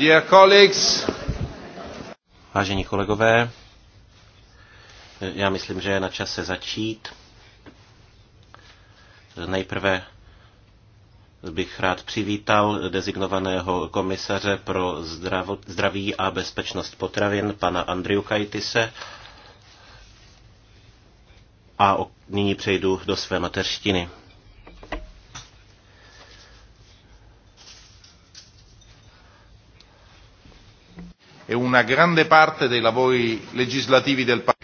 Dear colleagues. Vážení kolegové, já myslím, že je na čase začít. Nejprve bych rád přivítal dezignovaného komisaře pro zdraví a bezpečnost potravin, pana Andriu Kajtise. A nyní přejdu do své mateřštiny. e una grande parte dei lavori legislativi del Parlamento.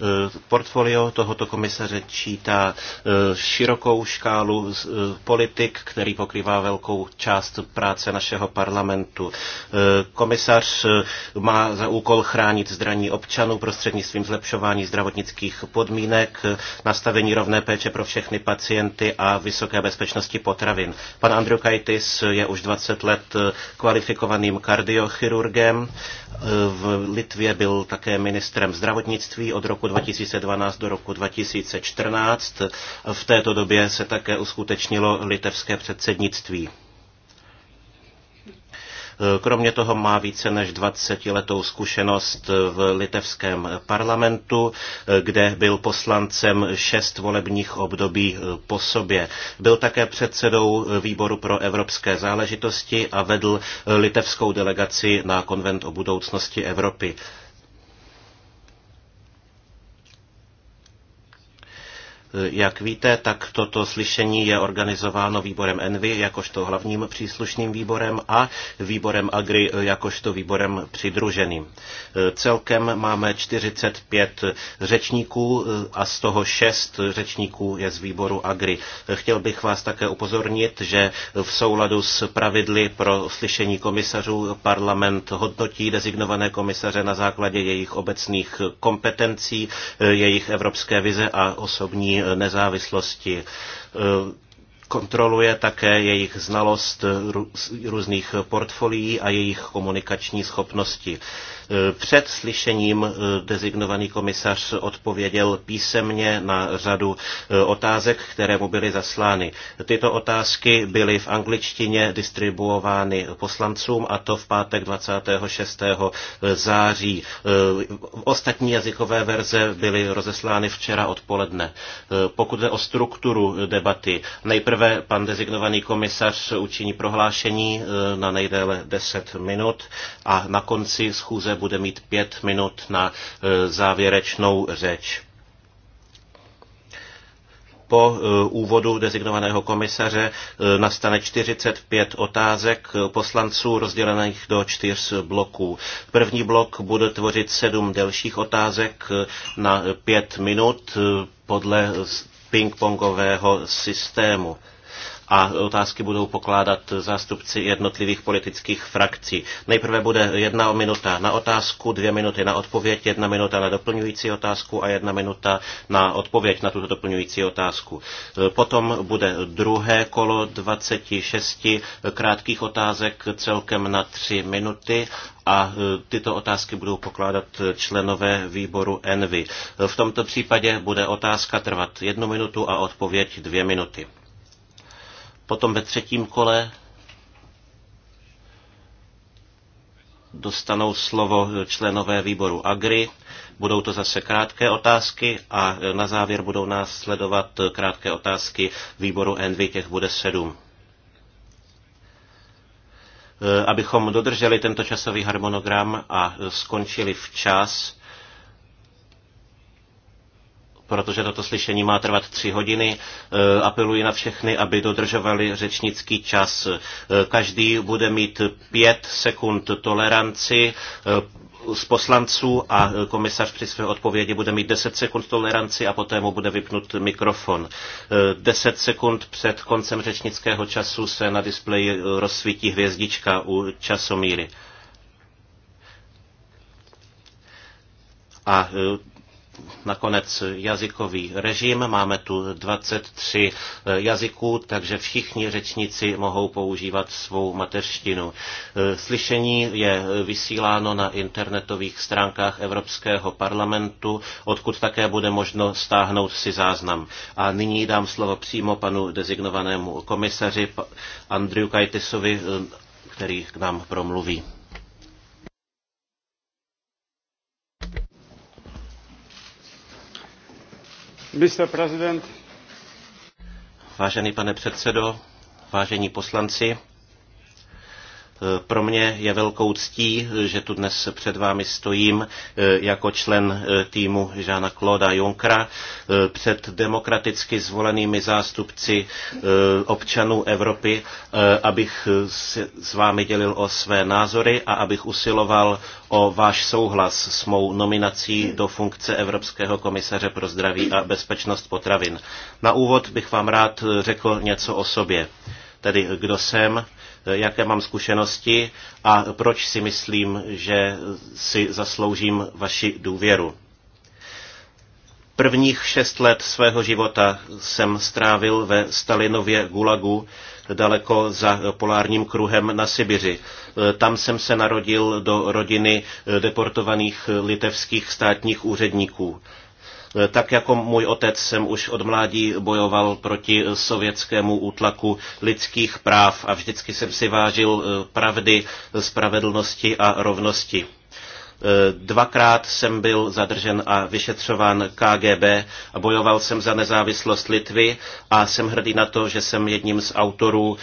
Eh, portfolio tohoto komisaře čítá eh, širokou škálu eh, politik, který pokrývá velkou část práce našeho parlamentu. Komisař má za úkol chránit zdraní občanů prostřednictvím zlepšování zdravotnických podmínek, nastavení rovné péče pro všechny pacienty a vysoké bezpečnosti potravin. Pan Kajtis je už 20 let kvalifikovaným kardiochirurgem. V Litvě byl také ministrem zdravotnictví od roku 2012 do roku 2014. V této době se také uskutečnilo litevské předsednictví. Kromě toho má více než 20 letou zkušenost v litevském parlamentu, kde byl poslancem šest volebních období po sobě. Byl také předsedou výboru pro evropské záležitosti a vedl litevskou delegaci na konvent o budoucnosti Evropy. Jak víte, tak toto slyšení je organizováno výborem Envy jakožto hlavním příslušným výborem a výborem Agri jakožto výborem přidruženým. Celkem máme 45 řečníků a z toho 6 řečníků je z výboru Agri. Chtěl bych vás také upozornit, že v souladu s pravidly pro slyšení komisařů parlament hodnotí dezignované komisaře na základě jejich obecných kompetencí, jejich evropské vize a osobní nezávislosti kontroluje také jejich znalost různých portfolií a jejich komunikační schopnosti. E, před slyšením e, dezignovaný komisař odpověděl písemně na řadu e, otázek, které mu byly zaslány. Tyto otázky byly v angličtině distribuovány poslancům a to v pátek 26. září. Ostatní jazykové verze byly rozeslány včera odpoledne. Pokud jde o strukturu debaty, nejprve Nejprve pan dezignovaný komisař učiní prohlášení e, na nejdéle 10 minut a na konci schůze bude mít 5 minut na e, závěrečnou řeč. Po e, úvodu dezignovaného komisaře nastane 45 otázek poslanců rozdělených do čtyř bloků. První blok bude tvořit sedm delších otázek na pět minut podle pingpongového systému a otázky budou pokládat zástupci jednotlivých politických frakcí. Nejprve bude jedna minuta na otázku, dvě minuty na odpověď, jedna minuta na doplňující otázku a jedna minuta na odpověď na tuto doplňující otázku. Potom bude druhé kolo 26 krátkých otázek celkem na tři minuty a tyto otázky budou pokládat členové výboru Envy. V tomto případě bude otázka trvat jednu minutu a odpověď dvě minuty. Potom ve třetím kole dostanou slovo členové výboru Agri. Budou to zase krátké otázky a na závěr budou následovat krátké otázky výboru Envy, těch bude sedm. E, abychom dodrželi tento časový harmonogram a skončili včas, protože toto slyšení má trvat tři hodiny. E, apeluji na všechny, aby dodržovali řečnický čas. E, každý bude mít pět sekund toleranci e, z poslanců a komisař při své odpovědi bude mít 10 sekund toleranci a poté mu bude vypnut mikrofon. 10 sekund před koncem řečnického času se na displeji rozsvítí hvězdička u časomíry. A nakonec jazykový režim. Máme tu 23 eh, jazyků, takže všichni řečníci mohou používat svou mateřštinu. Eh, slyšení je eh, vysíláno na internetových stránkách Evropského parlamentu, odkud také bude možno stáhnout si záznam. A nyní dám slovo přímo panu dezignovanému komisaři Andriu Kajtisovi, který k nám promluví. Vážený pane předsedo, vážení poslanci, pro mě je velkou ctí, že tu dnes před vámi stojím eh, jako člen eh, týmu Žána Claude Junkra eh, před demokraticky zvolenými zástupci občanů Evropy, abych s vámi dělil o své názory a abych usiloval o váš souhlas s mou nominací do funkce Evropského komisaře pro zdraví a bezpečnost potravin. Na úvod bych vám rád řekl něco o sobě, tedy kdo jsem, jaké mám zkušenosti a proč si myslím, že si zasloužím vaši důvěru. Prvních šest let svého života jsem strávil ve Stalinově Gulagu, daleko za polárním kruhem na Sibiři. Tam jsem se narodil do rodiny deportovaných litevských státních úředníků. Eh, tak jako můj otec jsem už od mládí bojoval proti sovětskému útlaku lidských práv a vždycky jsem si vážil eh, pravdy, spravedlnosti a rovnosti. Eh, dvakrát jsem byl zadržen a vyšetřován KGB a bojoval jsem za nezávislost Litvy a jsem hrdý na to, že jsem jedním z autorů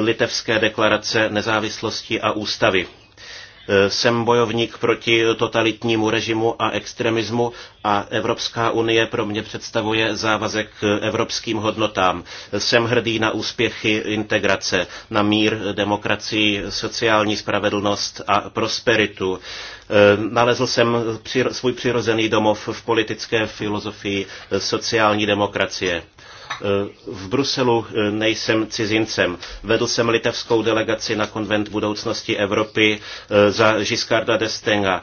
Litevské deklarace nezávislosti a ústavy. Eh, jsem bojovník proti totalitnímu režimu a extremismu a Evropská unie pro mě představuje závazek k evropským hodnotám. Jsem hrdý na úspěchy integrace, na mír, demokracii, sociální spravedlnost a prosperitu. Eh, nalezl jsem svůj přirozený domov v politické filozofii sociální demokracie. Eh, v Bruselu eh, nejsem cizincem. Vedl jsem litevskou delegaci na konvent budoucnosti Evropy eh, za Giscarda d'Estenga.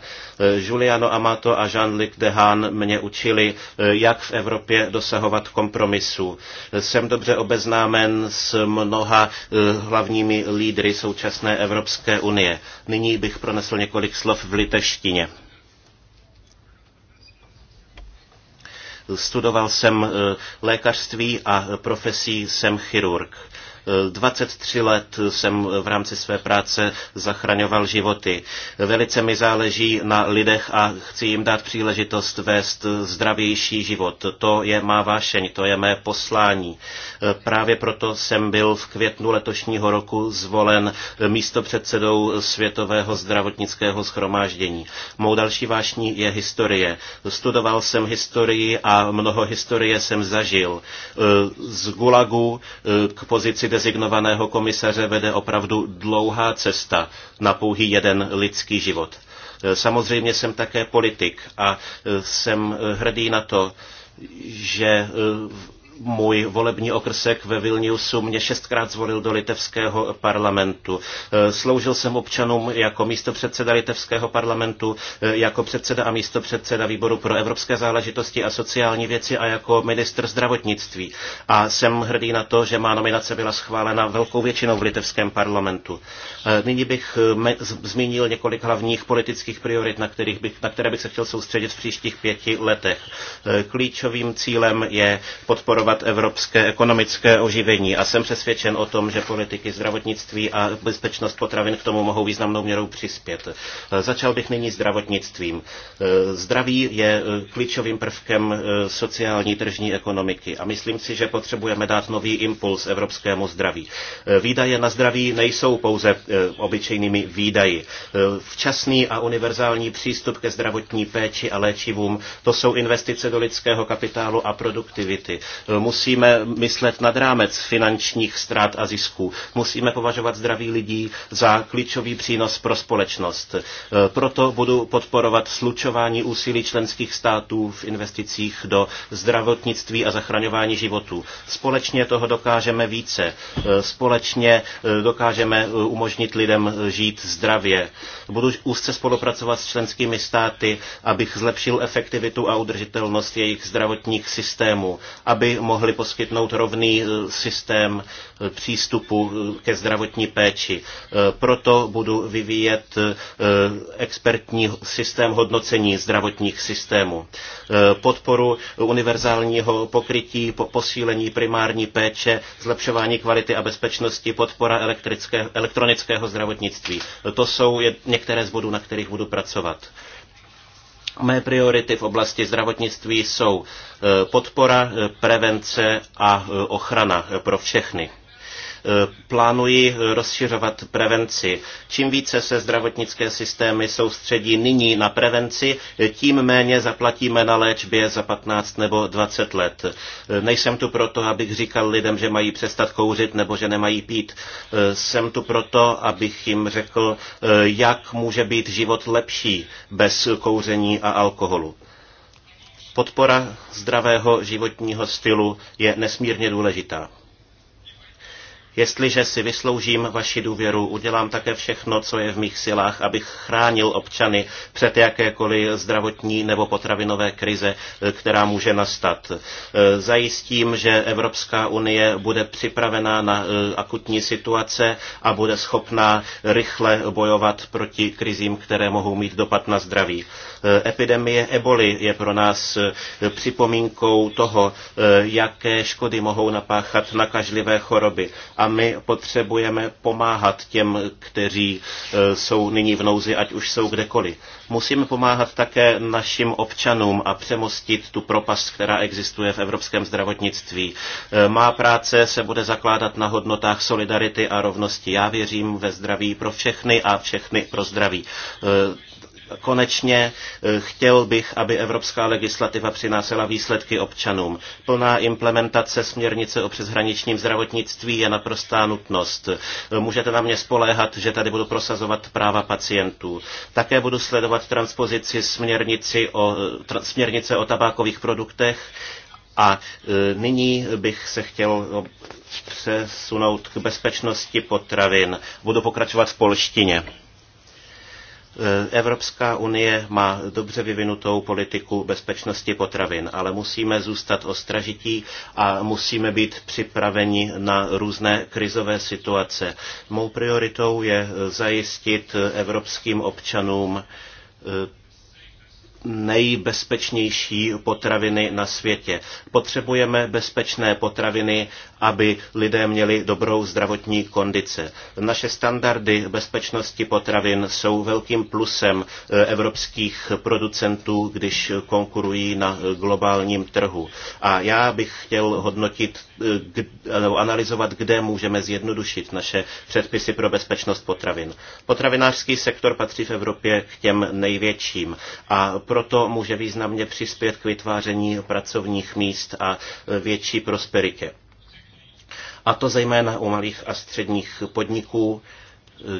Juliano Amato a Jean-Luc Dehaan mě učili, jak v Evropě dosahovat kompromisu. Jsem dobře obeznámen s mnoha hlavními lídry současné Evropské unie. Nyní bych pronesl několik slov v liteštině. Studoval jsem eh, lékařství a profesí jsem chirurg. 23 let jsem v rámci své práce zachraňoval životy. Velice mi záleží na lidech a chci jim dát příležitost vést zdravější život. To je má vášeň, to je mé poslání. Právě proto jsem byl v květnu letošního roku zvolen místopředsedou Světového zdravotnického schromáždění. Mou další vášní je historie. Studoval jsem historii a mnoho historie jsem zažil. Z Gulagu eh, k pozici designovaného komisaře vede opravdu dlouhá cesta na pouhý jeden lidský život. E, samozřejmě jsem také politik a e, jsem hrdý na to, že e, můj volební okrsek ve Vilniusu mě šestkrát zvolil do litevského parlamentu. E, sloužil jsem občanům jako místopředseda litevského parlamentu, e, jako předseda a místopředseda výboru pro evropské záležitosti a sociální věci a jako ministr zdravotnictví. A jsem hrdý na to, že má nominace byla schválena velkou většinou v litevském parlamentu. E, nyní bych zmínil několik hlavních politických priorit, na, kterých bych, na které bych se chtěl soustředit v příštích pěti letech. Klíčovým cílem je podporovat podporovat evropské ekonomické oživení a jsem přesvědčen o tom, že politiky zdravotnictví a bezpečnost potravin k tomu mohou významnou měrou přispět. E, začal bych nyní zdravotnictvím. E, zdraví je e, klíčovým prvkem sociální tržní ekonomiky a myslím si, že potřebujeme dát nový impuls evropskému zdraví. Výdaje na zdraví nejsou pouze obyčejnými výdaji. Včasný a univerzální přístup ke zdravotní péči a léčivům, to jsou investice do lidského kapitálu a produktivity. Musíme myslet nad rámec finančních ztrát a zisků. Musíme považovat zdraví lidí za klíčový přínos pro společnost. E, proto budu podporovat slučování úsilí členských států v investicích do zdravotnictví a zachraňování životů. Společně toho dokážeme více. E, společně e, dokážeme umožnit lidem žít zdravě. Budu úzce spolupracovat s členskými státy, abych zlepšil efektivitu a udržitelnost jejich zdravotních systémů, aby mohli poskytnout rovný eh, systém eh, přístupu eh, ke zdravotní péči. Proto budu vyvíjet expertní systém hodnocení zdravotních systémů. Podporu univerzálního pokrytí, posílení primární péče, zlepšování kvality a bezpečnosti, podpora elektronického zdravotnictví. To jsou některé z bodů, na kterých budu pracovat. Mé priority v oblasti zdravotnictví jsou eh, podpora, eh, prevence a eh, ochrana pro všechny. Eh, plánují rozšiřovat prevenci. Čím více se zdravotnické systémy soustředí nyní na prevenci, tím méně zaplatíme na léčbě za 15 nebo 20 let. Eh, nejsem tu proto, abych říkal lidem, že mají přestat kouřit nebo že nemají pít. Eh, jsem tu proto, abych jim řekl, jak může být život lepší bez kouření a alkoholu. Podpora zdravého životního stylu je nesmírně důležitá. Jestliže si vysloužím vaši důvěru, udělám také všechno, co je v mých silách, abych chránil občany před jakékoliv zdravotní nebo potravinové krize, eh, která může nastat. Eh, zajistím, že Evropská unie bude připravená na eh, akutní situace a bude schopná rychle bojovat proti krizím, které mohou mít dopad na zdraví. Epidemie eboli je pro nás připomínkou toho, jaké škody mohou napáchat nakažlivé choroby. A a my potřebujeme pomáhat těm, kteří e, jsou nyní v nouzi, ať už jsou kdekoliv. Musíme pomáhat také našim občanům a přemostit tu propast, která existuje v evropském zdravotnictví. E, má práce se bude zakládat na hodnotách solidarity a rovnosti. Já věřím ve zdraví pro všechny a všechny pro zdraví. E, konečně eh, chtěl bych, aby evropská legislativa přinášela výsledky občanům. Plná implementace směrnice o přeshraničním zdravotnictví je naprostá nutnost. Eh, můžete na mě spoléhat, že tady budu prosazovat práva pacientů. Také budu sledovat transpozici směrnici o, eh, směrnice o tabákových produktech, a nyní bych se chtěl přesunout k bezpečnosti potravin. Budu pokračovat v polštině. Eh, Evropská unie má dobře vyvinutou politiku bezpečnosti potravin, ale musíme zůstat ostražití a musíme být připraveni na různé krizové situace. Mou prioritou je eh, zajistit eh, evropským občanům nejbezpečnější potraviny na světě. Potřebujeme bezpečné potraviny aby lidé měli dobrou zdravotní kondice. Naše standardy bezpečnosti potravin jsou velkým plusem eh, evropských producentů, když konkurují na eh, globálním trhu. A já bych chtěl hodnotit eh, nebo analyzovat, kde můžeme zjednodušit naše předpisy pro bezpečnost potravin. Potravinářský sektor patří v Evropě k těm největším a proto může významně přispět k vytváření pracovních míst a větší prosperitě a to zejména u malých a středních podniků, eh,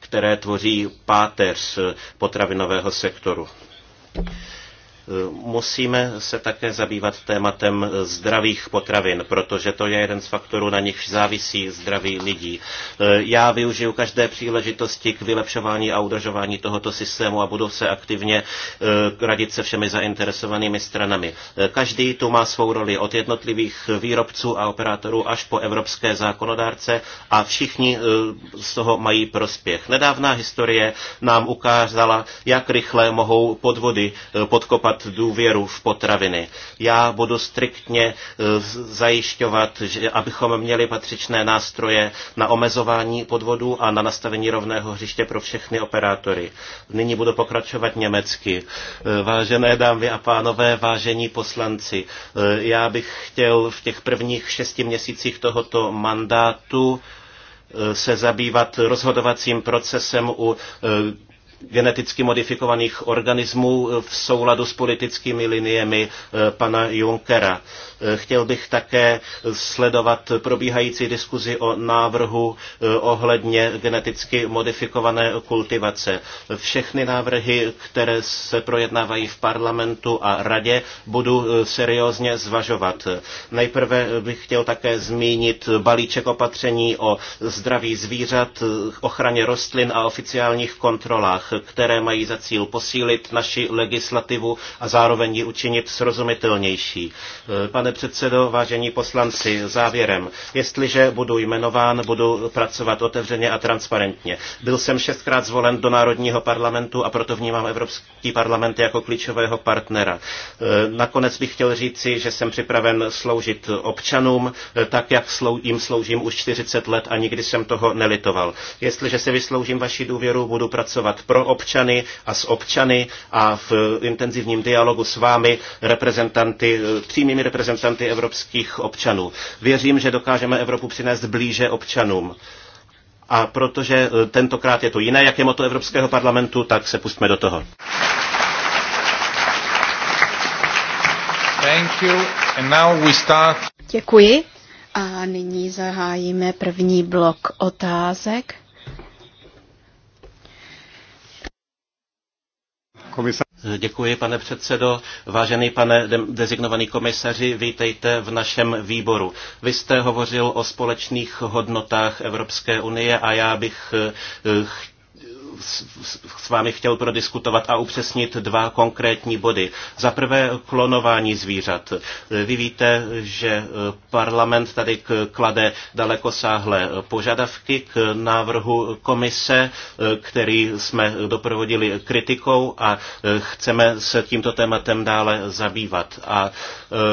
které tvoří páteř potravinového sektoru. Musíme se také zabývat tématem zdravých potravin, protože to je jeden z faktorů, na nichž závisí zdraví lidí. E, já využiju každé příležitosti k vylepšování a udržování tohoto systému a budu se aktivně e, radit se všemi zainteresovanými stranami. E, každý tu má svou roli od jednotlivých výrobců a operátorů až po evropské zákonodárce a všichni z toho mají prospěch. Nedávná historie nám ukázala, jak rychle mohou podvody podkopat budovat důvěru v potraviny. Já budu striktně eh, zajišťovat, že, abychom měli patřičné nástroje na omezování podvodů a na nastavení rovného hřiště pro všechny operátory. Nyní budu pokračovat německy. Eh, vážené dámy a pánové, vážení poslanci, eh, já bych chtěl v těch prvních šesti měsících tohoto mandátu se zabývat rozhodovacím procesem u geneticky modifikovaných organismů v souladu s politickými liniemi eh, pana Junckera. Eh, chtěl bych také sledovat probíhající diskuzi o návrhu eh, ohledně geneticky modifikované kultivace. Všechny návrhy, které se projednávají v parlamentu a radě, budu seriózně zvažovat. Nejprve bych chtěl také zmínit balíček opatření o zdraví zvířat, ochraně rostlin a oficiálních kontrolách které mají za cíl posílit naši legislativu a zároveň ji učinit srozumitelnější. Eh, pane předsedo, vážení poslanci, závěrem. Jestliže budu jmenován, budu pracovat otevřeně a transparentně. Byl jsem šestkrát zvolen do Národního parlamentu a proto vnímám Evropský parlament jako klíčového partnera. Eh, nakonec bych chtěl říci, že jsem připraven sloužit občanům, eh, tak jak jim sloužím už 40 let a nikdy jsem toho nelitoval. Jestliže si vysloužím vaši důvěru, budu pracovat pro pro občany a s občany a v intenzivním dialogu s vámi reprezentanty, eh, přímými reprezentanty evropských občanů. Věřím, že dokážeme Evropu přinést blíže občanům. A protože eh, tentokrát je to jiné, jak je moto Evropského parlamentu, tak se pustme do toho. Thank you. And now we start. Děkuji. A nyní zahájíme první blok otázek. komisař. Děkuji, pane předsedo. Vážený pane designovaný komisaři, vítejte v našem výboru. Vy jste hovořil o společných hodnotách Evropské unie a já bych eh, s vámi chtěl prodiskutovat a upřesnit dva konkrétní body. Za prvé klonování zvířat. Vy víte, že e, parlament tady klade dalekosáhlé požadavky k návrhu komise, e, který jsme doprovodili kritikou a e, chceme se tímto tématem dále zabývat. A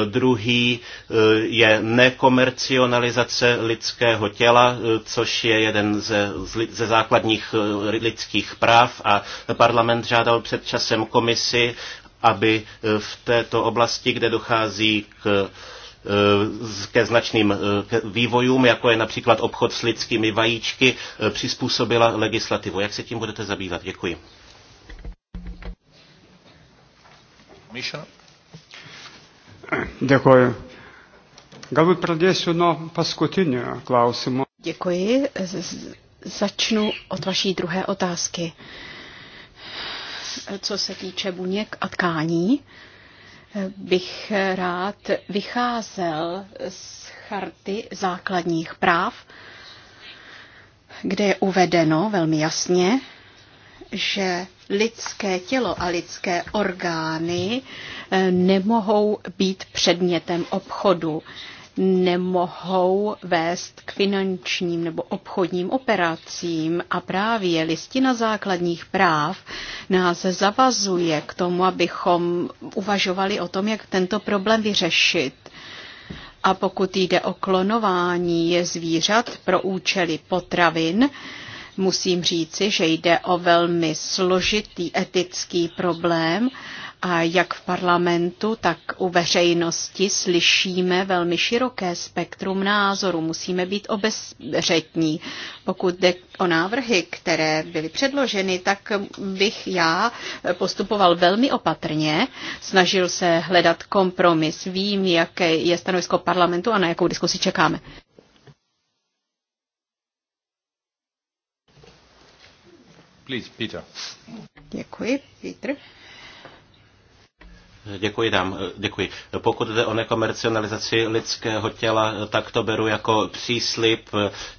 druhý je nekomercionalizace lidského těla, což je jeden ze, ze základních lidských lidských práv a parlament žádal před časem komisi, aby eh, v této oblasti, kde dochází k eh, ke značným eh, vývojům, jako je například obchod s lidskými vajíčky, přizpůsobila legislativu. Jak se tím budete zabývat? Děkuji. Míša? Děkuji. Galbūt pradėsiu nuo paskutinio klausimo. Děkuji. Začnu od vaší druhé otázky. Co se týče buněk a tkání, bych rád vycházel z charty základních práv, kde je uvedeno velmi jasně, že lidské tělo a lidské orgány nemohou být předmětem obchodu nemohou vést k finančním nebo obchodním operacím a právě listina základních práv nás zavazuje k tomu, abychom uvažovali o tom, jak tento problém vyřešit. A pokud jde o klonování zvířat pro účely potravin, musím říci, že jde o velmi složitý etický problém a jak v parlamentu, tak u veřejnosti slyšíme velmi široké spektrum názorů. Musíme být obezřetní. Pokud jde o návrhy, které byly předloženy, tak bych já postupoval velmi opatrně. Snažil se hledat kompromis. Vím, jaké je stanovisko parlamentu a na jakou diskusi čekáme. Please, Peter. Děkuji, Peter. Děkuji, dám, děkuji. Pokud jde o nekomercionalizaci lidského těla, tak to beru jako příslip,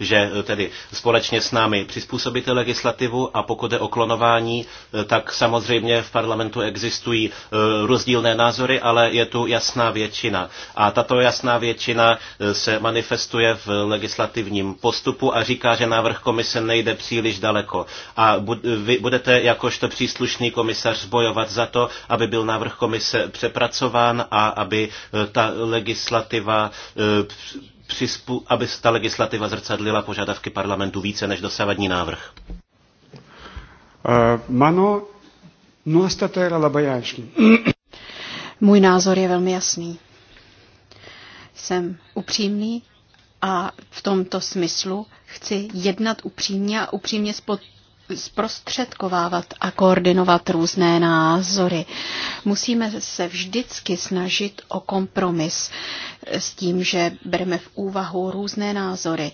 že tedy společně s námi přizpůsobíte legislativu a pokud jde o klonování, tak samozřejmě v parlamentu existují eh, rozdílné názory, ale je tu jasná většina. A tato jasná většina eh, se manifestuje v legislativním postupu a říká, že návrh komise nejde příliš daleko. A vy budete jakožto příslušný komisař bojovat za to, aby byl návrh komise přepracován a aby eh, ta legislativa eh, aby ta legislativa zrcadlila požadavky parlamentu více než dosavadní návrh? Eh, Mano, nuostata labai aiški. Můj názor je velmi jasný. Jsem upřímný a v tomto smyslu chci jednat upřímně a upřímně zprostředkovávat a koordinovat různé názory. Musíme se vždycky snažit o kompromis s tím, že bereme v úvahu různé názory.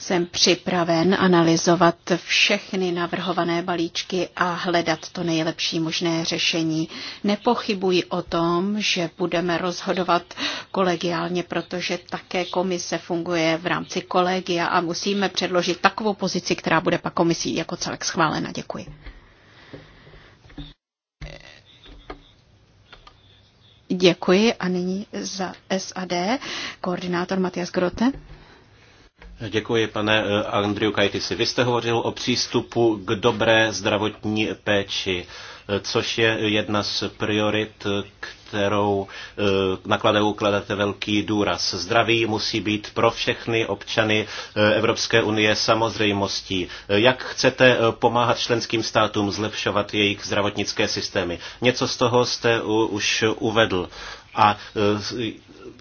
Jsem připraven analyzovat všechny navrhované balíčky a hledat to nejlepší možné řešení. Nepochybuji o tom, že budeme rozhodovat kolegiálně, protože také komise funguje v rámci kolegia a musíme předložit takovou pozici, která bude pak komisí jako celek schválena. Děkuji. Děkuji a nyní za SAD koordinátor Matias Grote. Děkuji, pane eh, Andriu Kajtisi. Vy jste hovořil o přístupu k dobré zdravotní péči, eh, což je jedna z priorit, eh, kterou na Kladeu kladete velký důraz. Zdraví musí být pro všechny občany Evropské unie samozřejmostí. Jak chcete pomáhat členským státům zlepšovat jejich zdravotnické systémy? Něco z toho jste už uvedl. A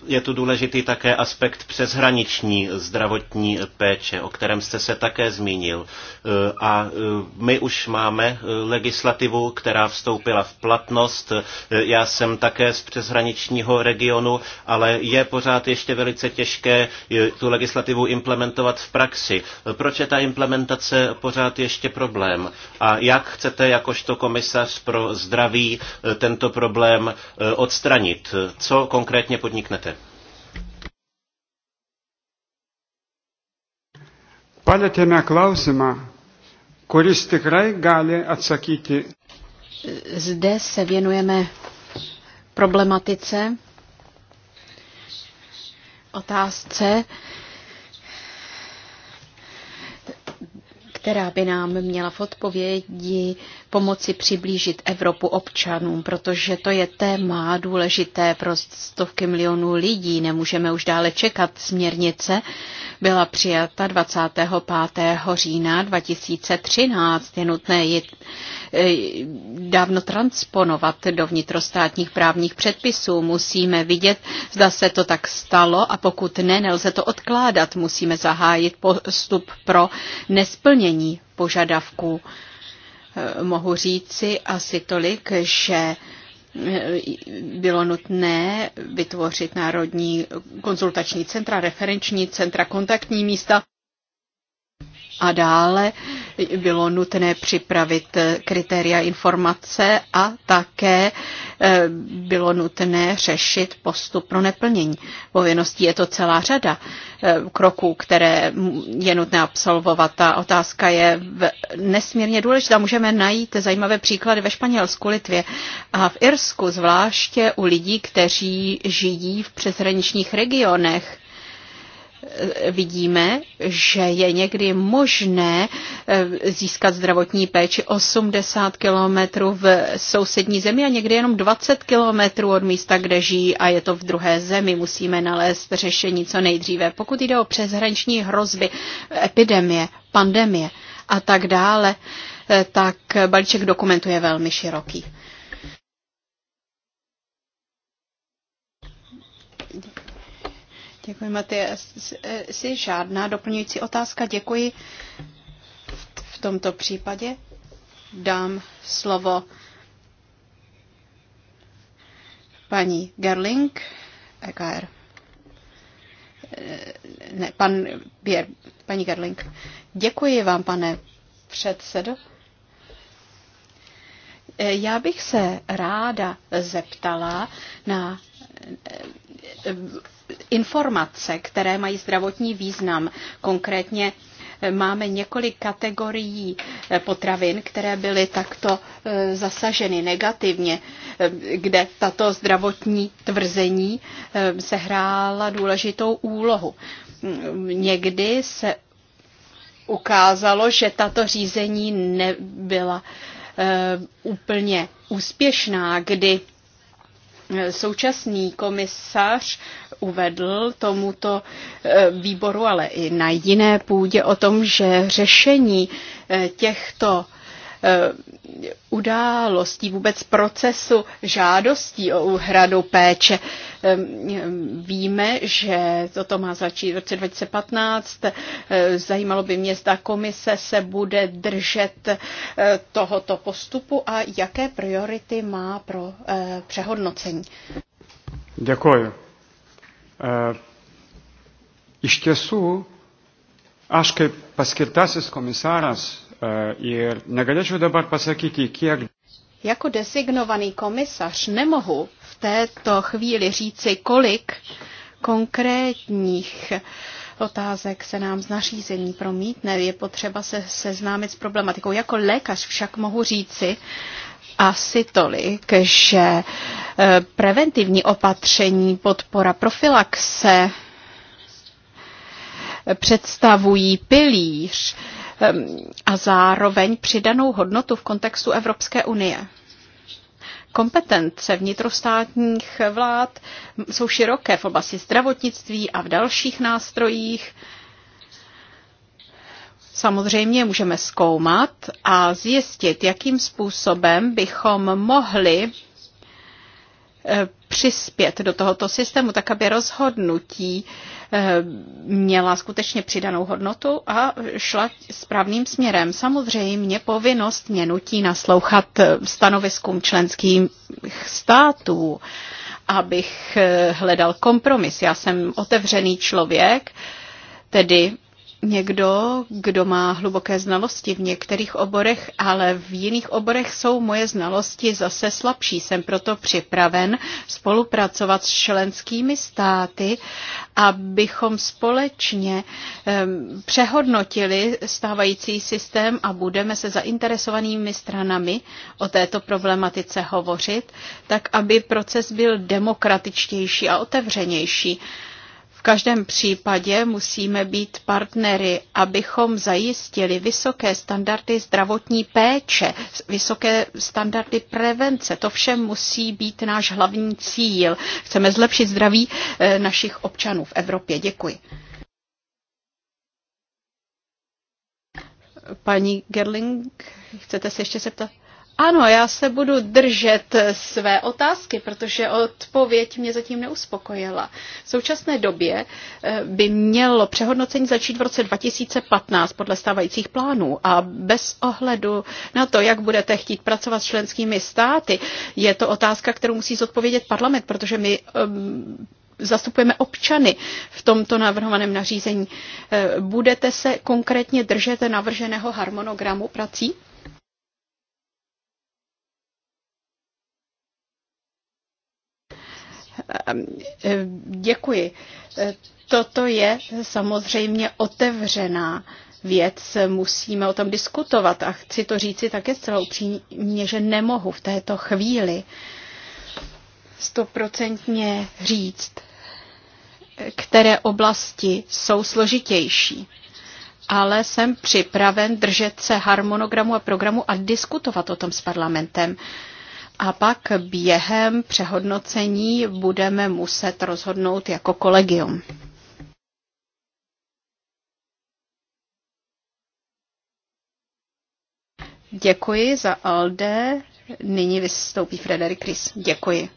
je tu důležitý také aspekt přeshraniční zdravotní péče, o kterém jste se také zmínil. E, a e, my už máme e, legislativu, která vstoupila v platnost. Já jsem také z přeshraničního regionu, ale je pořád ještě velice těžké tu legislativu implementovat v praxi. Proč je ta implementace pořád ještě problém? A jak chcete jakožto komisař pro zdraví tento problém odstranit? Co konkrétně podniknete? řeknete. Palėtėme klausimą, kuris tikrai gali atsakyti. Zde se věnujeme problematice, otázce, která by nám měla v odpovědi pomoci přiblížit Evropu občanům, protože to je téma důležité pro stovky milionů lidí. Nemůžeme už dále čekat. Směrnice byla přijata 25. října 2013. Je nutné ji e, dávno transponovat do vnitrostátních právních předpisů. Musíme vidět, zda se to tak stalo a pokud ne, nelze to odkládat. Musíme zahájit postup pro nesplnění požadavků Eh, mohu říci asi tolik, že eh, bylo nutné vytvořit národní konzultační centra, referenční centra, kontaktní místa a dále bylo nutné připravit eh, kritéria informace a také eh, bylo nutné řešit postup pro neplnění povinností. Je to celá řada eh, kroků, které je nutné absolvovat. Ta otázka je nesmírně důležitá. Můžeme najít zajímavé příklady ve Španělsku, Litvě a v Irsku, zvláště u lidí, kteří žijí v přeshraničních regionech vidíme, že je někdy možné eh, získat zdravotní péči 80 kilometrů v sousední zemi a někdy jenom 20 kilometrů od místa, kde žijí a je to v druhé zemi. Musíme nalézt řešení co nejdříve. Pokud jde o přeshraniční hrozby, epidemie, pandemie a tak dále, eh, tak balíček dokumentuje velmi široký. Děkuji, Matěj. Si žádná doplňující otázka. Děkuji. V tomto případě dám slovo paní Gerling, EKR. Ne, pan Bier, paní Gerling. Děkuji vám, pane předsedo. Já bych se ráda zeptala na informace, které mají zdravotní význam. Konkrétně eh, máme několik kategorií eh, potravin, které byly takto eh, zasaženy negativně, kde tato zdravotní tvrzení sehrála důležitou úlohu. Mm, někdy se ukázalo, že tato řízení nebyla úplně úspěšná, kdy současný komisař uvedl tomuto eh, výboru, ale i na jiné půdě o tom, že řešení eh, těchto eh, událostí, vůbec procesu žádostí o úhradu péče. Víme, že toto má začít v roce 2015. Zajímalo by mě, zda komise se bude držet tohoto postupu a jaké priority má pro přehodnocení. Děkuji. E, iš tiesų, aš kaip paskirtasis komisaras e, ir negalėčiau dabar pasakyti, kiek. Jako designovaný komisař nemohu v této chvíli říci, kolik konkrétních otázek se nám z nařízení promítne. Je potřeba se seznámit s problematikou. Jako lékař však mohu říci, asi tolik, že eh, preventivní opatření, podpora profilaxe eh, představují pilíř eh, a zároveň přidanou hodnotu v kontextu Evropské unie. Kompetence vnitrostátních vlád jsou široké v oblasti zdravotnictví a v dalších nástrojích Samozřejmě můžeme zkoumat a zjistit, jakým způsobem bychom mohli e, přispět do tohoto systému, tak aby rozhodnutí e, měla skutečně přidanou hodnotu a šla správným směrem. Samozřejmě povinnost mě nutí naslouchat e, stanoviskům členských států, abych hledal kompromis. Já jsem otevřený člověk, tedy někdo, kdo má hluboké znalosti v některých oborech, ale v jiných oborech jsou moje znalosti zase slabší. Jsem proto připraven spolupracovat s členskými státy, abychom společně um, přehodnotili stávající systém a budeme se zainteresovanými stranami o této problematice hovořit, tak aby proces byl demokratičtější a otevřenější. V každém případě musíme být partnery, abychom zajistili vysoké standardy zdravotní péče, vysoké standardy prevence. To vše musí být náš hlavní cíl. Chceme zlepšit zdraví eh, našich občanů v Evropě. Děkuji. Paní Gerling, chcete se ještě zeptat? Ano, já se budu držet své otázky, protože odpověď mě zatím neuspokojila. V současné době eh, by mělo přehodnocení začít v roce 2015 podle stávajících plánů a bez ohledu na to, jak budete chtít pracovat s členskými státy, je to otázka, kterou musí zodpovědět parlament, protože my ehm, zastupujeme občany v tomto navrhovaném nařízení. Eh, budete se konkrétně držet navrženého harmonogramu prací? Ehm, ehm, děkuji. E, toto je samozřejmě otevřená věc, musíme o tom diskutovat a chci to říci také zcela upřímně, že nemohu v této chvíli stoprocentně říct, které oblasti jsou složitější. Ale jsem připraven držet se harmonogramu a programu a diskutovat o tom s parlamentem. Uh, a pak během přehodnocení budeme muset rozhodnout jako kolegium. Děkuji za Alde. Nyní vystoupí Frederik Ries. Děkuji.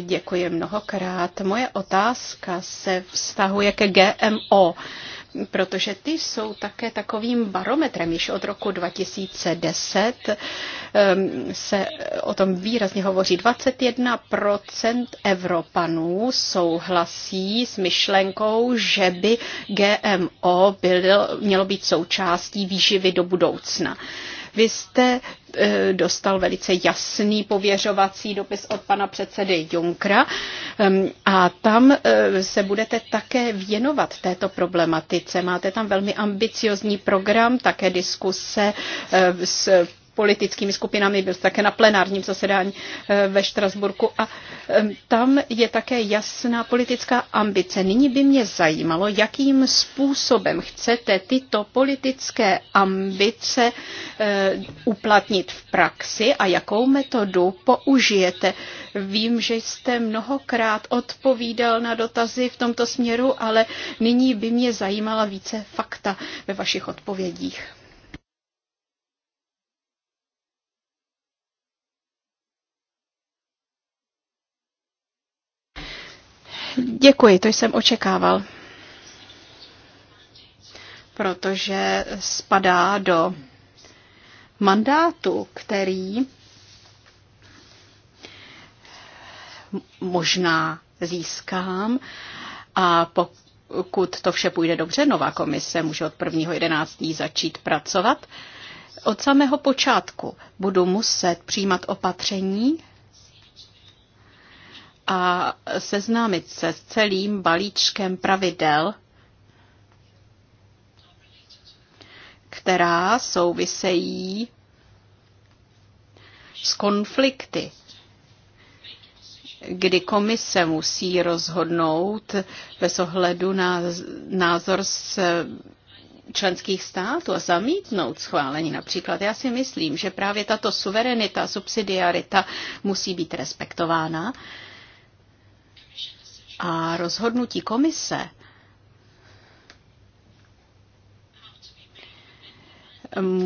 Děkuji mnohokrát. Moje otázka se vztahuje ke GMO protože ty jsou také takovým barometrem. Již od roku 2010 ehm, se o tom výrazně hovoří. 21% Evropanů souhlasí s myšlenkou, že by GMO bylo, mělo být součástí výživy do budoucna. Vy jste eh, dostal velice jasný pověřovací dopis od pana předsedy Junkra ehm, a tam eh, se budete také věnovat této problematice. Máte tam velmi ambiciozní program, také diskuse eh, s politickými skupinami, byl také na plenárním zasedání eh, ve Štrasburku a tam je také jasná politická ambice. Nyní by mě zajímalo, jakým způsobem chcete tyto politické ambice eh, uplatnit v praxi a jakou metodu použijete. Vím, že jste mnohokrát odpovídal na dotazy v tomto směru, ale nyní by mě zajímala více fakta ve vašich odpovědích. Děkuji, to jsem očekával. Protože spadá do mandátu, který možná získám a pokud to vše půjde dobře, nová komise může od 1.11. začít pracovat. Od samého počátku budu muset přijímat opatření, a seznámit se s celým balíčkem pravidel, která souvisejí s konflikty, kdy komise musí rozhodnout bez ohledu na názor s členských států a zamítnout schválení například. Já si myslím, že právě tato suverenita, subsidiarita musí být respektována. A rozhodnutí komise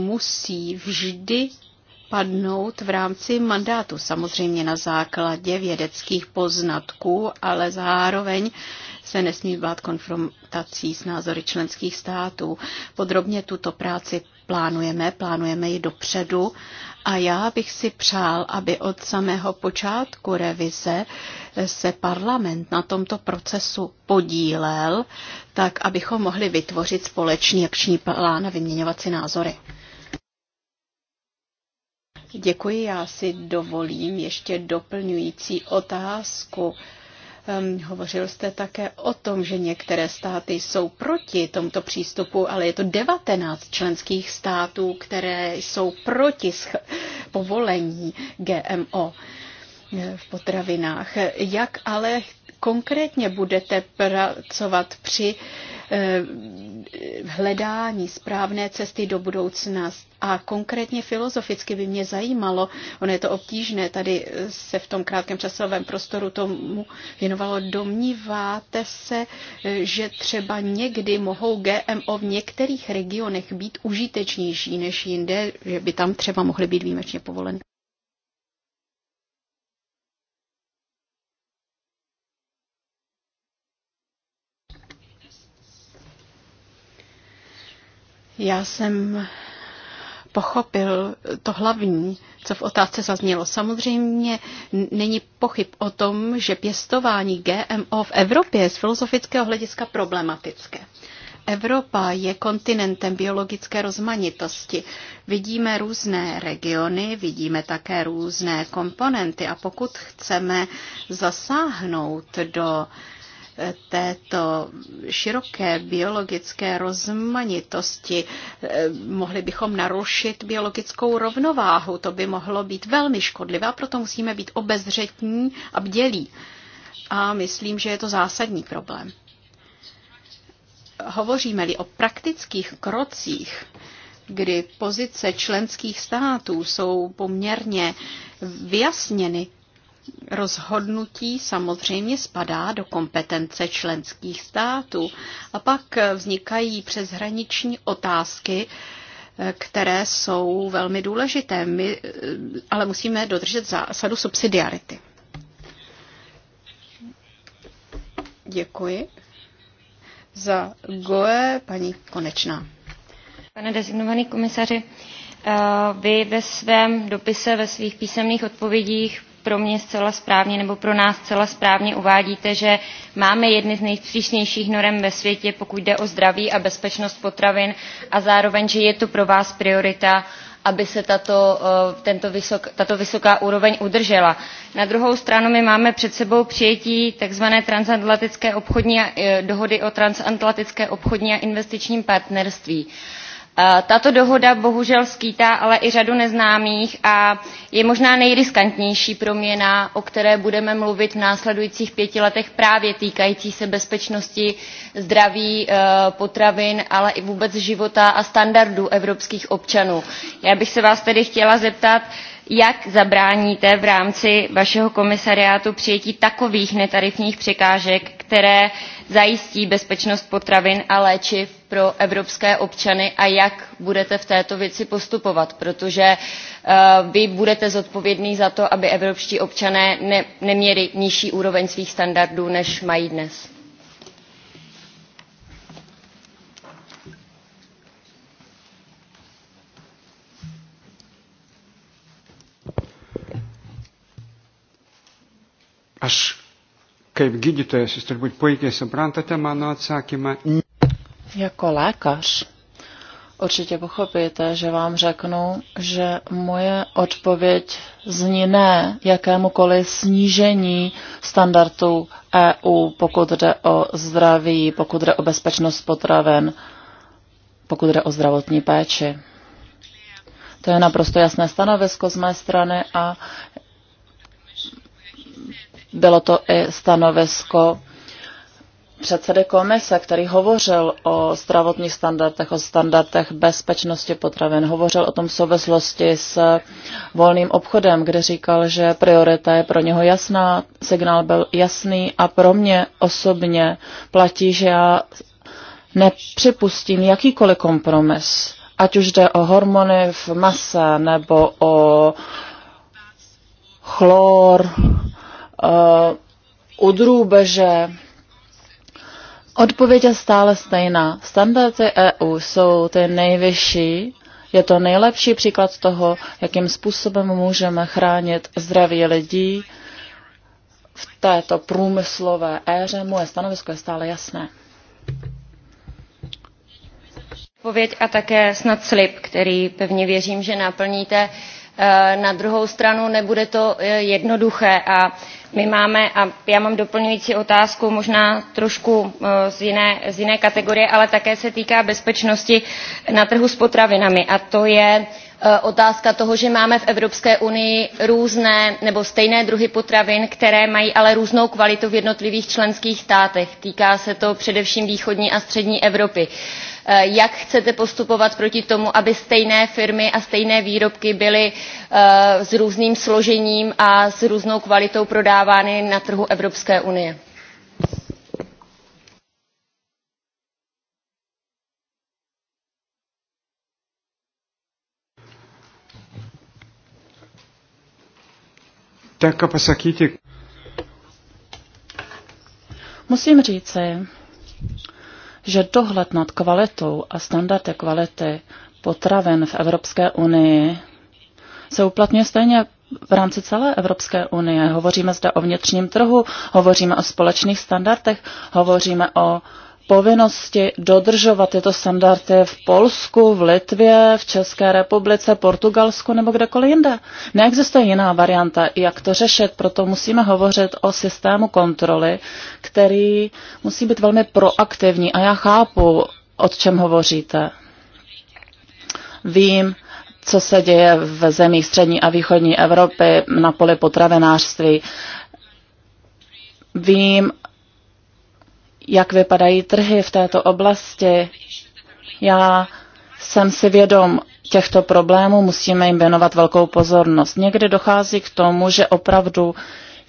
musí vždy padnout v rámci mandátu, samozřejmě na základě vědeckých poznatků, ale zároveň se nesmí bát konfrontací s názory členských států. Podrobně tuto práci plánujeme, plánujeme ji dopředu a já bych si přál, aby od samého počátku revize se parlament na tomto procesu podílel, tak abychom mohli vytvořit společný akční plán a vyměňovat si názory. Děkuji, já si dovolím ještě doplňující otázku. Ehm, hovořil jste také o tom, že některé státy jsou proti tomto přístupu, ale je to 19 členských států, které jsou proti povolení GMO eh, v potravinách. Jak ale konkrétně budete pracovat při Eh, hledání správné cesty do budoucna. A konkrétně filozoficky by mě zajímalo, ono je to obtížné, tady se v tom krátkém časovém prostoru tomu věnovalo, domníváte se, eh, že třeba někdy mohou GMO v některých regionech být užitečnější než jinde, že by tam třeba mohly být výjimečně povoleny? Já jsem pochopil to hlavní, co v otázce zaznělo. Samozřejmě není pochyb o tom, že pěstování GMO v Evropě je z filozofického hlediska problematické. Evropa je kontinentem biologické rozmanitosti. Vidíme různé regiony, vidíme také různé komponenty a pokud chceme zasáhnout do této široké biologické rozmanitosti. Eh, mohli bychom narušit biologickou rovnováhu. To by mohlo být velmi škodlivé a proto musíme být obezřetní a bdělí. A myslím, že je to zásadní problém. Hovoříme-li o praktických krocích, kdy pozice členských států jsou poměrně vyjasněny, rozhodnutí samozřejmě spadá do kompetence členských států. A pak vznikají přeshraniční otázky, eh, které jsou velmi důležité. My eh, ale musíme dodržet zásadu subsidiarity. Děkuji. Za GOE paní Konečná. Pane designovaný komisaři, eh, vy ve svém dopise, ve svých písemných odpovědích pro mě zcela správně nebo pro nás zcela správně uvádíte, že máme jedny z nejpřísnějších norem ve světě, pokud jde o zdraví a bezpečnost potravin a zároveň, že je to pro vás priorita aby se tato, eh, tento vysok, tato vysoká úroveň udržela. Na druhou stranu my máme před sebou přijetí tzv. transatlantické obchodní eh, dohody o transatlantické obchodní a investičním partnerství. Eh, tato dohoda bohužel skýtá ale i řadu neznámých a je možná nejriskantnější proměna o které budeme mluvit v následujících pěti letech právě týkající se bezpečnosti zdraví eh, potravin ale i vůbec života a standardů evropských občanů. já bych se vás tedy chtěla zeptat jak zabráníte v rámci vašeho komisariátu přijetí takových netarifních překážek které zajistí bezpečnost potravin a léčiv pro evropské občany a jak budete v této věci postupovat protože eh, vy budete zodpovědný za to aby evropští občané neměli nižší úroveň svých standardů než mají dnes. Aš kaip gydytojas, jūs turbūt puikiai suprantate mano atsakymą. Jako lékař určitě pochopíte, že vám řeknu, že moje odpověď zní ne jakémukoliv snížení standardů EU, pokud jde o zdraví, pokud jde o bezpečnost potraven, pokud jde o zdravotní péči. To je naprosto jasné stanovisko z mé strany a bylo to i stanovisko předsedy komise, který hovořil o zdravotních standardech, o standardech bezpečnosti potravin. Hovořil o tom v souvislosti s volným obchodem, kde říkal, že priorita je pro něho jasná, signál byl jasný a pro mě osobně platí, že já nepřipustím jakýkoliv kompromis, ať už jde o hormony v mase nebo o chlor, od uh, drůbeže. Odpověď je stále stejná. Standardy EU jsou ty nejvyšší. Je to nejlepší příklad toho, jakým způsobem můžeme chránit zdraví lidí v této průmyslové éře. Moje stanovisko je stále jasné. Odpověď a také snad slib, který pevně věřím, že naplníte. Eh, na druhou stranu nebude to eh, jednoduché a my máme a já mám doplňující otázku možná trošku eh, z jiné, z jiné kategorie ale také se týká bezpečnosti na trhu s potravinami a to je otázka toho že máme v evropské unii různé nebo stejné druhy potravin které mají ale různou kvalitu v jednotlivých členských státech týká se to především východní a střední evropy. Eh, jak chcete postupovat proti tomu aby stejné firmy a stejné výrobky byly eh, s různým složením a s různou kvalitou prodávány na trhu evropské unie. Tenka pasakyti. Musím říci, že dohled nad kvalitou a standardy kvality potravin v Evropské unii se uplatňuje stejně v rámci celé Evropské unie. Hovoříme zde o vnitřním trhu, hovoříme o společných standardech, hovoříme o povinnosti dodržovat tyto standardy v Polsku, v Litvě, v České republice, Portugalsku nebo kdekoliv jinde. Neexistuje jiná varianta, jak to řešit, proto musíme hovořit o systému kontroly, který musí být velmi proaktivní a já chápu, o čem hovoříte. Vím, co se děje v zemích střední a východní Evropy na poli potravinářství. Vím, jak vypadají trhy v této oblasti. Já jsem si vědom těchto problémů, musíme jim věnovat velkou pozornost. Někdy dochází k tomu, že opravdu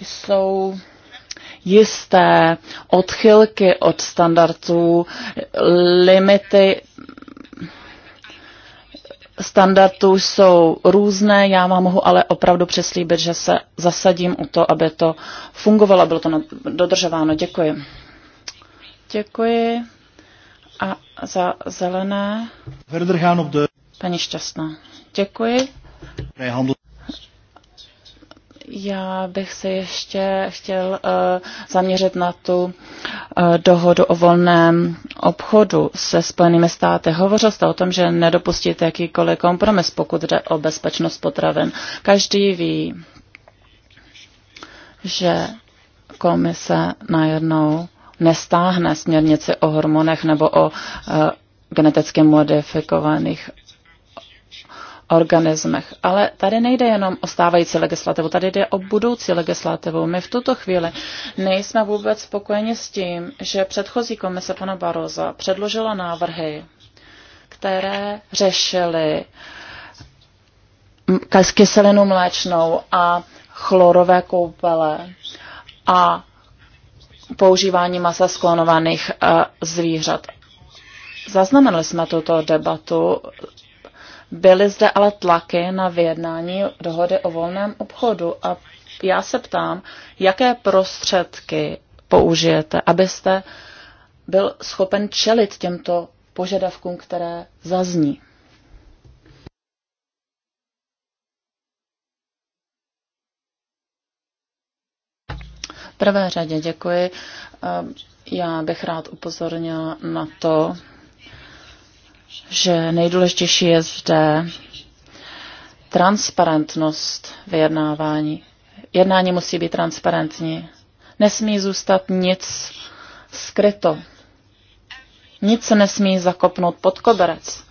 jsou jisté odchylky od standardů, limity standardů jsou různé, já vám mohu ale opravdu přeslíbit, že se zasadím u to, aby to fungovalo, bylo to dodržováno. Děkuji. Děkuji. A za zelené. Paní Šťastná. Děkuji. Já bych se ještě chtěl uh, zaměřit na tu uh, dohodu o volném obchodu se Spojenými státy. Hovořil jste o tom, že nedopustíte jakýkoliv kompromis, pokud jde o bezpečnost potravin. Každý ví, že komise najednou nestáhne směrnici o hormonech nebo o eh, geneticky modifikovaných organismech. Ale tady nejde jenom o stávající legislativu, tady jde o budoucí legislativu. My v tuto chvíli nejsme vůbec spokojeni s tím, že předchozí komise pana Baroza předložila návrhy, které řešily kyselinu mléčnou a chlorové koupele a používání masa sklonovaných eh, zvířat. Zaznamenali jsme tuto debatu, byly zde ale tlaky na vyjednání dohody o volném obchodu a já se ptám, jaké prostředky použijete, abyste byl schopen čelit těmto požadavkům, které zazní. prvé řadě děkuji. Ehm, já bych rád upozornila na to, že nejdůležitější je zde transparentnost vyjednávání. Jednání musí být transparentní. Nesmí zůstat nic skryto. Nic se nesmí zakopnout pod koberec.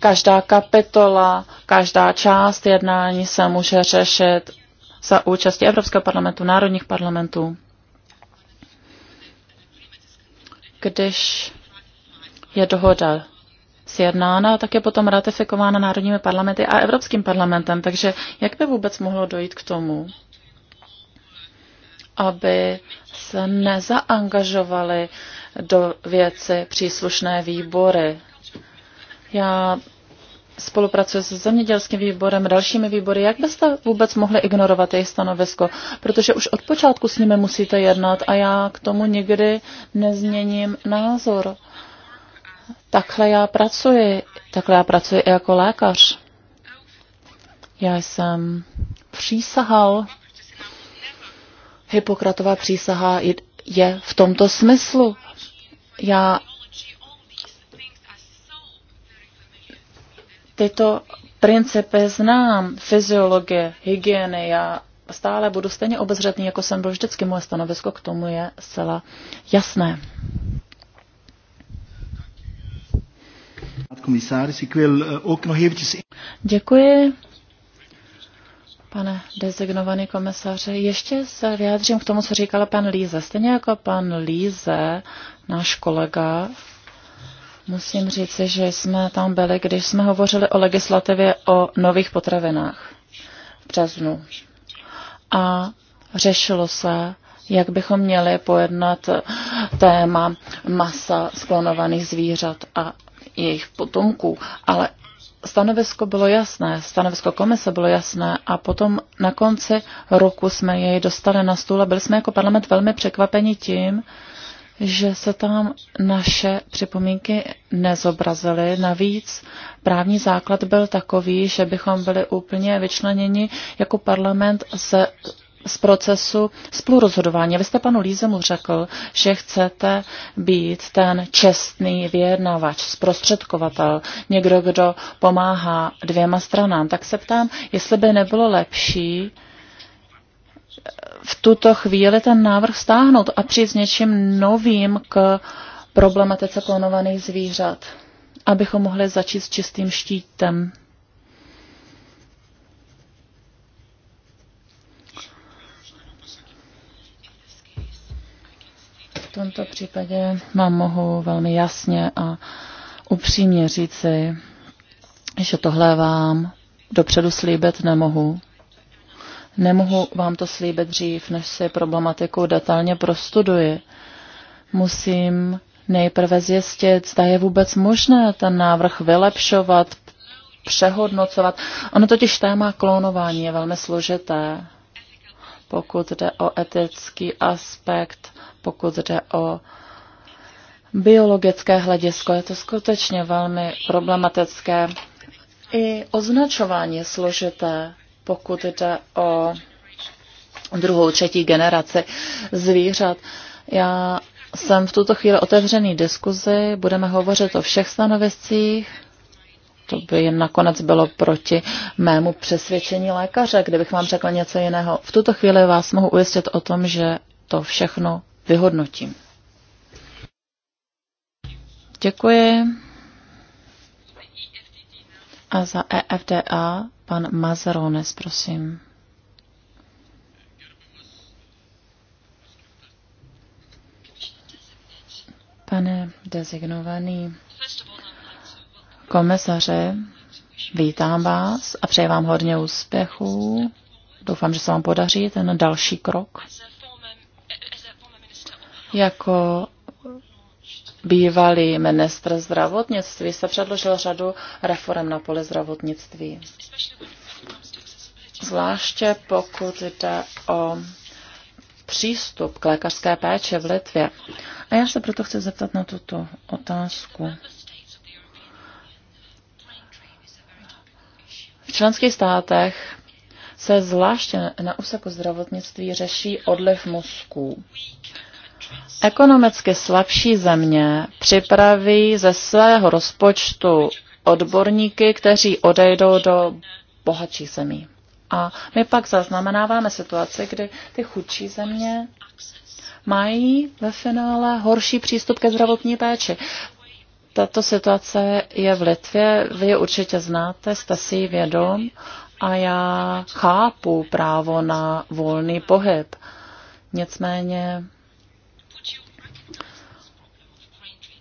Každá kapitola, každá část jednání se může řešit za účasti Evropského parlamentu, národních parlamentů. Když je dohoda sjednána, tak je potom ratifikována národními parlamenty a Evropským parlamentem. Takže jak by vůbec mohlo dojít k tomu, aby se nezaangažovali do věci příslušné výbory? Já spolupracuje se zemědělským výborem, dalšími výbory, jak byste vůbec mohli ignorovat jejich stanovisko? Protože už od počátku s nimi musíte jednat a já k tomu nikdy nezměním názor. Takhle já pracuji, takhle já pracuji i jako lékař. Já jsem přísahal. Hipokratová přísaha je v tomto smyslu. Já tyto principy znám, fyziologie, hygieny, já stále budu stejně obezřetný, jako jsem byl vždycky. Moje stanovisko k tomu je zcela jasné. Eh, Děkuji. Pane designovaný komisaře, ještě se vyjádřím k tomu, co říkala pan Líze. Stejně jako pan Líze, náš kolega, Musím říci, že jsme tam byli, když jsme hovořili o legislativě o nových potravinách v březnu. A řešilo se, jak bychom měli pojednat téma masa sklonovaných zvířat a jejich potomků. Ale stanovisko bylo jasné, stanovisko komise bylo jasné a potom na konci roku jsme jej dostali na stůl a byli jsme jako parlament velmi překvapeni tím, že se tam naše připomínky nezobrazily. Navíc právní základ byl takový, že bychom byli úplně vyčleněni jako parlament se z procesu spolurozhodování. Vy jste panu Lízemu řekl, že chcete být ten čestný vyjednavač, zprostředkovatel, někdo, kdo pomáhá dvěma stranám. Tak se ptám, jestli by nebylo lepší v tuto chvíli ten návrh stáhnout a přijít s něčím novým k problematice klonovaných zvířat, abychom mohli začít s čistým štítem. V tomto případě vám mohu velmi jasně a upřímně říci, že tohle vám dopředu slíbit nemohu. Nemohu vám to slíbit dřív, než si problematiku detailně prostuduji. Musím nejprve zjistit, zda je vůbec možné ten návrh vylepšovat, přehodnocovat. Ono totiž téma klonování je velmi složité, pokud jde o etický aspekt, pokud jde o biologické hledisko. Je to skutečně velmi problematické. I označování je složité pokud jde o druhou, třetí generaci zvířat. Já jsem v tuto chvíli otevřený diskuzi, budeme hovořit o všech stanoviscích. To by nakonec bylo proti mému přesvědčení lékaře, kdybych vám řekla něco jiného. V tuto chvíli vás mohu ujistit o tom, že to všechno vyhodnotím. Děkuji. A za EFDA Pan Mazarones, prosím. Pane dezignovaný komisaře, vítám vás a přeji vám hodně úspěchů. Doufám, že se vám podaří ten další krok. Jako bývalý ministr zdravotnictví se předložil řadu reform na poli zdravotnictví. Zvláště pokud jde o přístup k lékařské péči v Litvě. A já se proto chci zeptat na tuto otázku. V členských státech se zvláště na úseku zdravotnictví řeší odliv mozků. Ekonomicky slabší země připraví ze svého rozpočtu odborníky, kteří odejdou do bohatší zemí. A my pak zaznamenáváme situaci, kdy ty chudší země mají ve finále horší přístup ke zdravotní péči. Tato situace je v Litvě, vy je určitě znáte, jste si ji vědom a já chápu právo na volný pohyb. Nicméně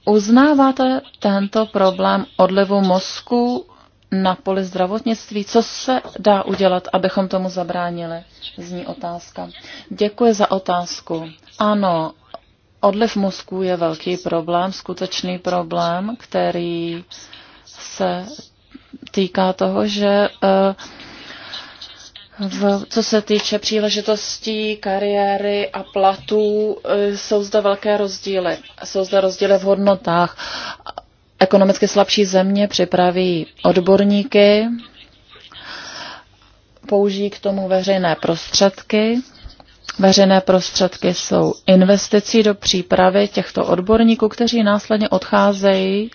Uznáváte tento problém odlivu mozku na poli zdravotnictví? Co se dá udělat, abychom tomu zabránili? Zní otázka. Děkuji za otázku. Ano, odliv mozku je velký problém, skutečný problém, který se týká toho, že uh, v, co se týče příležitostí, kariéry a platů, e, jsou zde velké rozdíly. Jsou zde rozdíly v hodnotách. Ekonomicky slabší země připraví odborníky, použijí k tomu veřejné prostředky. Veřejné prostředky jsou investicí do přípravy těchto odborníků, kteří následně odcházejí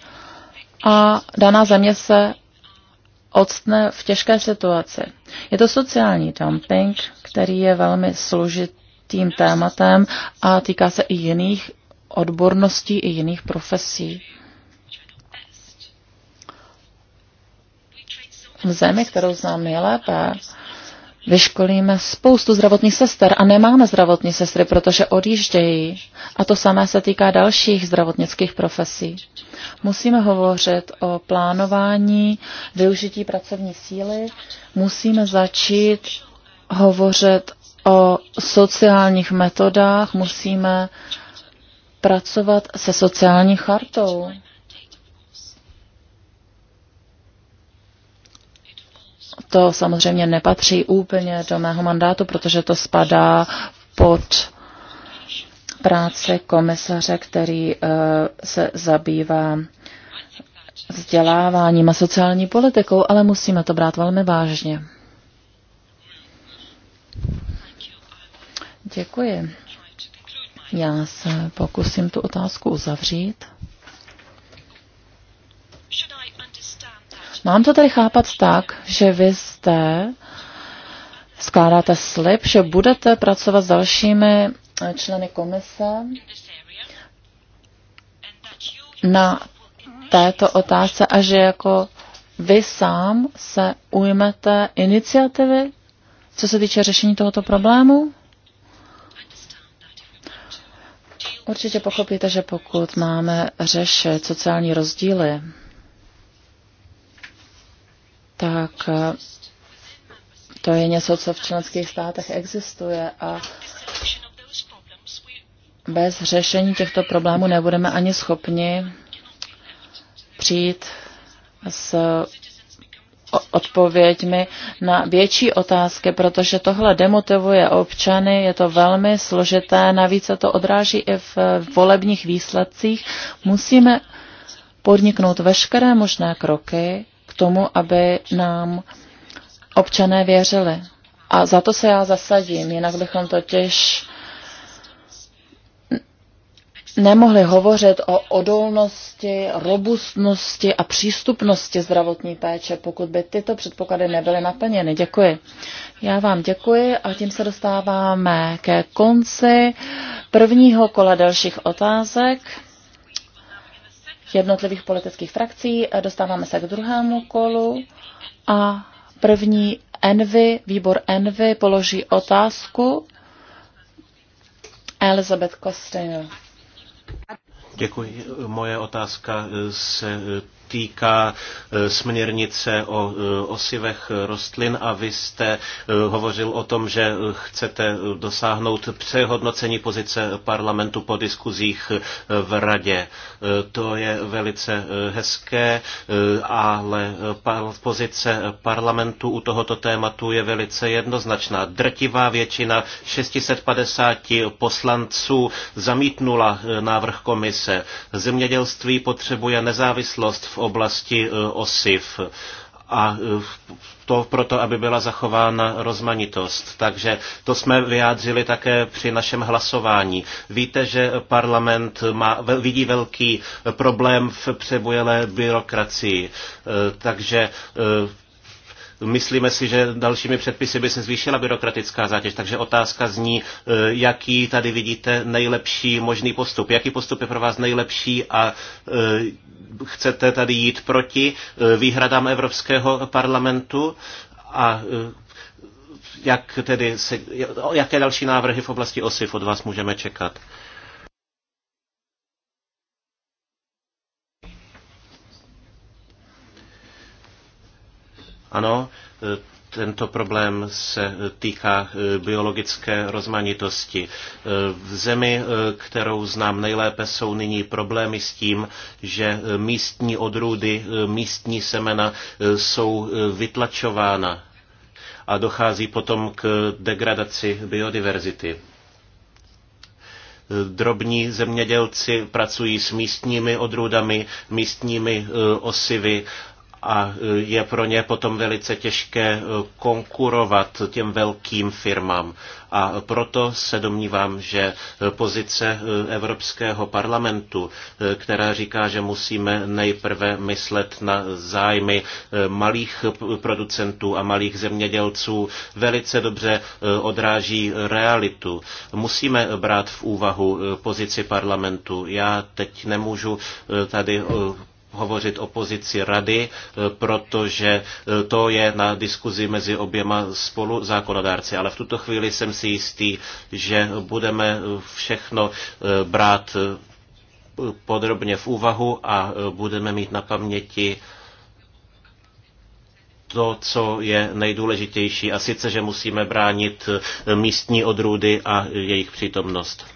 a daná země se odstne v těžké situaci. Je to sociální dumping, který je velmi složitým tématem a týká se i jiných odborností, i jiných profesí. V zemi, kterou znám nejlépe, vyškolíme spoustu zdravotních sester a nemáme zdravotní sestry, protože odjíždějí. A to samé se týká dalších zdravotnických profesí. Musíme hovořit o plánování, využití pracovní síly, musíme začít hovořit o sociálních metodách, musíme pracovat se sociální chartou. To samozřejmě nepatří úplně do mého mandátu, protože to spadá pod práce komisaře, který eh, se zabývá vzděláváním a sociální politikou, ale musíme to brát velmi vážně. Děkuji. Já se pokusím tu otázku uzavřít. Mám to tedy chápat tak, že vy jste skládáte slib, že budete pracovat s dalšími eh, členy komise na této otázce a že jako vy sám se ujmete iniciativy, co se týče řešení tohoto problému? Určitě pochopíte, že pokud máme řešit sociální rozdíly, tak eh, to je něco, co v členských státech existuje a bez řešení těchto problémů nebudeme ani schopni přijít s odpověďmi na větší otázky, protože tohle demotivuje občany, je to velmi složité, navíc se to odráží i v eh, volebních výsledcích. Musíme podniknout veškeré možné kroky, tomu, aby nám občané věřili. A za to se já zasadím, jinak bychom totiž nemohli hovořit o odolnosti, robustnosti a přístupnosti zdravotní péče, pokud by tyto předpoklady nebyly naplněny. Děkuji. Já vám děkuji a tím se dostáváme ke konci prvního kola dalších otázek jednotlivých politických frakcí. Dostáváme se k druhému kolu a první Envy, výbor Envy položí otázku Elizabeth Costello. Děkuji. Moje otázka se týká e, směrnice o e, osivech rostlin a vy jste e, hovořil o tom, že chcete dosáhnout přehodnocení pozice parlamentu po diskuzích v radě. To je velice hezké, ale pozice parlamentu u tohoto tématu je velice jednoznačná. Drtivá většina 650 poslanců zamítnula návrh komise. Zemědělství potřebuje nezávislost v oblasti e, osiv a e, to proto, aby byla zachována rozmanitost. Takže to jsme vyjádřili také při našem hlasování. Víte, že parlament má, vidí velký problém v přebujelé byrokracii. E, takže myslíme si, že dalšími předpisy by se zvýšila byrokratická zátěž. Takže otázka zní, e, jaký tady vidíte nejlepší možný postup. Jaký postup je pro vás nejlepší a e, chcete tady jít proti e, výhradám Evropského parlamentu? A jak tedy se, jaké další návrhy v oblasti OSIF od vás můžeme čekat? Ano, e, tento problém se týká e, biologické rozmanitosti. E, v zemi, kterou znám nejlépe, jsou nyní problémy s tím, že místní odrůdy, místní semena jsou vytlačována a dochází potom k degradaci biodiverzity. Drobní zemědělci pracují s místními odrůdami, místními osivy a e, je pro ně potom velice těžké e, konkurovat těm velkým firmám. A proto se domnívám, že pozice e, Evropského parlamentu, která říká, že musíme nejprve myslet na zájmy malých producentů a malých zemědělců, velice dobře odráží realitu. Musíme brát v úvahu pozici parlamentu. Já teď nemůžu tady hovořit o pozici rady, e, protože e, to je na diskuzi mezi oběma spolu zákonodárci. Ale v tuto chvíli jsem si jistý, že budeme všechno e, brát podrobně v úvahu a budeme mít na paměti to, co je nejdůležitější, a sice, že musíme bránit místní odrůdy a jejich přítomnost.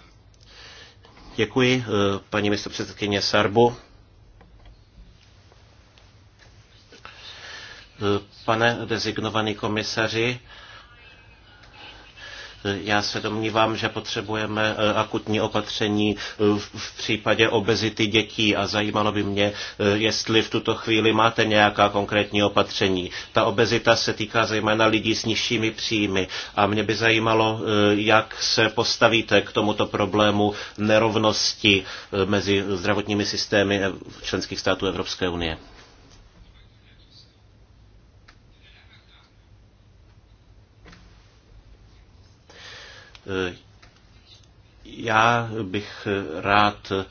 Děkuji, paní místopředsedkyně Sarbu. Pane dezignovaný komisaři, já se domnívám, že potřebujeme eh, akutní opatření eh, v případě obezity dětí a zajímalo by mě, eh, jestli v tuto chvíli máte nějaká konkrétní opatření. Ta obezita se týká zejména lidí s nižšími příjmy a mě by zajímalo, jak se postavíte k tomuto problému nerovnosti mezi zdravotními systémy členských států Evropské unie. Eh, já bych rád eh,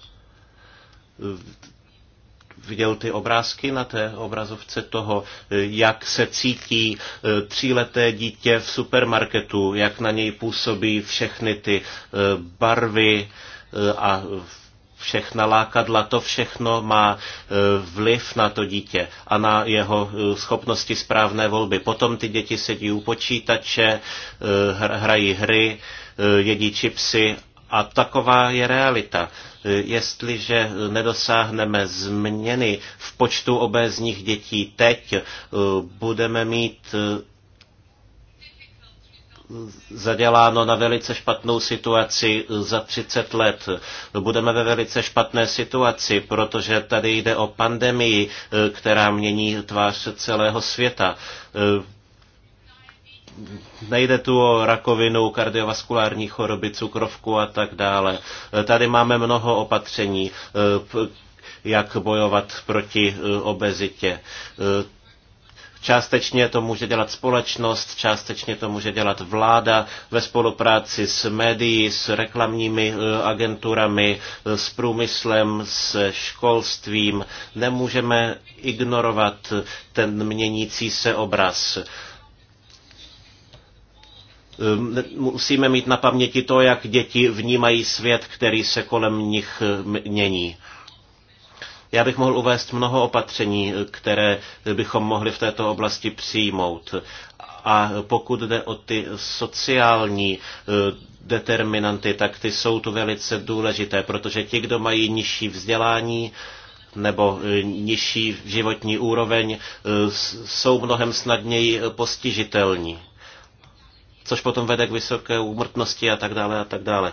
viděl ty obrázky na té obrazovce toho, eh, jak se cítí tříleté dítě v supermarketu, jak na něj působí všechny ty barvy a všechna lákadla, to všechno má e, vliv na to dítě a na jeho e, schopnosti správné volby. Potom ty děti sedí u počítače, e, hrají hry, jedí čipsy a taková je realita. Jestliže nedosáhneme změny v počtu obézních dětí teď, budeme mít zaděláno na velice špatnou situaci za 30 let. Budeme ve velice špatné situaci, protože tady jde o pandemii, eh, která mění tvář celého světa. Eh, nejde tu o rakovinu, kardiovaskulární choroby, cukrovku a tak dále. Eh, tady máme mnoho opatření, jak bojovat proti obezitě Částečně to může dělat společnost, částečně to může dělat vláda ve spolupráci s médií, s reklamními eh, agenturami, eh, s průmyslem, s školstvím. Nemůžeme ignorovat ten měnící se obraz ehm, musíme mít na paměti to, jak děti vnímají svět, který se kolem nich eh, mění. Já bych mohl uvést mnoho opatření, které bychom mohli v této oblasti přijmout. A pokud jde o ty sociální eh, determinanty, tak ty jsou tu velice důležité, protože ti, kdo mají nižší vzdělání, nebo eh, nižší životní úroveň eh, jsou mnohem snadněji postižitelní, což potom vede k vysoké úmrtnosti a tak dále a tak dále.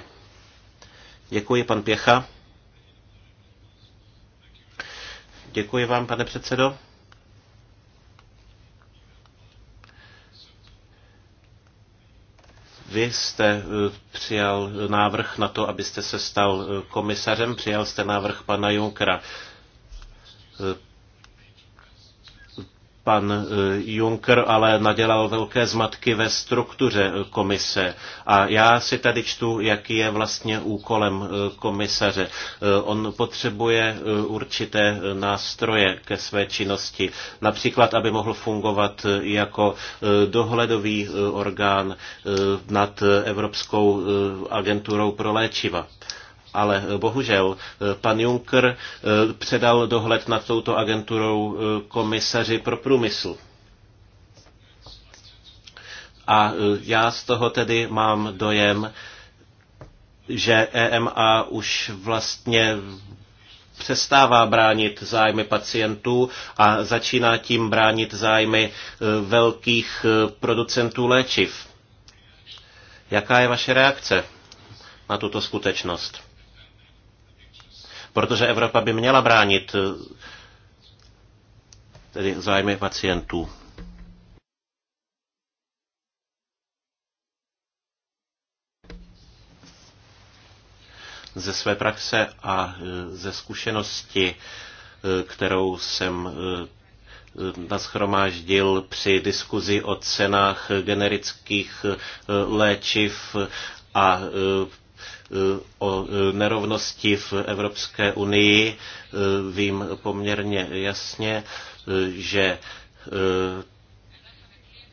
Děkuji, pan Pěcha. Děkuji vám, pane předsedo. Vy jste eh, přijal návrh na to, abyste se stal eh, komisařem, přijal jste návrh pana Junckera. Eh, pan e, Juncker ale nadělal velké zmatky ve struktuře e, komise. A já si tady čtu, jaký je vlastně úkolem e, komisaře. On potřebuje určité nástroje ke své činnosti, například, aby mohl fungovat jako dohledový orgán nad Evropskou agenturou pro léčiva ale eh, bohužel eh, pan Juncker eh, předal dohled nad touto agenturou komisaři pro průmysl. A já z toho tedy mám dojem, že EMA už vlastně přestává bránit zájmy pacientů a začíná tím bránit zájmy velkých producentů léčiv. Jaká je vaše reakce na tuto skutečnost? protože Evropa by měla bránit eh, tedy zájmy pacientů. Ze své praxe a eh, ze zkušenosti, eh, kterou jsem nashromáždil při diskuzi o cenách generických léčiv a Eh, o eh, nerovnosti v Evropské unii eh, vím poměrně jasně, že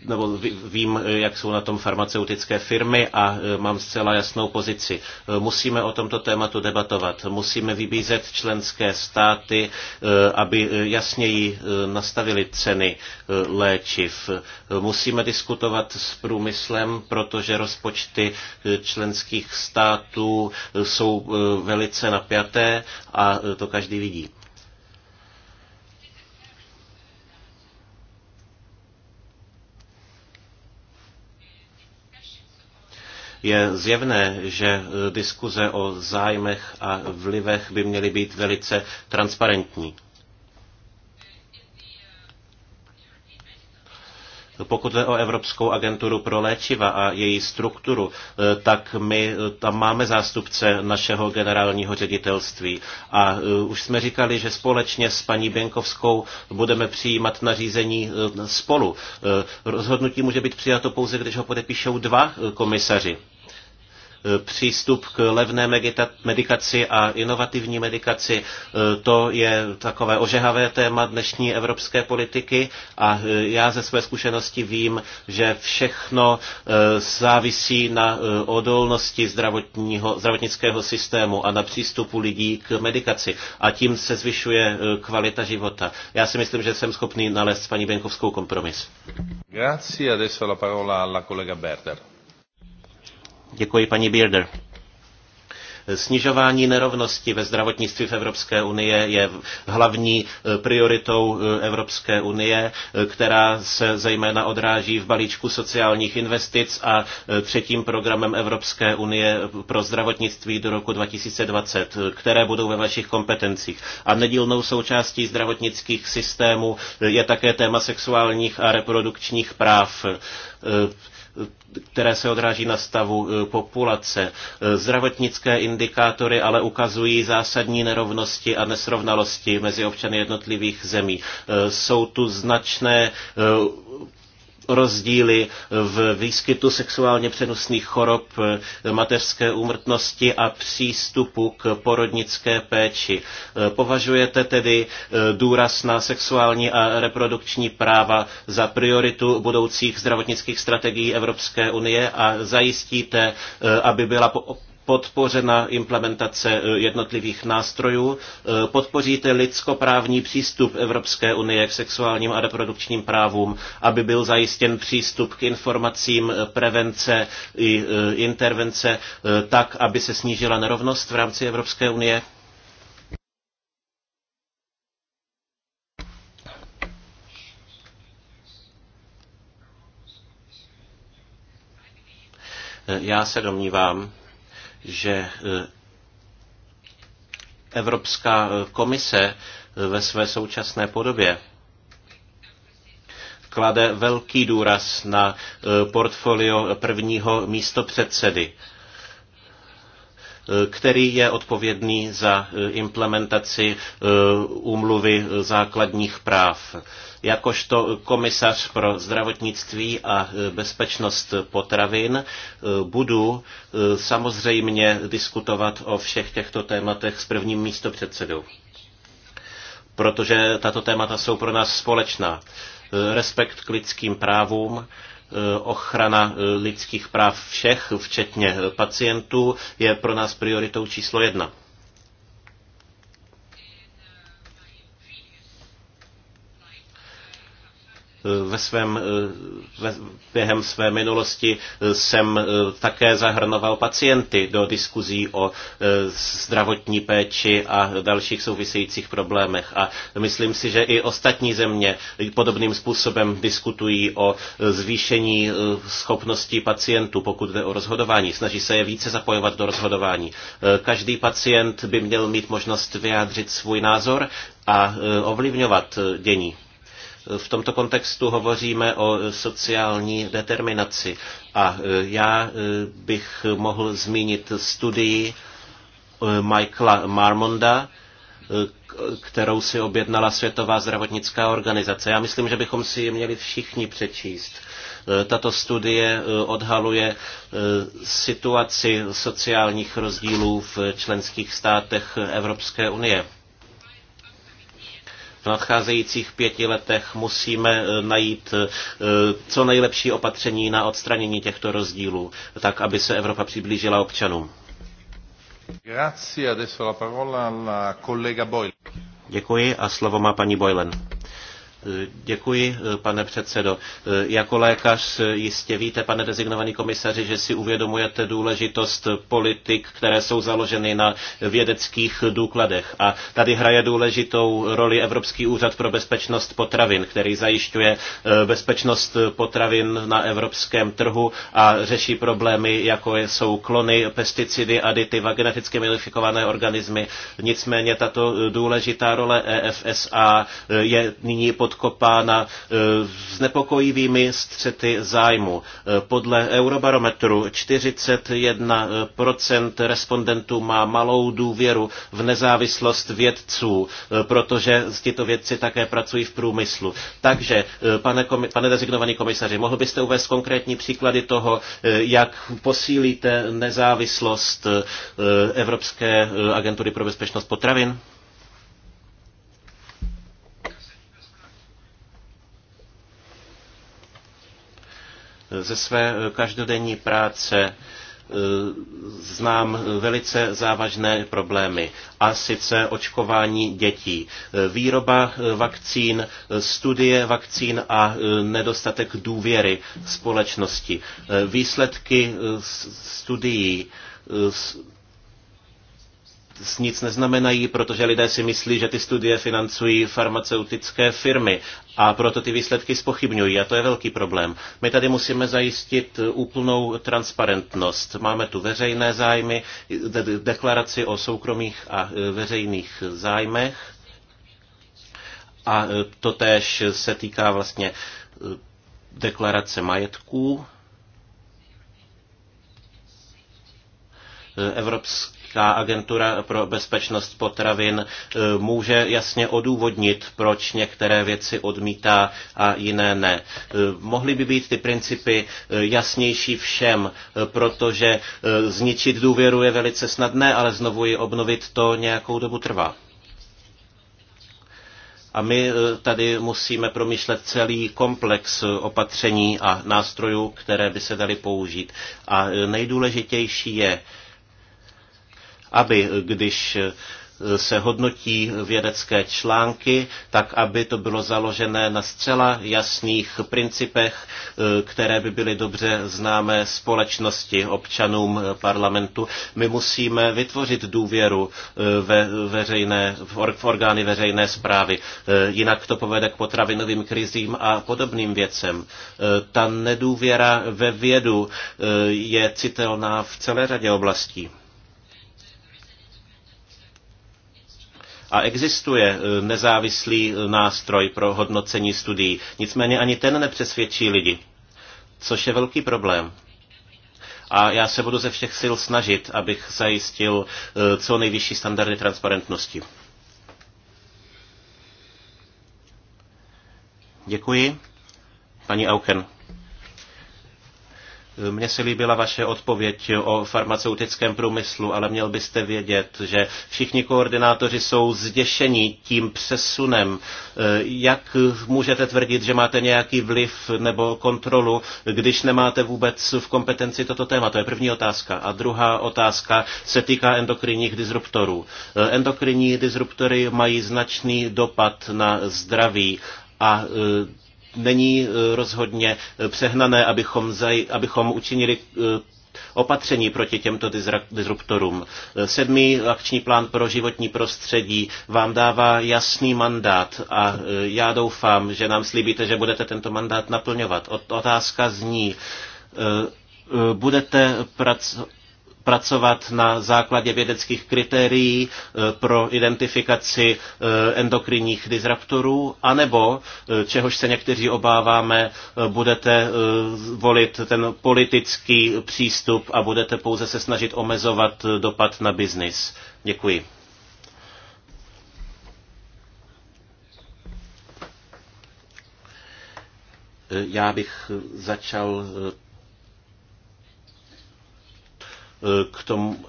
nebo vím, jak jsou na tom farmaceutické firmy a e, mám zcela jasnou pozici. E, musíme o tomto tématu debatovat. Musíme vybízet členské státy, e, aby jasněji nastavili ceny léčiv. Musíme diskutovat s průmyslem, protože rozpočty členských států jsou velice napjaté a to každý vidí. Je zjevné, že e, diskuze o zájmech a vlivech by měly být velice transparentní. Pokud jde o Evropskou agenturu pro léčiva a její strukturu, e, tak my e, tam máme zástupce našeho generálního ředitelství. A už jsme říkali, že společně s paní Běnkovskou budeme přijímat nařízení spolu. Rozhodnutí může být přijato pouze, když ho podepíšou dva komisaři přístup k levné medikaci a inovativní medikaci, e, to je takové ožehavé téma dnešní evropské politiky a e, já ze své zkušenosti vím, že všechno e, závisí na odolnosti zdravotního, zdravotnického systému a na přístupu lidí k medikaci a tím se zvyšuje kvalita života. Já si myslím, že jsem schopný nalézt s paní Benkovskou kompromis. Grazie, adesso la parola alla collega Berder. Děkuji, paní Bilder. Snižování nerovnosti ve zdravotnictví v Evropské unie je hlavní eh, prioritou eh, Evropské unie, eh, která se zejména odráží v balíčku sociálních investic a třetím programem Evropské unie pro zdravotnictví do roku 2020, které budou ve vašich kompetencích. A nedílnou součástí zdravotnických systémů je také téma sexuálních a reprodukčních práv které se odráží na stavu eh, populace. Eh, Zdravotnické indikátory ale ukazují zásadní nerovnosti a nesrovnalosti mezi občany jednotlivých zemí. Eh, Jsou tu značné rozdíly v výskytu sexuálně přenosných chorob, eh, mateřské úmrtnosti a přístupu k porodnické péči. Eh, považujete tedy eh, důraz na sexuální a reprodukční práva za prioritu budoucích zdravotnických strategií Evropské unie a zajistíte, aby byla podpořena implementace e, jednotlivých nástrojů, e, podpoříte lidskoprávní přístup Evropské unie k sexuálním a reprodukčním právům, aby byl zajištěn přístup k informacím, e, prevence i intervence tak, aby se snížila nerovnost v rámci Evropské unie? Já se domnívám, že e, Evropská e, komise e, ve své současné podobě klade velký důraz na portfolio prvního místopředsedy který je odpovědný za eh, implementaci eh, úmluvy eh, základních práv. Jakožto komisař pro zdravotnictví a bezpečnost potravin budu samozřejmě diskutovat o všech těchto tématech s prvním místopředsedou, protože tato témata jsou pro nás společná. Respekt k lidským právům, Eh, ochrana eh, lidských práv všech, včetně eh, pacientů, je pro nás prioritou číslo jedna. Eh, ve svém, eh, ve, během své minulosti eh, jsem také zahrnoval pacienty do diskuzí o zdravotní péči a dalších souvisejících problémech. A myslím si, že i ostatní země podobným způsobem diskutují o zvýšení schopností pacientů, pokud jde o rozhodování. Snaží se je více zapojovat do rozhodování. Každý pacient by měl mít možnost vyjádřit svůj názor a ovlivňovat dění. V tomto kontextu hovoříme o sociální determinaci a e, já e, bych mohl zmínit studii e, Michaela Marmonda, kterou si objednala Světová zdravotnická organizace. Já myslím, že bychom si ji měli všichni přečíst. Tato studie odhaluje situaci sociálních rozdílů v členských státech Evropské unie v nadcházejících pěti letech musíme eh, najít eh, co nejlepší opatření na odstranění těchto rozdílů, tak aby se Evropa přiblížila občanům. Děkuji a slovo má paní Boylen. Děkuji, pane předsedo. Jako lékař jistě víte, pane rezignovaný komisaři, že si uvědomujete důležitost politik, které jsou založeny na vědeckých důkladech. A tady hraje důležitou roli Evropský úřad pro bezpečnost potravin, který zajišťuje eh, bezpečnost potravin na evropském trhu a řeší problémy, jako jsou klony, pesticidy, aditiva, geneticky modifikované organismy. Nicméně tato důležitá role EFSA eh, je nyní pod podkopána e, nepokojivými střety zájmu. E, podle Eurobarometru 41% respondentů má malou důvěru v nezávislost vědců, e, protože tyto vědci také pracují v průmyslu. Takže, pane, komi- pane designovaný komisaři, mohl byste uvést konkrétní příklady toho, jak posílíte nezávislost Evropské agentury pro bezpečnost potravin? Ze své eh, každodenní práce eh, znám eh, velice závažné problémy, a sice očkování dětí. Výroba vakcín, studie vakcín a nedostatek důvěry společnosti. Výsledky studií nic neznamenají, protože lidé si myslí, že ty studie financují farmaceutické firmy a proto ty výsledky spochybňují a to je velký problém. My tady musíme zajistit úplnou transparentnost. Máme tu veřejné zájmy, deklaraci o soukromých a e, veřejných zájmech a e, to též se týká vlastně e, deklarace majetků. Evropské ta agentura pro bezpečnost potravin eh, může jasně odůvodnit, proč některé věci odmítá a jiné ne. Eh, mohly by být ty principy eh, jasnější všem, protože zničit důvěru je velice snadné, ale znovu ji obnovit to nějakou dobu trvá. A my tady musíme promýšlet celý komplex opatření a nástrojů, které by se daly použít. A nejdůležitější je, aby když eh, se hodnotí vědecké články, tak aby to bylo založené na zcela jasných principech, eh, které by byly dobře známé společnosti, občanům eh, parlamentu. My musíme vytvořit důvěru ve veřejné, v orgány veřejné zprávy, jinak to povede k potravinovým krizím a podobným věcem. Ta nedůvěra ve vědu je citelná v celé řadě oblastí. A existuje e, nezávislý e, nástroj pro hodnocení studií. Nicméně ani ten nepřesvědčí lidi, což je velký problém a já se budu ze všech sil snažit, abych zajistil e, co nejvyšší standardy transparentnosti. Děkuji. Paní Auken. Mně se líbila vaše odpověď o farmaceutickém průmyslu, ale měl byste vědět, že všichni koordinátoři jsou zděšeni tím přesunem. Eh, jak můžete tvrdit, že máte nějaký vliv nebo kontrolu, když nemáte vůbec v kompetenci toto téma? To je první otázka. A druhá otázka se týká endokrinních disruptorů. Eh, endokrinní disruptory mají značný dopad na zdraví a eh, není e, rozhodně e, přehnané, abychom, zaj, abychom učinili e, opatření proti těmto disruptorům. Sedmý akční plán pro životní prostředí vám dává jasný mandát a já doufám, že nám slíbíte, že budete tento mandát naplňovat. Otázka zní, budete pracovat pracovat na základě vědeckých kritérií eh, pro identifikaci eh, endokrinních disruptorů, anebo, eh, čehož se někteří obáváme, budete volit ten politický přístup a budete pouze se snažit omezovat dopad na biznis. Děkuji. Já bych začal Eh, k tomu,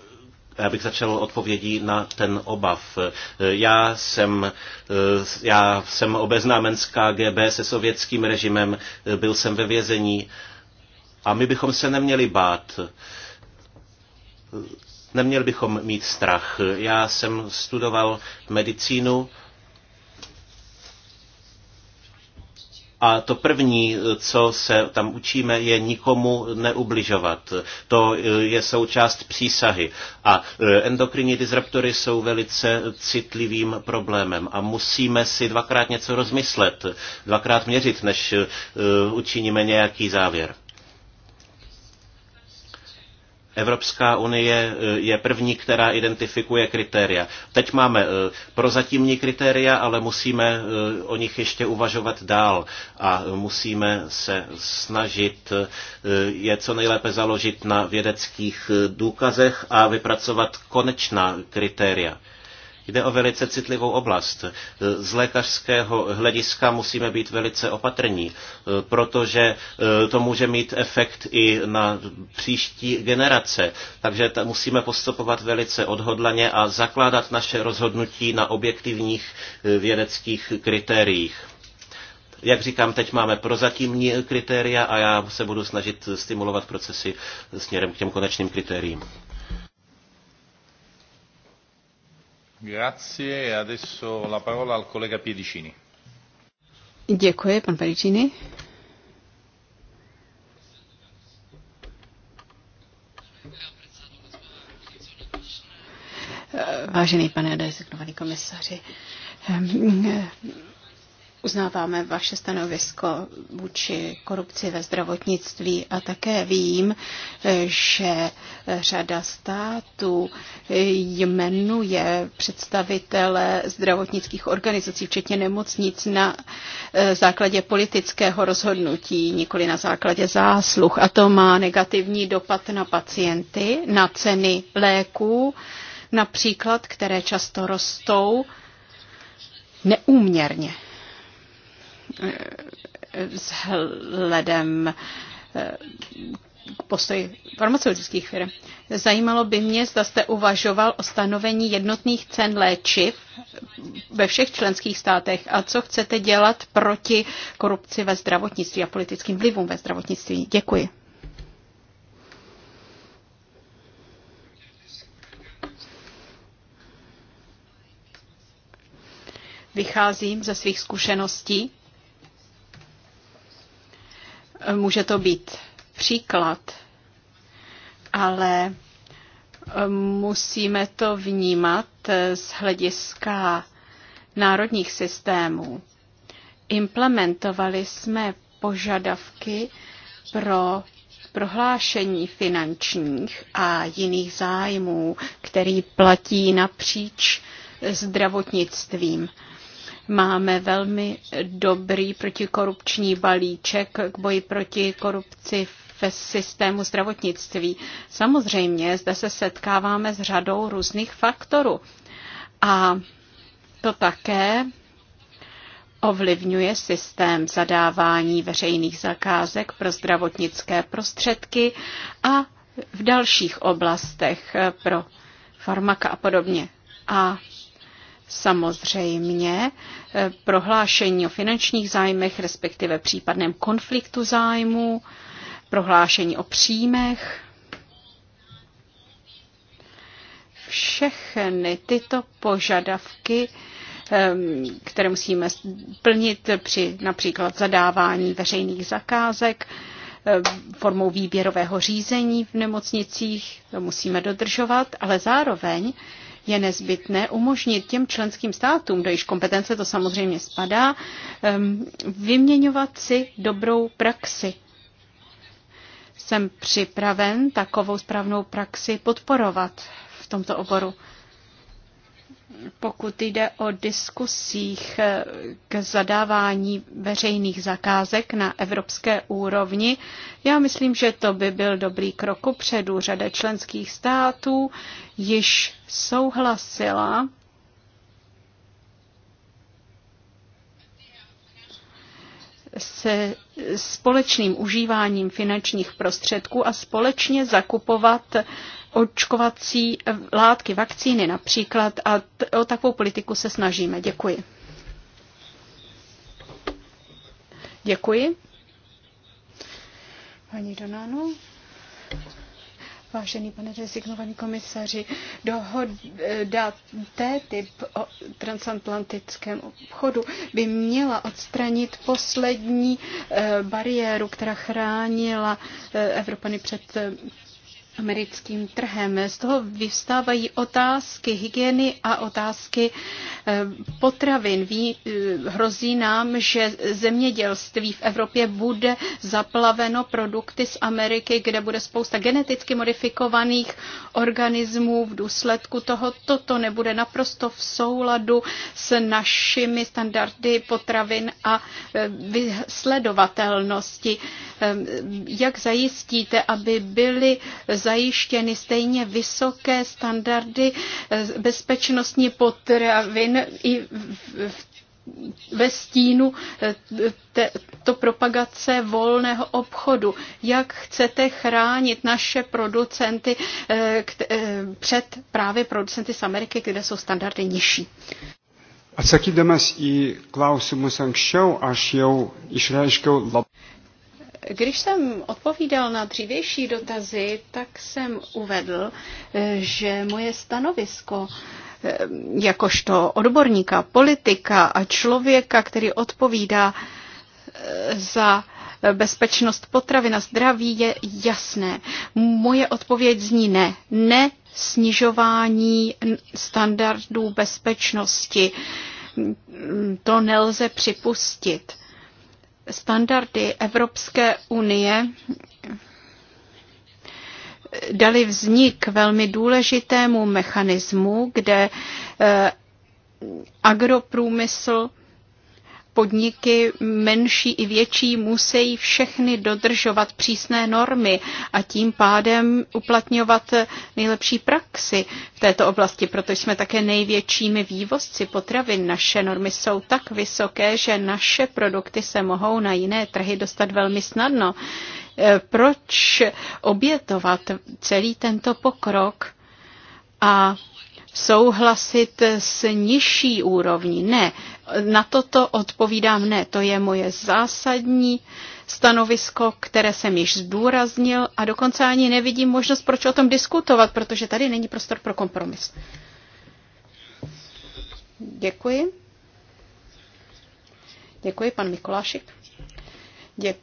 já bych začal odpovědí na ten obav. Eh, já jsem, eh, já jsem obeznámen z KGB, se sovětským režimem, byl jsem ve vězení a my bychom se neměli bát. Neměli bychom mít strach. Já jsem studoval medicínu A to první, co se tam učíme, je nikomu neubližovat. To eh, je součást přísahy. A eh, endokrinní disruptory jsou velice citlivým problémem a musíme si dvakrát něco rozmyslet, dvakrát měřit, než eh, učiníme nějaký závěr. Evropská unie eh, je první, která identifikuje kritéria. Teď máme eh, prozatímní kritéria, ale musíme eh, o nich ještě uvažovat dál a musíme se snažit je co nejlépe založit na vědeckých důkazech a vypracovat konečná kritéria. Jde o velice citlivou oblast. Z lékařského hlediska musíme být velice opatrní, protože eh, to může mít efekt i na příští generace. Takže musíme postupovat velice odhodlaně a zakládat naše rozhodnutí na objektivních eh, vědeckých kritériích jak říkám, teď máme prozatímní kritéria a já se budu snažit stimulovat procesy směrem k těm konečným kritériím. Grazie. E adesso la parola al collega Piedicini. Děkuji, pan Pedicini. Vážený pane designovaný komisaři, Uznáváme vaše stanovisko vůči korupci ve zdravotnictví a také vím, že řada států jmenuje představitele zdravotnických organizací, včetně nemocnic, na eh, základě politického rozhodnutí, nikoli na základě zásluh. A to má negativní dopad na pacienty, na ceny léků, například, které často rostou neuměrně vzhledem k eh, postoji farmaceutických firm. Zajímalo by mě, zda jste uvažoval o stanovení jednotných cen léčiv ve všech členských státech a co chcete dělat proti korupci ve zdravotnictví a politickým vlivům ve zdravotnictví. Děkuji. Vycházím ze svých zkušeností Může to být příklad, ale eh, musíme to vnímat eh, z hlediska národních systémů. Implementovali jsme požadavky pro prohlášení finančních a jiných zájmů, který platí napříč zdravotnictvím. Máme velmi dobrý protikorupční balíček k boji proti korupci v ve systému zdravotnictví. Samozřejmě zde se setkáváme s řadou různých faktorů. A to také ovlivňuje systém zadávání veřejných zakázek pro zdravotnické prostředky a v dalších oblastech pro farmaka a podobně. A Samozřejmě eh, prohlášení o finančních zájmech, respektive případném konfliktu zájmu, prohlášení o příjmech. Všechny tyto požadavky ehm, které musíme plnit při například zadávání veřejných zakázek, ehm, formou výběrového řízení v nemocnicích, to musíme dodržovat, ale zároveň je nezbytné umožnit těm členským státům, do jejich kompetence to samozřejmě spadá, vyměňovat si dobrou praxi. Jsem připraven takovou správnou praxi podporovat v tomto oboru pokud jde o diskusích eh, k zadávání veřejných zakázek na evropské úrovni, já myslím, že to by byl dobrý krok předu. Řada členských států již souhlasila se společným užíváním finančních prostředků a společně zakupovat očkovací látky, vakcíny například a o takovou politiku se snažíme. Děkuji. Děkuji. Paní Donáno. Vážený pane rezignovaný komisaři, dohoda typ o transatlantickém obchodu by měla odstranit poslední eh, bariéru, která chránila eh, Evropany před eh, americkým trhem. Z toho vyvstávají otázky hygieny a otázky eh, potravin. Ví, eh, hrozí nám, že zemědělství v Evropě bude zaplaveno produkty z Ameriky, kde bude spousta geneticky modifikovaných organismů v důsledku toho. Toto nebude naprosto v souladu s našimi standardy potravin a eh, sledovatelnosti. Ehm, jak zajistíte, aby byly zajištěny stejně vysoké standardy eh, bezpečnostní potravin i v ve stínu eh, te, to propagace volného obchodu. Jak chcete chránit naše producenty eh, kte, před právě producenty z Ameriky, kde jsou standardy nižší? Atsakydamas į klausimus anksčiau, aš jau išreiškiau když jsem odpovídal na dřívější dotazy, tak jsem uvedl, eh, že moje stanovisko eh, jakožto odborníka, politika a člověka, který odpovídá eh, za bezpečnost potravy na zdraví je jasné. Moje odpověď zní ne. Ne snižování standardů bezpečnosti. To nelze připustit standardy Evropské unie dali vznik velmi důležitému mechanismu, kde eh, agroprůmysl podniky menší i větší musí všechny dodržovat přísné normy a tím pádem uplatňovat nejlepší praxi v této oblasti, protože jsme také největšími vývozci potravin. Naše normy jsou tak vysoké, že naše produkty se mohou na jiné trhy dostat velmi snadno. E, proč obětovat celý tento pokrok a souhlasit s nižší úrovní? Ne, na toto odpovídám ne, to je moje zásadní stanovisko, které jsem již zdůraznil a dokonce ani nevidím možnost, proč o tom diskutovat, protože tady není prostor pro kompromis. Děkuji. Děkuji, pan Mikulášik. Dě-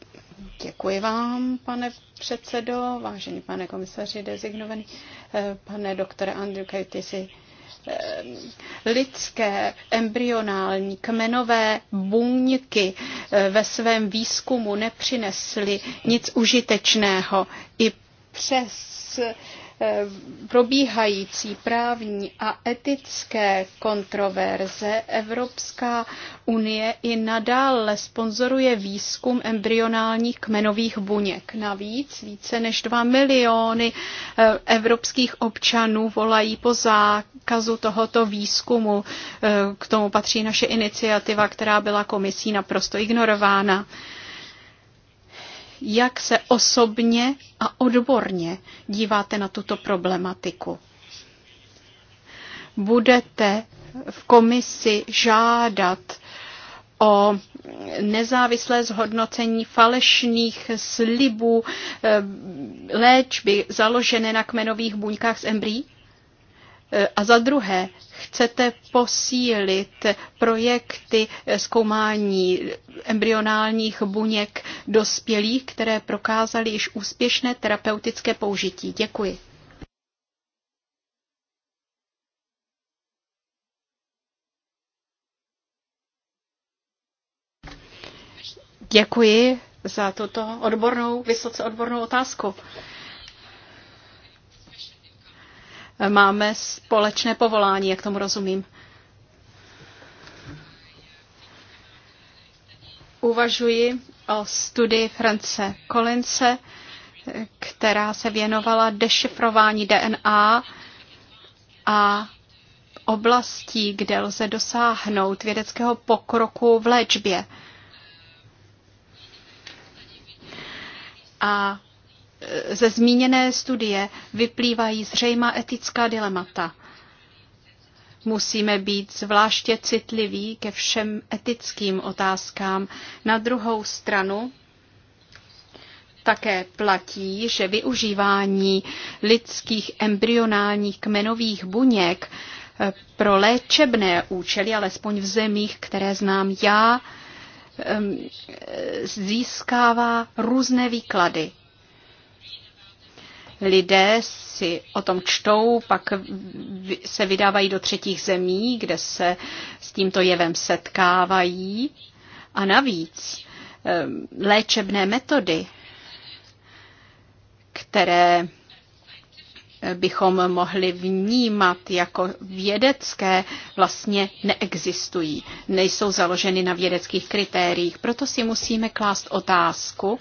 děkuji vám, pane předsedo, vážený pane komisaři designovaný, eh, pane doktore Andrew Kajtisi. Eh, lidské embryonální kmenové buňky eh, ve svém výzkumu nepřinesly nic užitečného. I přes Eh, probíhající právní a etické kontroverze Evropská unie i nadále sponzoruje výzkum embryonálních kmenových buněk. Navíc více než 2 miliony eh, evropských občanů volají po zákazu tohoto výzkumu. Eh, k tomu patří naše iniciativa, která byla komisí naprosto ignorována jak se osobně a odborně díváte na tuto problematiku. Budete v komisi žádat o nezávislé zhodnocení falešných slibů eh, léčby založené na kmenových buňkách z embryí? E, a za druhé, chcete posílit projekty zkoumání embryonálních buněk dospělých, které prokázaly již úspěšné terapeutické použití. Děkuji. Děkuji za tuto odbornou, vysoce odbornou otázku. máme společné povolání, jak tomu rozumím. Uvažuji o studii France Collinse, která se věnovala dešifrování DNA a oblastí, kde lze dosáhnout vědeckého pokroku v léčbě. A Eh, ze zmíněné studie vyplývají zřejmá etická dilemata. Musíme být zvláště citliví ke všem etickým otázkám. Na druhou stranu také platí, že využívání lidských embryonálních kmenových buněk eh, pro léčebné účely, alespoň v zemích, které znám já, eh, získává různé výklady lidé si o tom čtou, pak se vydávají do třetích zemí, kde se s tímto jevem setkávají. A navíc ehm, léčebné metody, které eh, bychom mohli vnímat jako vědecké, vlastně neexistují. Nejsou založeny na vědeckých kritériích. Proto si musíme klást otázku,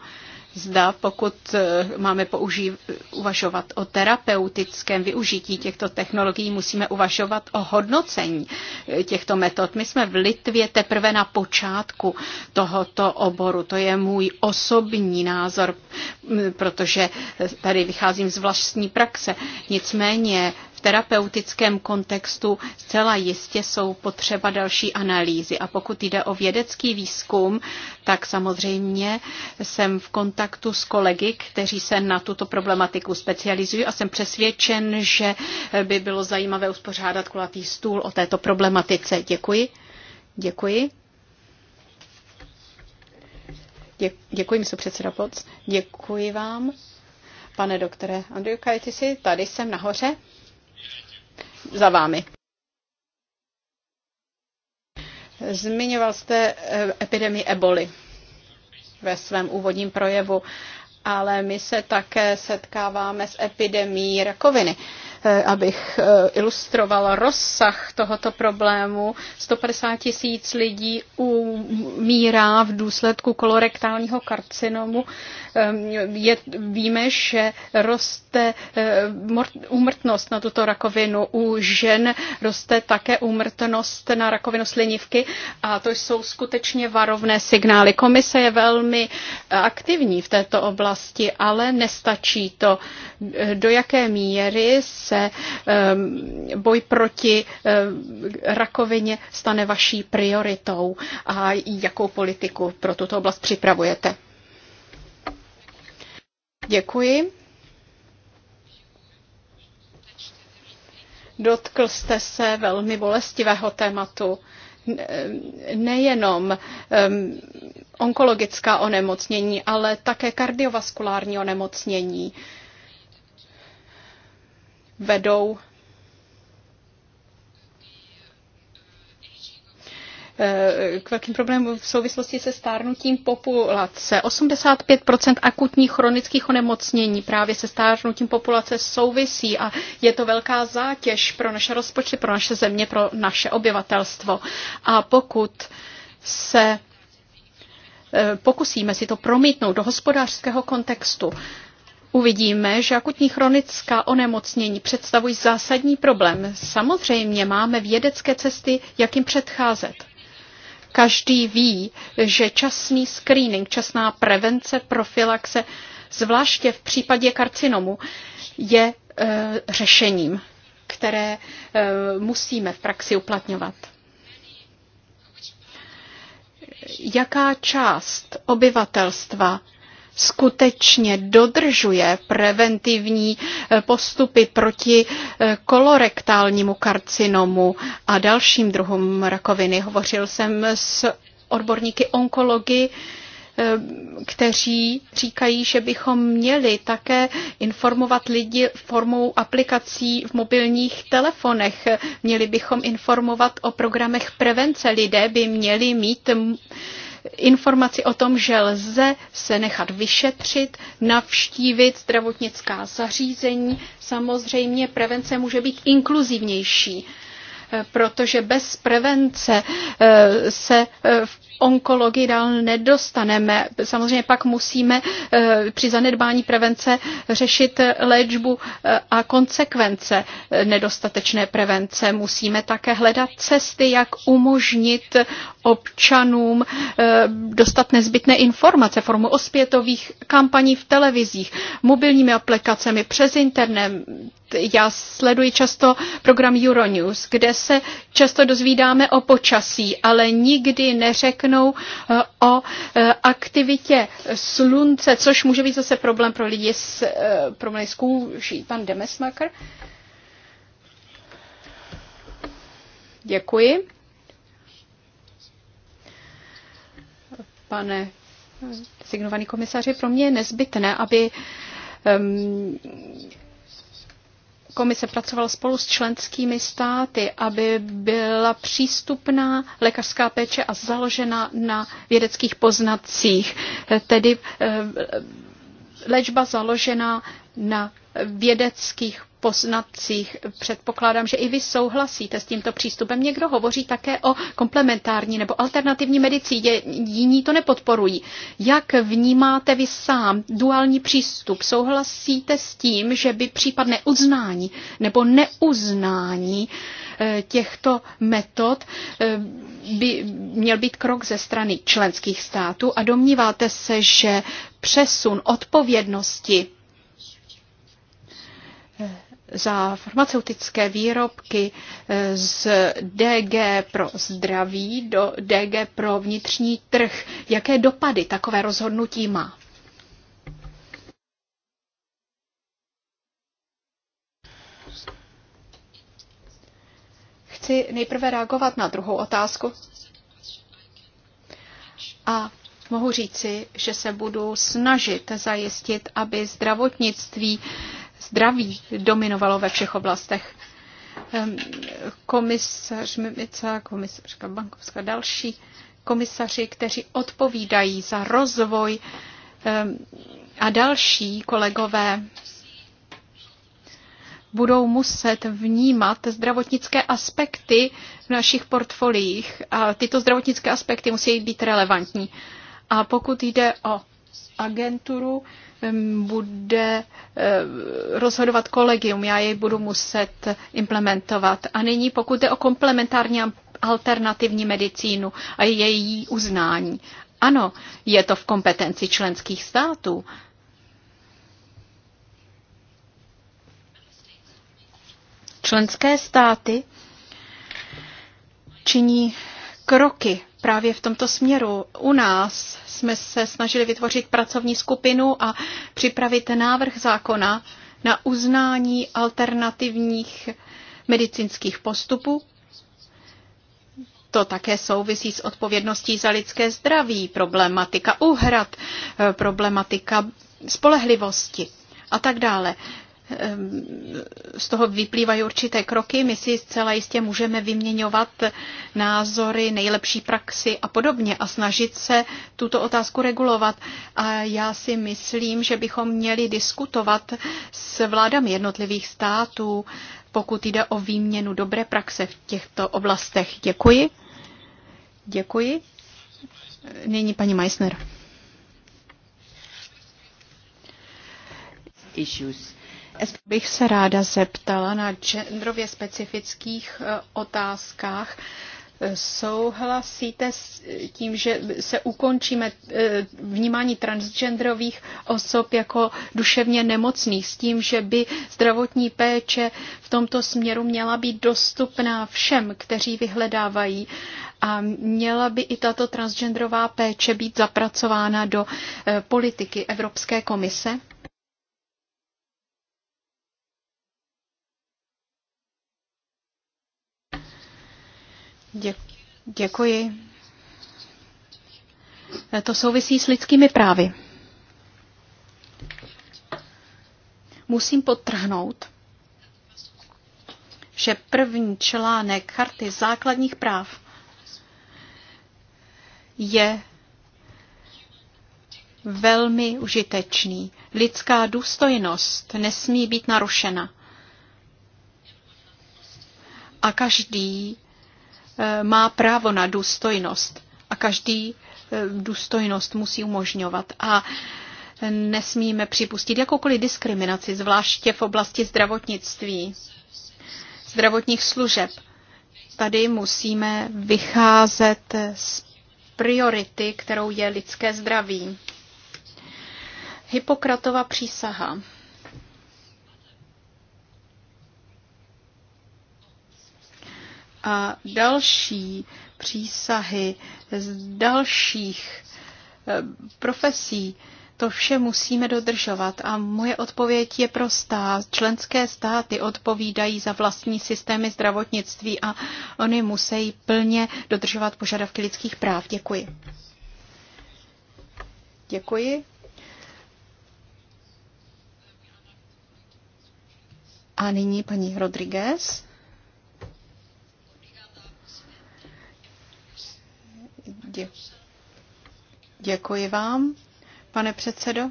Zda pokud eh, máme použí, uvažovat o terapeutickém využití těchto technologií, musíme uvažovat o hodnocení eh, těchto metod. My jsme v Litvě teprve na počátku tohoto oboru. To je můj osobní názor, protože eh, tady vycházím z vlastní praxe. Nicméně terapeutickém kontextu zcela jistě jsou potřeba další analýzy. A pokud jde o vědecký výzkum, tak samozřejmě jsem v kontaktu s kolegy, kteří se na tuto problematiku specializují a jsem přesvědčen, že by bylo zajímavé uspořádat kulatý stůl o této problematice. Děkuji. Děkuji. Děkuji, mi předseda Poc. Děkuji vám, pane doktore Andriu Kajtisi. Tady jsem nahoře za vámi. Zmiňoval jste eh, epidemii eboli ve svém úvodním projevu, ale my se také setkáváme s epidemí rakoviny. Eh, abych eh, ilustroval rozsah tohoto problému. 150 tisíc lidí umírá v důsledku kolorektálního karcinomu. Je, víme, že roste eh, úmrtnost na tuto rakovinu. U žen roste také úmrtnost na rakovinu slinivky a to jsou skutečně varovné signály. Komise je velmi aktivní v této oblasti, ale nestačí to. Do jaké míry se ehm, boj proti eh, rakovině stane vaší prioritou a jakou politiku pro tuto oblast připravujete? Děkuji. Dotkl jste se velmi bolestivého tématu eh, nejenom um, onkologická onemocnění, ale také kardiovaskulární onemocnění vedou eh, k velkým problémům v souvislosti se stárnutím populace. 85% akutních chronických onemocnění právě se stárnutím populace souvisí a je to velká zátěž pro naše rozpočty, pro naše země, pro naše obyvatelstvo. A pokud se eh, pokusíme si to promítnout do hospodářského kontextu, uvidíme, že akutní chronická onemocnění představují zásadní problém. Samozřejmě máme vědecké cesty, jak jim předcházet. Každý ví, že časný screening, časná prevence, profilaxe, zvláště v případě karcinomu, je e, řešením, které e, musíme v praxi uplatňovat. Jaká část obyvatelstva skutečně dodržuje preventivní eh, postupy proti eh, kolorektálnímu karcinomu a dalším druhům rakoviny. Hovořil jsem s odborníky onkology, eh, kteří říkají, že bychom měli také informovat lidi formou aplikací v mobilních telefonech. Měli bychom informovat o programech prevence. Lidé by měli mít informaci o tom, že lze se nechat vyšetřit, navštívit zdravotnická zařízení. Samozřejmě prevence může být inkluzivnější eh, protože bez prevence eh, se eh, v onkologii dál nedostaneme. Samozřejmě pak musíme eh, při zanedbání prevence řešit léčbu eh, a konsekvence eh, nedostatečné prevence. Musíme také hledat cesty, jak umožnit občanům dostat nezbytné informace formou ospětových kampaní v televizích, mobilními aplikacemi přes internet. Já sleduji často program Euronews, kde se často dozvídáme o počasí, ale nikdy neřeknu, zmíněnou eh, o eh, aktivitě slunce, což může být zase problém pro lidi s, eh, problémy s kůží. Pan Demesmaker. Děkuji. Pane signovaný komisaři, pro mě je nezbytné, aby um, komise pracovala spolu s členskými státy, aby byla přístupná lékařská péče a založena na vědeckých poznatcích, tedy eh, léčba založená na vědeckých poznatcích. Předpokládám, že i vy souhlasíte s tímto přístupem. Někdo hovoří také o komplementární nebo alternativní medicíně, jiní to nepodporují. Jak vnímáte vy sám duální přístup? Souhlasíte s tím, že by případné uznání nebo neuznání eh, těchto metod eh, by měl být krok ze strany členských států a domníváte se, že přesun odpovědnosti za farmaceutické výrobky eh, z DG pro zdraví do DG pro vnitřní trh. Jaké dopady takové rozhodnutí má? Chci nejprve reagovat na druhou otázku. A mohu říci, že se budu snažit zajistit, aby zdravotnictví eh, zdraví dominovalo ve všech oblastech. Komisař Mimica, komisařka Bankovská, další komisaři, kteří odpovídají za rozvoj a další kolegové budou muset vnímat zdravotnické aspekty v našich portfoliích a tyto zdravotnické aspekty musí být relevantní. A pokud jde o agenturu, bude eh, rozhodovat kolegium, já jej budu muset implementovat. A nyní, pokud je o komplementární alternativní medicínu a její uznání. Ano, je to v kompetenci členských států. Členské státy činí kroky právě v tomto směru. U nás jsme se snažili vytvořit pracovní skupinu a připravit návrh zákona na uznání alternativních medicínských postupů. To také souvisí s odpovědností za lidské zdraví, problematika úhrad, eh, problematika spolehlivosti a tak dále. Ehm, z toho vyplývají určité kroky. My si zcela jistě můžeme vyměňovat názory, nejlepší praxi a podobně a snažit se tuto otázku regulovat. A já si myslím, že bychom měli diskutovat s vládami jednotlivých států, pokud jde o výměnu dobré praxe v těchto oblastech. Děkuji. Děkuji. Nyní paní Meissner. Issues Bych se ráda zeptala na genderově specifických e, otázkách. E, souhlasíte s tím, že se ukončíme e, vnímání transgenderových osob jako duševně nemocných, s tím, že by zdravotní péče v tomto směru měla být dostupná všem, kteří vyhledávají a měla by i tato transgenderová péče být zapracována do politiky Evropské komise? Děkuji. To souvisí s lidskými právy. Musím podtrhnout, že první článek Charty základních práv je velmi užitečný. Lidská důstojnost nesmí být narušena. A každý Eh, má právo na důstojnost a každý eh, důstojnost musí umožňovat. A nesmíme připustit jakoukoliv diskriminaci, zvláště v oblasti zdravotnictví, zdravotních služeb. Tady musíme vycházet z priority, kterou je lidské zdraví. Hipokratova přísaha a další přísahy z dalších eh, profesí, to vše musíme dodržovat a moje odpověď je prostá. Členské státy odpovídají za vlastní systémy zdravotnictví a oni musí plně dodržovat požadavky lidských práv. Děkuji. Děkuji. A nyní paní Rodriguez. děkuji vám, pane předsedo.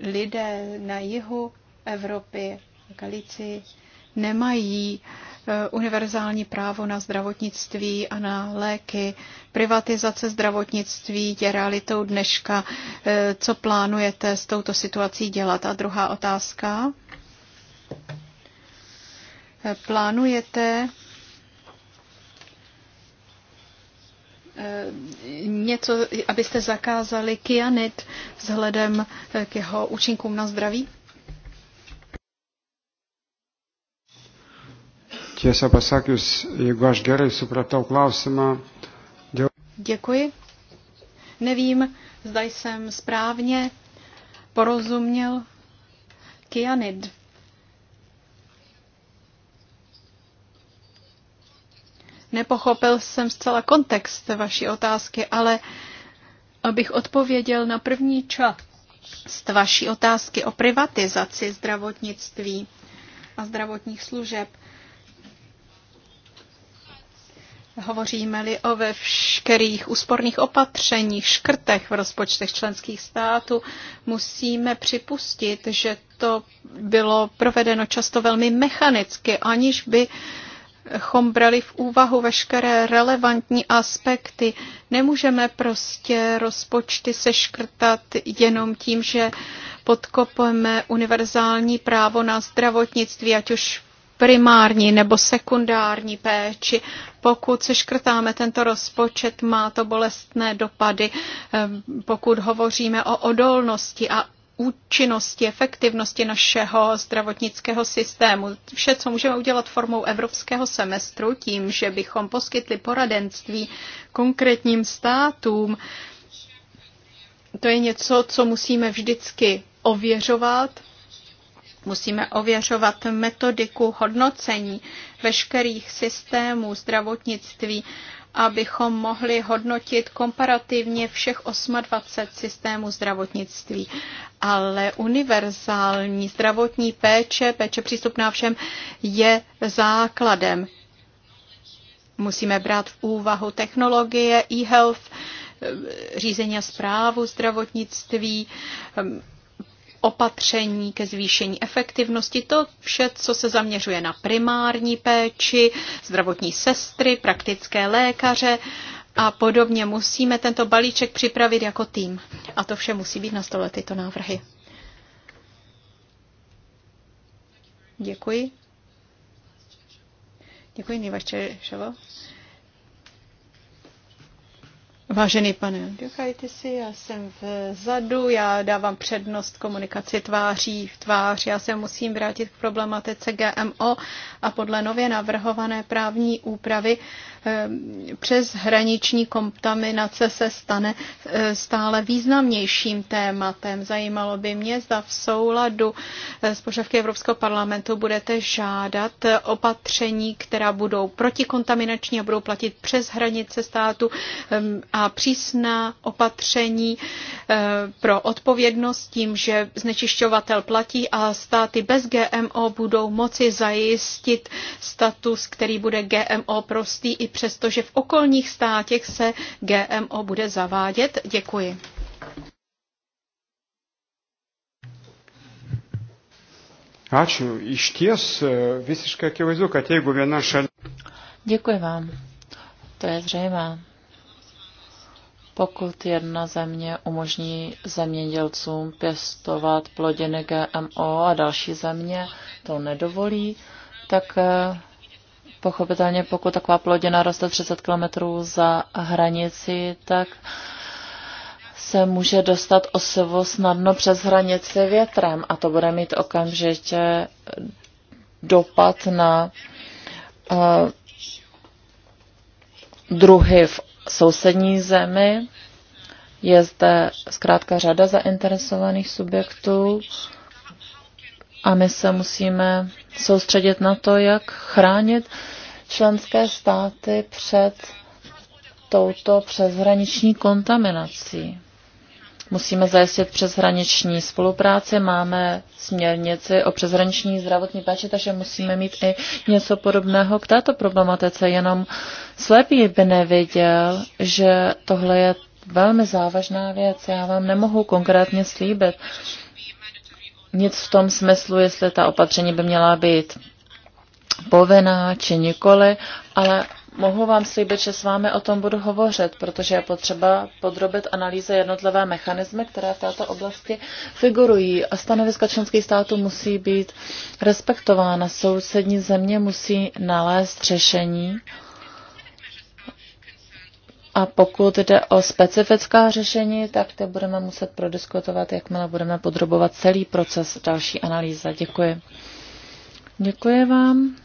Lidé na jihu Evropy, Galicii, nemají eh, univerzální právo na zdravotnictví a na léky. Privatizace zdravotnictví je realitou dneška. Eh, co plánujete s touto situací dělat? A druhá otázka. Eh, plánujete Eh, něco, abyste zakázali kyanit vzhledem eh, k jeho účinkům na zdraví? Tiesą pasakius, jeigu aš gerai supratau klausimą. Dėl... Děkuji. Nevím, zda jsem správně porozuměl kyanid. Nepochopil jsem zcela kontext vaší otázky, ale abych odpověděl na první část vaší otázky o privatizaci zdravotnictví a zdravotních služeb. Hovoříme-li o ve veškerých úsporných opatřeních, škrtech v rozpočtech členských států, musíme připustit, že to bylo provedeno často velmi mechanicky, aniž by uh, chom brali v úvahu veškeré relevantní aspekty. Nemůžeme prostě rozpočty seškrtat jenom tím, že podkopujeme univerzální právo na zdravotnictví, ať už primární nebo sekundární péči. Pokud se škrtáme tento rozpočet, má to bolestné dopady, eh, pokud hovoříme o odolnosti a účinnosti, efektivnosti našeho zdravotnického systému. Vše, co můžeme udělat formou evropského semestru, tím, že bychom poskytli poradenství konkrétním státům, to je něco, co musíme vždycky ověřovat. Musíme ověřovat metodiku hodnocení veškerých systémů zdravotnictví abychom mohli hodnotit komparativně všech 28 systémů zdravotnictví. Ale univerzální zdravotní péče, péče přístupná všem, je základem. Musíme brát v úvahu technologie, e-health, řízení a zprávu zdravotnictví, opatření ke zvýšení efektivnosti, to vše, co se zaměřuje na primární péči, zdravotní sestry, praktické lékaře a podobně. Musíme tento balíček připravit jako tým. A to vše musí být na stole tyto návrhy. Děkuji. Děkuji, Nivaše Šavo. Vážený pane si, já jsem vzadu, já dávám přednost komunikaci tváří v tvář. Já se musím vrátit k problematice GMO a podle nově navrhované právní úpravy eh, přes hraniční kontaminace se stane eh, stále významnějším tématem. Zajímalo by mě, zda v souladu eh, s požadavky Evropského parlamentu budete žádat opatření, která budou protikontaminační a budou platit přes hranice státu a přísná opatření eh, pro odpovědnost tím, že znečišťovatel platí a státy bez GMO budou moci zajistit status, který bude GMO prostý, i přesto, že v okolních státech se GMO bude zavádět. Děkuji. Ačiū. Iš ties e, visiškai akivaizdu, kad jeigu viena šalis. Děkuji vám. To je zřejmé pokud jedna země umožní zemědělcům pěstovat plodiny GMO a další země to nedovolí, tak eh, pochopitelně pokud taková plodina roste 30 km za hranici, tak se může dostat osivo snadno přes hranici větrem a to bude mít okamžitě dopad na uh, druhy v sousední zemi. Je zde zkrátka řada zainteresovaných subjektů a my se musíme soustředit na to, jak chránit členské státy před touto přeshraniční kontaminací. Musíme zajistit přeshraniční spolupráci, máme směrnici o přeshraniční zdravotní péči, takže musíme mít i něco podobného k této problematice. Jenom slepý by nevěděl, že tohle je velmi závažná věc. Já vám nemohu konkrétně slíbit nic v tom smyslu, jestli ta opatření by měla být povinná či nikoli, ale mohu vám slíbit, že s vámi o tom budu hovořit, protože je potřeba podrobit analýze jednotlivé mechanismy, které v této oblasti figurují a stanoviska členských států musí být respektována. Sousední země musí nalézt řešení a pokud jde o specifická řešení, tak to budeme muset prodiskutovat, jakmile budeme podrobovat celý proces další analýza. Děkuji. Děkuji vám.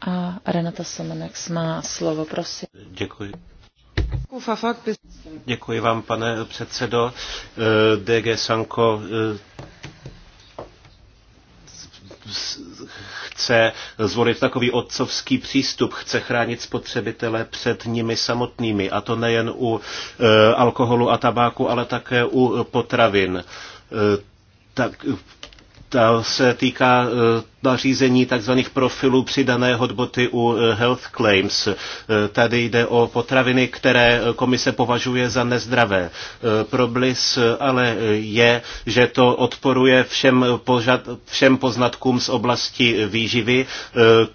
A Renata Semenex má slovo, prosím. Děkuji. Děkuji vám, pane předsedo. Eh, DG Sanko eh, chce zvolit takový otcovský přístup, chce chránit spotřebitele před nimi samotnými, a to nejen u eh, alkoholu a tabáku, ale také u potravin. tak ta se týká nařízení tzv. profilů přidané hodnoty u eh, health claims. Eh, tady jde o potraviny, které eh, komise považuje za nezdravé. Problis ale je, že to odporuje všem, požad, všem poznatkům z oblasti výživy.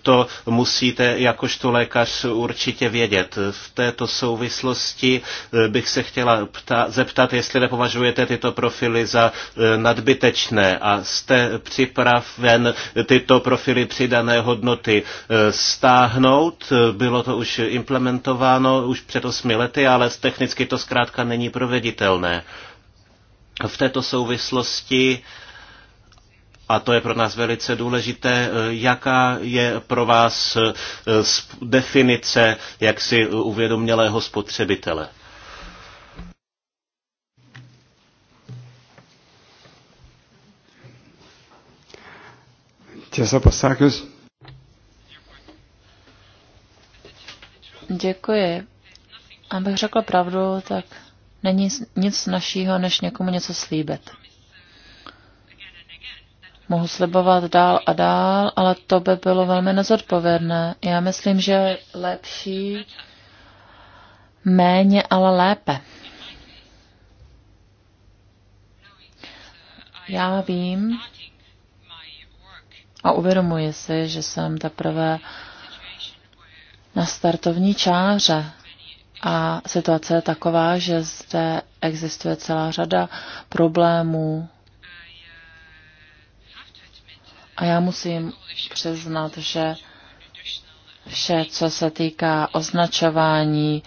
To musíte jakožto lékař určitě vědět. V této souvislosti bych se chtěla ptá, zeptat, jestli nepovažujete tyto profily za nadbytečné a jste připraven ty tyto profily přidané hodnoty eh, stáhnout. Eh, bylo to už implementováno už před osmi lety, ale technicky to zkrátka není proveditelné. V této souvislosti a to je pro nás velice důležité, eh, jaká je pro vás definice jaksi uvědomělého spotřebitele. Tiesa pasakius. Děkuji. Abych řekla pravdu, tak není nic našího, než někomu něco slíbit. Mohu slibovat dál a dál, ale to by bylo velmi nezodpovědné. Já myslím, že lepší méně, ale lépe. Já vím, a uvědomuji si, že jsem teprve na startovní čáře a situace je taková, že zde existuje celá řada problémů a já musím přiznat, že vše, co se týká označování,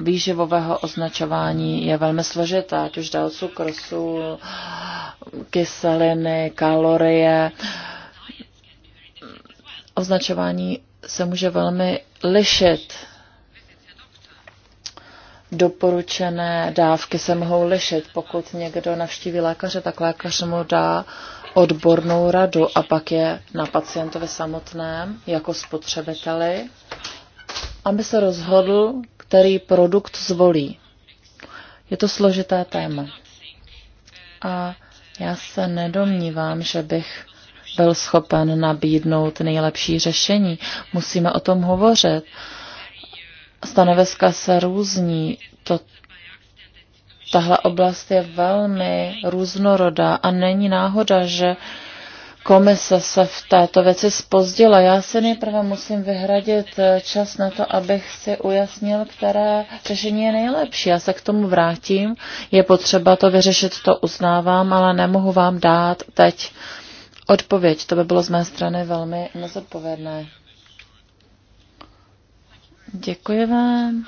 výživového označování je velmi složité, ať už jde o cukr, sůl, kyseliny, kalorie. Označování se může velmi lišit. Doporučené dávky se mohou lišit. Pokud někdo navštíví lékaře, tak lékař mu dá odbornou radu a pak je na pacientovi samotném jako spotřebiteli, aby se rozhodl, který produkt zvolí. Je to složité téma. A já se nedomnívám, že bych byl schopen nabídnout nejlepší řešení. Musíme o tom hovořit. Stanoviska se různí. To, tahle oblast je velmi různorodá a není náhoda, že uh, komise se v této věci spozdila. Já se nejprve musím vyhradit eh, čas na to, abych si ujasnil, které řešení je nejlepší. Já se k tomu vrátím. Je potřeba to vyřešit, to uznávám, ale nemohu vám dát teď odpověď. To by bylo z mé strany velmi nezodpovědné. Děkuji vám.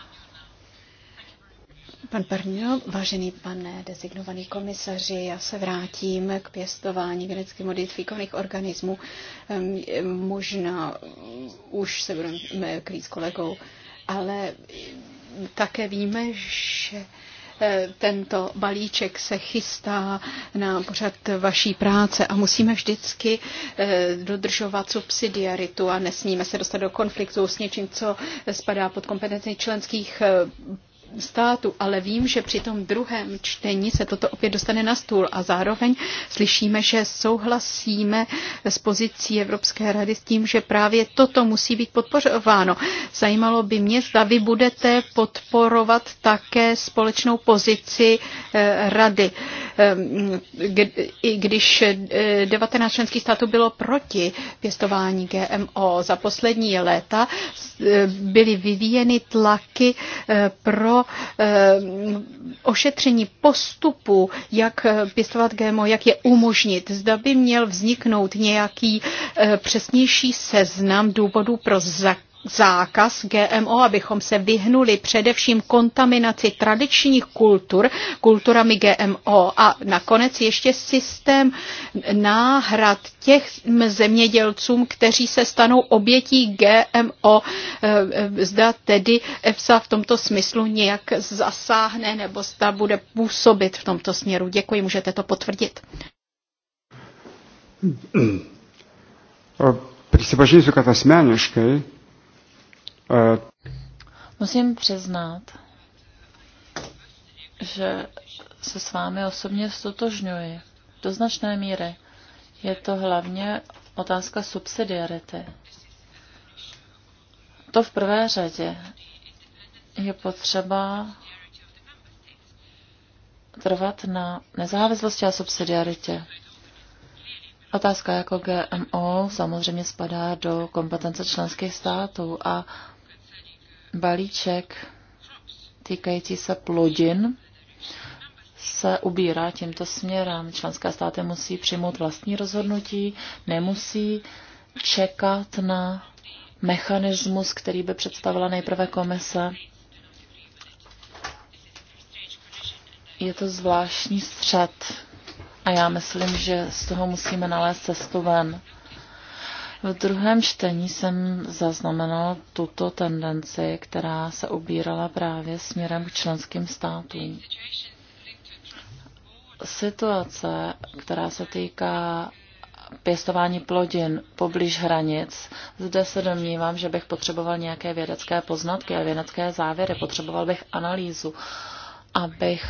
Pan Parnino, vážený pane designovaný komisaři, já se vrátím k pěstování geneticky modifikovaných organismů. Ehm, možná už se budeme krýt s kolegou, ale také víme, že eh, tento balíček se chystá na pořad vaší práce a musíme vždycky eh, dodržovat subsidiaritu a nesmíme se dostat do konfliktu s něčím, co spadá pod kompetenci členských eh, státu, ale vím, že při tom druhém čtení se toto opět dostane na stůl a zároveň slyšíme, že souhlasíme s pozicí Evropské rady s tím, že právě toto musí být podporováno. Zajímalo by mě, zda vy budete podporovat také společnou pozici eh, rady. Ehm, i když 19 eh, členských států bylo proti pěstování GMO. Za poslední léta eh, byly vyvíjeny tlaky eh, pro ošetření postupu, jak pěstovat GMO, jak je umožnit. Zda by měl vzniknout nějaký přesnější seznam důvodů pro zakázání zákaz GMO, abychom se vyhnuli především kontaminaci tradičních kultur kulturami GMO a nakonec ještě systém náhrad těch zemědělcům, kteří se stanou obětí GMO. E, e, zda tedy EFSA v tomto smyslu nějak zasáhne nebo zda bude působit v tomto směru. Děkuji, můžete to potvrdit. Prisipažinsiu, kad asmeniškai Eh, Musím přiznat, že se s vámi osobně stotožňuji. Do značné míry. Je to hlavně otázka subsidiarity. To v prvé řadě je potřeba trvat na nezávislosti a subsidiaritě. Otázka jako GMO samozřejmě spadá do kompetence členských států a balíček týkající se plodin se ubírá tímto směrem. Členské státy musí přijmout vlastní rozhodnutí, nemusí čekat na mechanismus, který by představila nejprve komise. Je to zvláštní střed a já myslím, že z toho musíme nalézt cestu ven. V druhém čtení jsem zaznamenal tuto tendenci, která se ubírala právě směrem k členským státům. Situace, která se týká pěstování plodin poblíž hranic. Zde se domnívám, že bych potřeboval nějaké vědecké poznatky a vědecké závěry, potřeboval bych analýzu, abych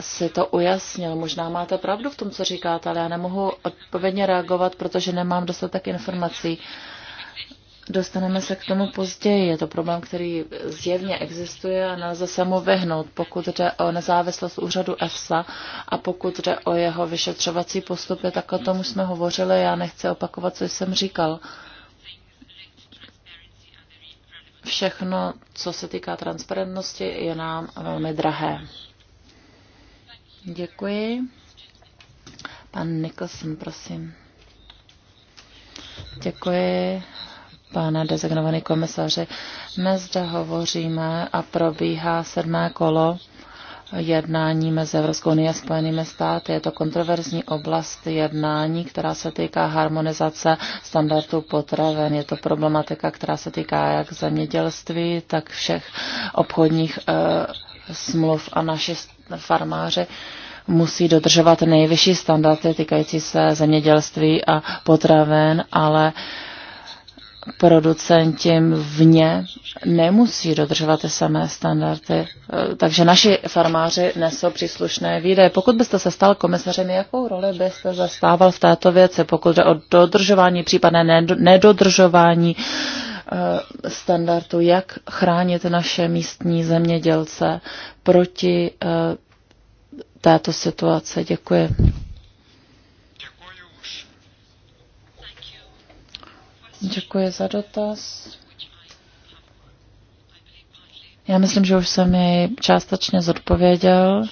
si to ujasnil. Možná máte pravdu v tom, co říkáte, ale já nemohu odpovědně reagovat, protože nemám dostatek informací. Dostaneme se k tomu později. Je to problém, který zjevně existuje a nelze se mu vyhnout, pokud jde o nezávislost úřadu EFSA a pokud jde o jeho vyšetřovací postupy, tak o tom už jsme hovořili. Já nechci opakovat, co jsem říkal. Všechno, co se týká transparentnosti, je nám velmi drahé. Děkuji. Pan Nicholson, prosím. Děkuji, pane designovaný komisaři. My zde hovoříme a probíhá sedmé kolo jednání mezi Evropskou unii a Spojenými státy. Je to kontroverzní oblast jednání, která se týká harmonizace standardů potravin. Je to problematika, která se týká jak zemědělství, tak všech obchodních uh, smluv a naše farmáři musí dodržovat nejvyšší standardy týkající se zemědělství a potraven, ale producenti vně nemusí dodržovat ty samé standardy. Takže naši farmáři nesou příslušné výdaje. Pokud byste se stal komisařem, jakou roli byste zastával v této věci, pokud jde o dodržování, případné nedodržování Eh, standardu, jak chránit naše místní zemědělce proti eh, této situace. Děkuji. Děkuji za dotaz. Já myslím, že už jsem jej částečně zodpověděl.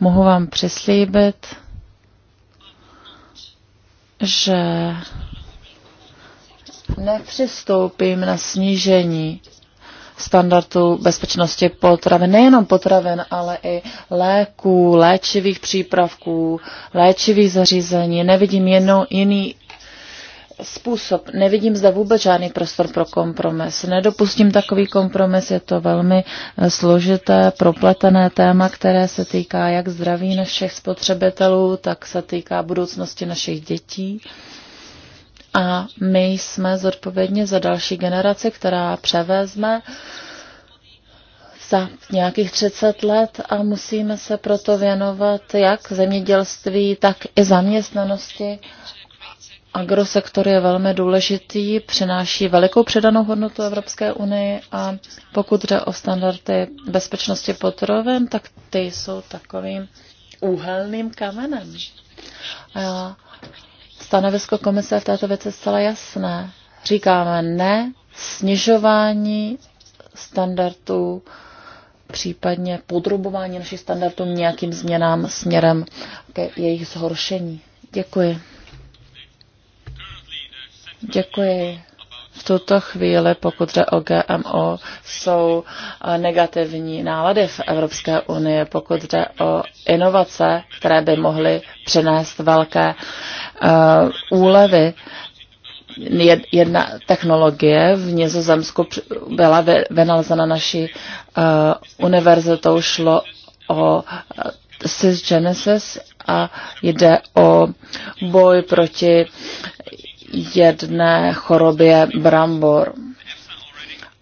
Mohu vám přislíbit, že nepřistoupím na snížení standardu bezpečnosti potravin, nejenom potravin, ale i léků, léčivých přípravků, léčivých zařízení. Nevidím jenom jiný způsob. Nevidím zde vůbec žádný prostor pro kompromis. Nedopustím takový kompromis, je to velmi eh, složité, propletené téma, které se týká jak zdraví našich spotřebitelů, tak se týká budoucnosti našich dětí a my jsme zodpovědní za další generaci, která převezme za nějakých 30 let a musíme se proto věnovat jak zemědělství, tak i zaměstnanosti. Agrosektor je velmi důležitý, přináší velikou předanou hodnotu Evropské unii a pokud jde o standardy bezpečnosti potravin, tak ty jsou takovým úhelným kamenem. A já Stanovisko komise v této věci zcela jasné. Říkáme ne snižování standardů, případně podrobování našich standardů nějakým změnám směrem k jejich zhoršení. Děkuji. Děkuji. V tuto chvíli, pokud jde o GMO, jsou eh, negativní nálady v Evropské unii, pokud jde o inovace, které by mohly přinést velké uh, úlevy jedna technologie v Nizozemsku byla vynalezena naší uh, univerzitou, šlo o cisgenesis a jde o boj proti jedné chorobě brambor.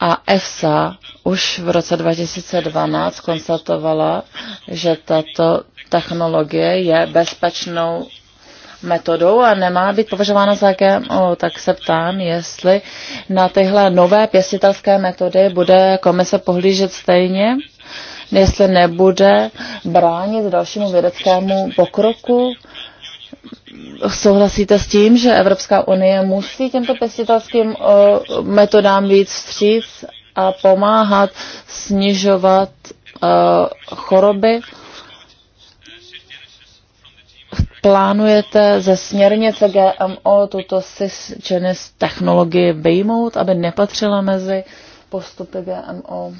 A EFSA už v roce 2012 konstatovala, že tato technologie je bezpečnou metodou a nemá být považována za GMO, tak se ptám, jestli na tyhle nové pěstitelské metody bude komise pohlížet stejně, jestli nebude bránit dalšímu vědeckému pokroku, souhlasíte s tím, že Evropská unie musí těmto pěstitelským eh, metodám víc vstříc a pomáhat snižovat eh, choroby? Plánujete ze směrnice GMO tuto cisgenis technologii vyjmout, aby nepatřila mezi postupy GMO?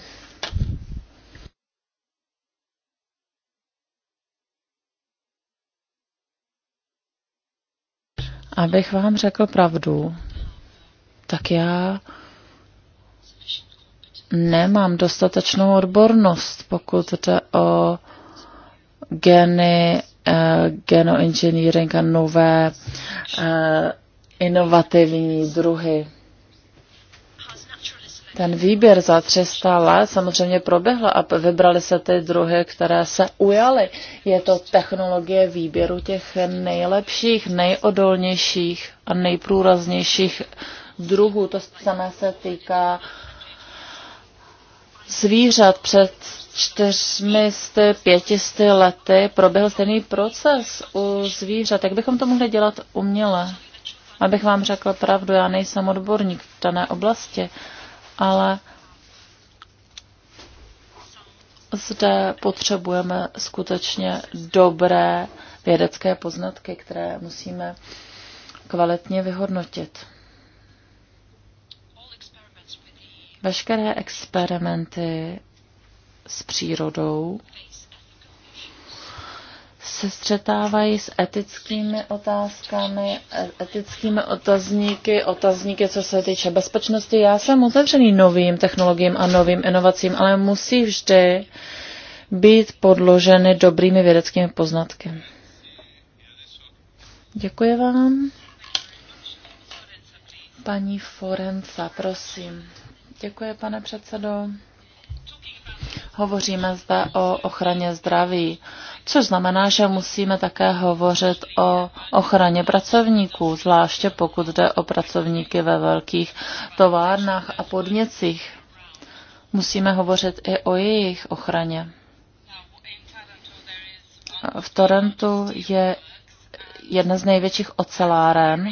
Abych vám řekl pravdu, tak já nemám dostatečnou odbornost, pokud jde o geny, eh, genoengineering a nové eh, inovativní druhy. Ten výběr za 300 let samozřejmě proběhl a vybrali se ty druhy, které se ujaly. Je to technologie výběru těch nejlepších, nejodolnějších a nejprůraznějších druhů. To samé se týká zvířat před čtyřmi z pěti lety proběhl stejný proces u zvířat. Jak bychom to mohli dělat uměle? Abych vám řekl pravdu, já nejsem odborník v dané oblasti ale zde potřebujeme skutečně dobré vědecké poznatky, které musíme kvalitně vyhodnotit. Veškeré experimenty s přírodou se střetávají s etickými otázkami, etickými otazníky, otazníky, co se týče bezpečnosti. Já jsem otevřený novým technologiím a novým inovacím, ale musí vždy být podloženy dobrými vědeckými poznatky. Děkuji vám. Paní Forenca, prosím. Děkuji, pane předsedo. Hovoříme zde o ochraně zdraví, což znamená, že musíme také hovořit o ochraně pracovníků, zvláště pokud jde o pracovníky ve velkých továrnách a podnicích. Musíme hovořit i o jejich ochraně. V Torentu je jedna z největších oceláren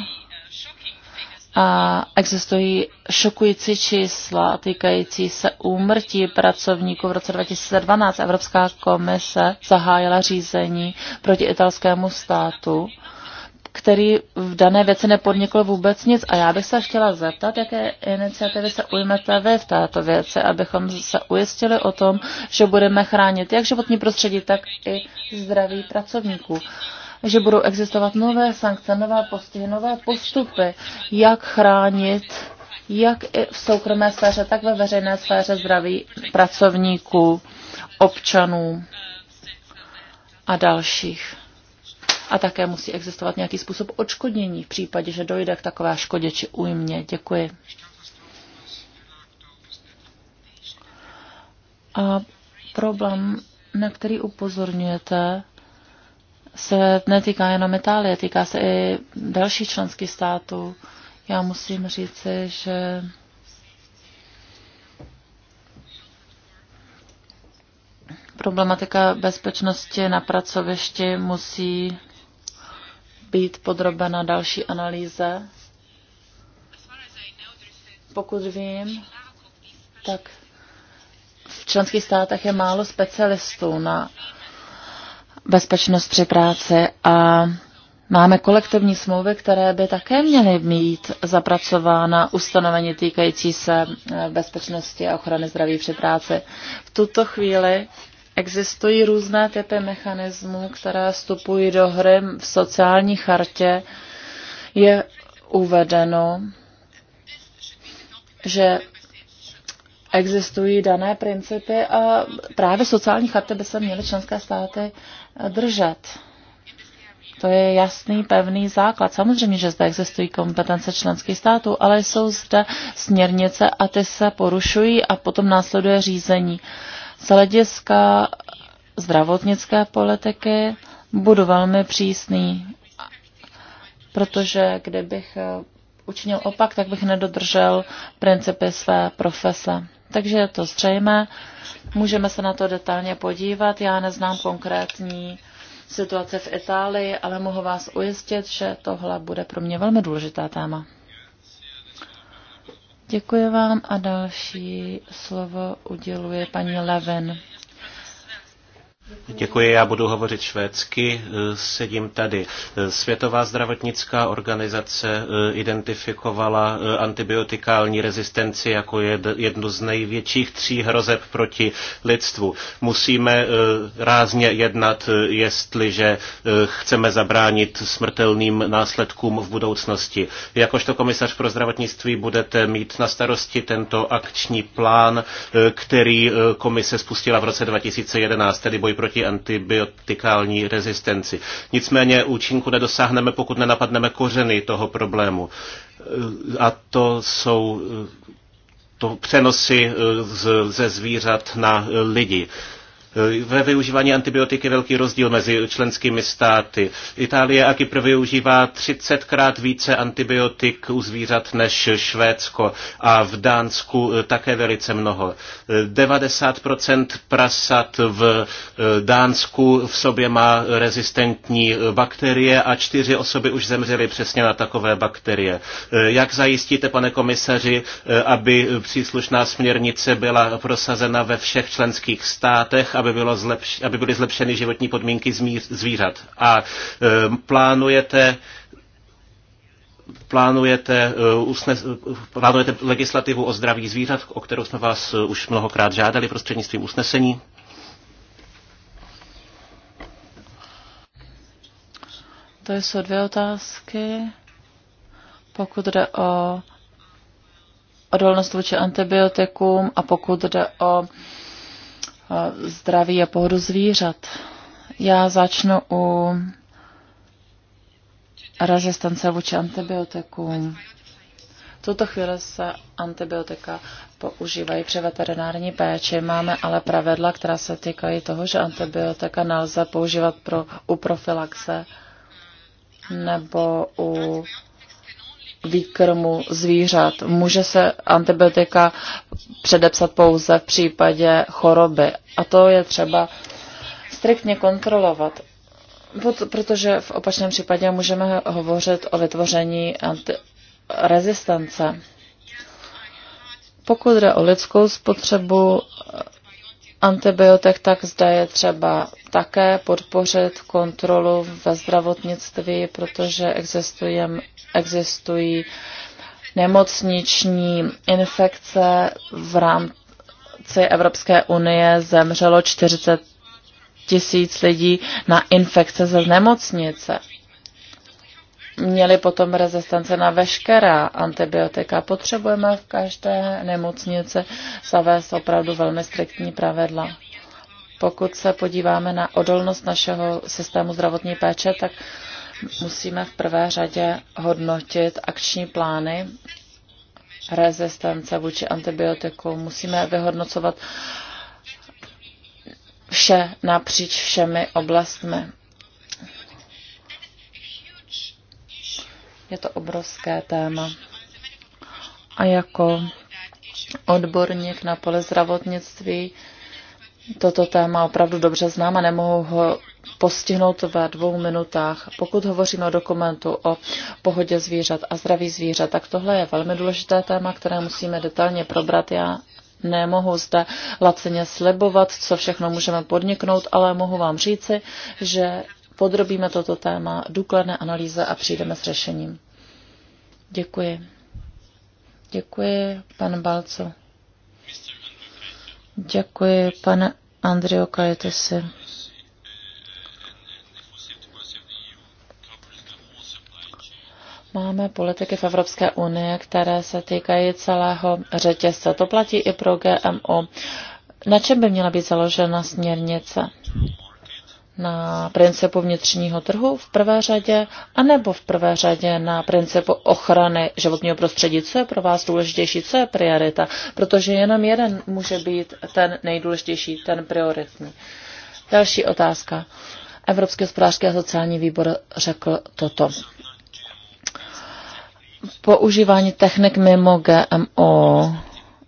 a existují šokující čísla týkající se úmrtí pracovníků. V roce 2012 Evropská komise zahájila řízení proti italskému státu, který v dané věci nepodnikl vůbec nic. A já bych se chtěla zeptat, jaké iniciativy se ujmete vy v této věci, abychom se ujistili o tom, že budeme chránit jak životní prostředí, tak i zdraví pracovníků. Uh, že budou existovat nové sankce, nové postihy, nové postupy, jak chránit jak v soukromé sféře, tak ve veřejné sféře zdraví pracovníků, občanů a dalších. A také musí existovat nějaký způsob odškodnění v případě, že dojde k takové škodě či újmě. Děkuji. A problém, na který upozorňujete, se netýká jenom Itálie, týká se i dalších členských států. Já musím říci, že problematika bezpečnosti na pracovišti musí být podrobena další analýze. Pokud vím, tak v členských státech je málo specialistů na bezpečnost při práci a máme kolektivní smlouvy, které by také měly mít zapracována ustanovení týkající se eh, bezpečnosti a ochrany zdraví při práci. V tuto chvíli existují různé typy mechanismů, které vstupují do hry v sociální chartě. Je uvedeno, že existují dané principy a právě sociální charty by se měly členské státy držet. To je jasný, pevný základ. Samozřejmě, že zde existují kompetence členských států, ale jsou zde směrnice a ty se porušují a potom následuje řízení. Z hlediska zdravotnické politiky budu velmi přísný, protože kdybych učinil opak, tak bych nedodržel principy své profese. Takže je to zřejmé, můžeme se na to detailně podívat. Já neznám konkrétní situace v Itálii, ale mohu vás ujistit, že tohle bude pro mě velmi důležitá téma. Děkuji vám a další slovo uděluje paní Levin. Děkuji, já budu hovořit švédsky. Sedím tady. Světová zdravotnická organizace eh, identifikovala eh, antibiotikální rezistenci jako jednu z největších tří hrozeb proti lidstvu. Musíme eh, rázně jednat, jestliže chceme zabránit smrtelným následkům v budoucnosti. Jakožto komisař pro zdravotnictví budete mít na starosti tento akční plán, který komise spustila v roce 2011, tedy boj proti antibiotikální rezistenci. Nicméně účinku nedosáhneme, pokud nenapadneme kořeny toho problému. E, a to jsou e, to přenosy e, ze zvířat na lidi. Eh, ve využívání antibiotik je velký rozdíl mezi členskými státy. Itálie a Kypr využívá 30krát více antibiotik u zvířat než Švédsko a v Dánsku eh, také velice mnoho. 90% eh, prasat v Dánsku v sobě má rezistentní bakterie a čtyři osoby už zemřely přesně na takové bakterie. Jak zajistíte, pane komisaři, aby příslušná směrnice byla prosazena ve všech členských státech, aby aby, bylo zlepš- aby byly zlepšeny životní podmínky zvířat. A e, plánujete plánujete, e, usnes, e, plánujete legislativu o zdraví zvířat, o kterou jsme vás už mnohokrát žádali prostřednictvím usnesení? To jsou dvě otázky. Pokud jde o odolnost vůči antibiotikům a pokud jde o Eh, zdraví a pohodu zvířat. Já začnu u rezistence vůči antibiotikům. V tuto chvíli se antibiotika používají při veterinární péči. Máme ale pravidla, která se týkají toho, že antibiotika nelze používat pro, u profilaxe nebo u výkrmu zvířat. Může se antibiotika předepsat pouze v případě choroby a to je třeba striktně kontrolovat, protože v opačném případě můžeme hovořit o vytvoření anti- rezistence. Pokud jde o lidskou spotřebu, antibiotik, tak zde je třeba také podpořit kontrolu ve zdravotnictví, protože existují, existují nemocniční infekce v rámci Evropské unie zemřelo 40 tisíc lidí na infekce ze nemocnice měli potom rezistence na veškerá antibiotika. Potřebujeme v každé nemocnici zavést opravdu velmi striktní pravidla. Pokud se podíváme na odolnost našeho systému zdravotní péče, tak musíme v prvé řadě hodnotit akční plány rezistence vůči antibiotiku. Musíme vyhodnocovat vše napříč všemi oblastmi. Je to obrovské téma. A jako odborník na pole zdravotnictví toto téma opravdu dobře znám a nemohu ho postihnout ve dvou minutách. Pokud hovoříme o dokumentu o pohodě zvířat a zdraví zvířat, tak tohle je velmi důležité téma, které musíme detailně probrat. Já nemohu zde lacině slibovat, co všechno můžeme podniknout, ale mohu vám říci, že podrobíme toto téma důkladné analýze a přijdeme s řešením. Děkuji. Děkuji, pan Balco. Děkuji, pane Andrio Kajetesi. Máme politiky v Evropské unii, které se týkají celého řetězce. To platí i pro GMO. Na čem by měla být založena směrnice? na principu vnitřního trhu v prvé řadě, anebo v prvé řadě na principu ochrany životního prostředí. Co je pro vás důležitější, co je priorita? Protože jenom jeden může být ten nejdůležitější, ten prioritní. Další otázka. Evropský hospodářský a sociální výbor řekl toto. Používání technik mimo GMO,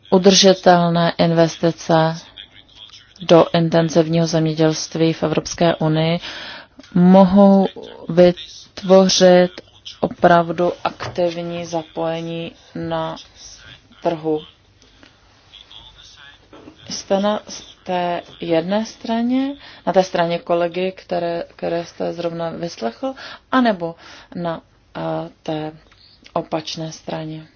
udržitelné investice do intenzivního zemědělství v Evropské unii mohou vytvořit opravdu aktivní zapojení na trhu. Jste na té jedné straně, na té straně kolegy, které, které jste zrovna vyslechl, anebo na eh, té opačné straně.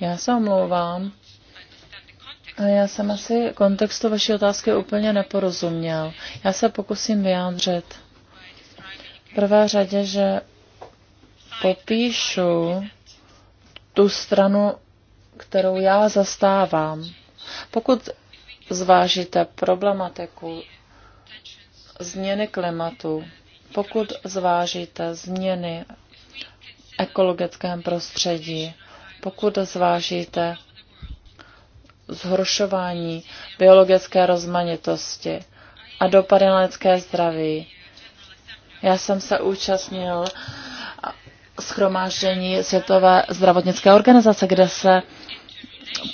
Já se omlouvám. Já jsem asi kontextu vaší otázky úplně neporozuměl. Já se pokusím vyjádřit. V prvé řadě, že popíšu tu stranu, kterou já zastávám. Pokud zvážíte problematiku změny klimatu, pokud zvážíte změny v ekologickém prostředí, pokud zvážíte zhoršování biologické rozmanitosti a dopady na lidské zdraví, já jsem se účastnil schromáždění Světové zdravotnické organizace, kde se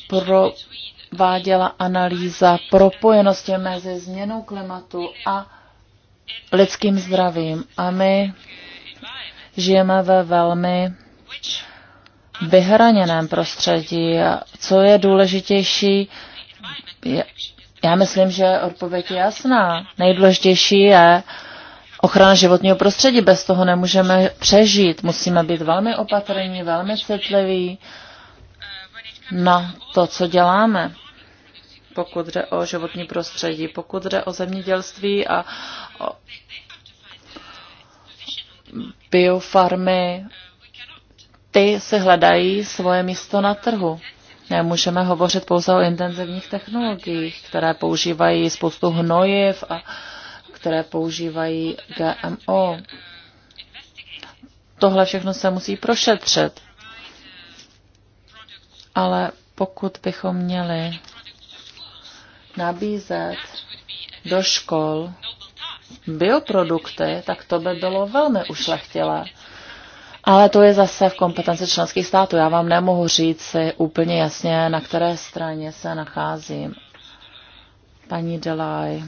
prováděla analýza propojenosti mezi změnou klimatu a lidským zdravím. A my žijeme ve velmi vyhraněném prostředí. Co je důležitější, já myslím, že odpověď je jasná. Nejdůležitější je ochrana životního prostředí. Bez toho nemůžeme přežít. Musíme být velmi opatrní, velmi citliví na to, co děláme pokud jde o životní prostředí, pokud jde o zemědělství a o biofarmy ty se hledají svoje místo na trhu. Nemůžeme hovořit pouze o intenzivních technologiích, které používají spoustu hnojiv a které používají GMO. Tohle všechno se musí prošetřit. Ale pokud bychom měli nabízet do škol bioprodukty, tak to by bylo velmi ušlechtilé. Ale to je zase v kompetenci členských států. Já vám nemohu říct si úplně jasně, na které straně se nacházím. Paní Delaj.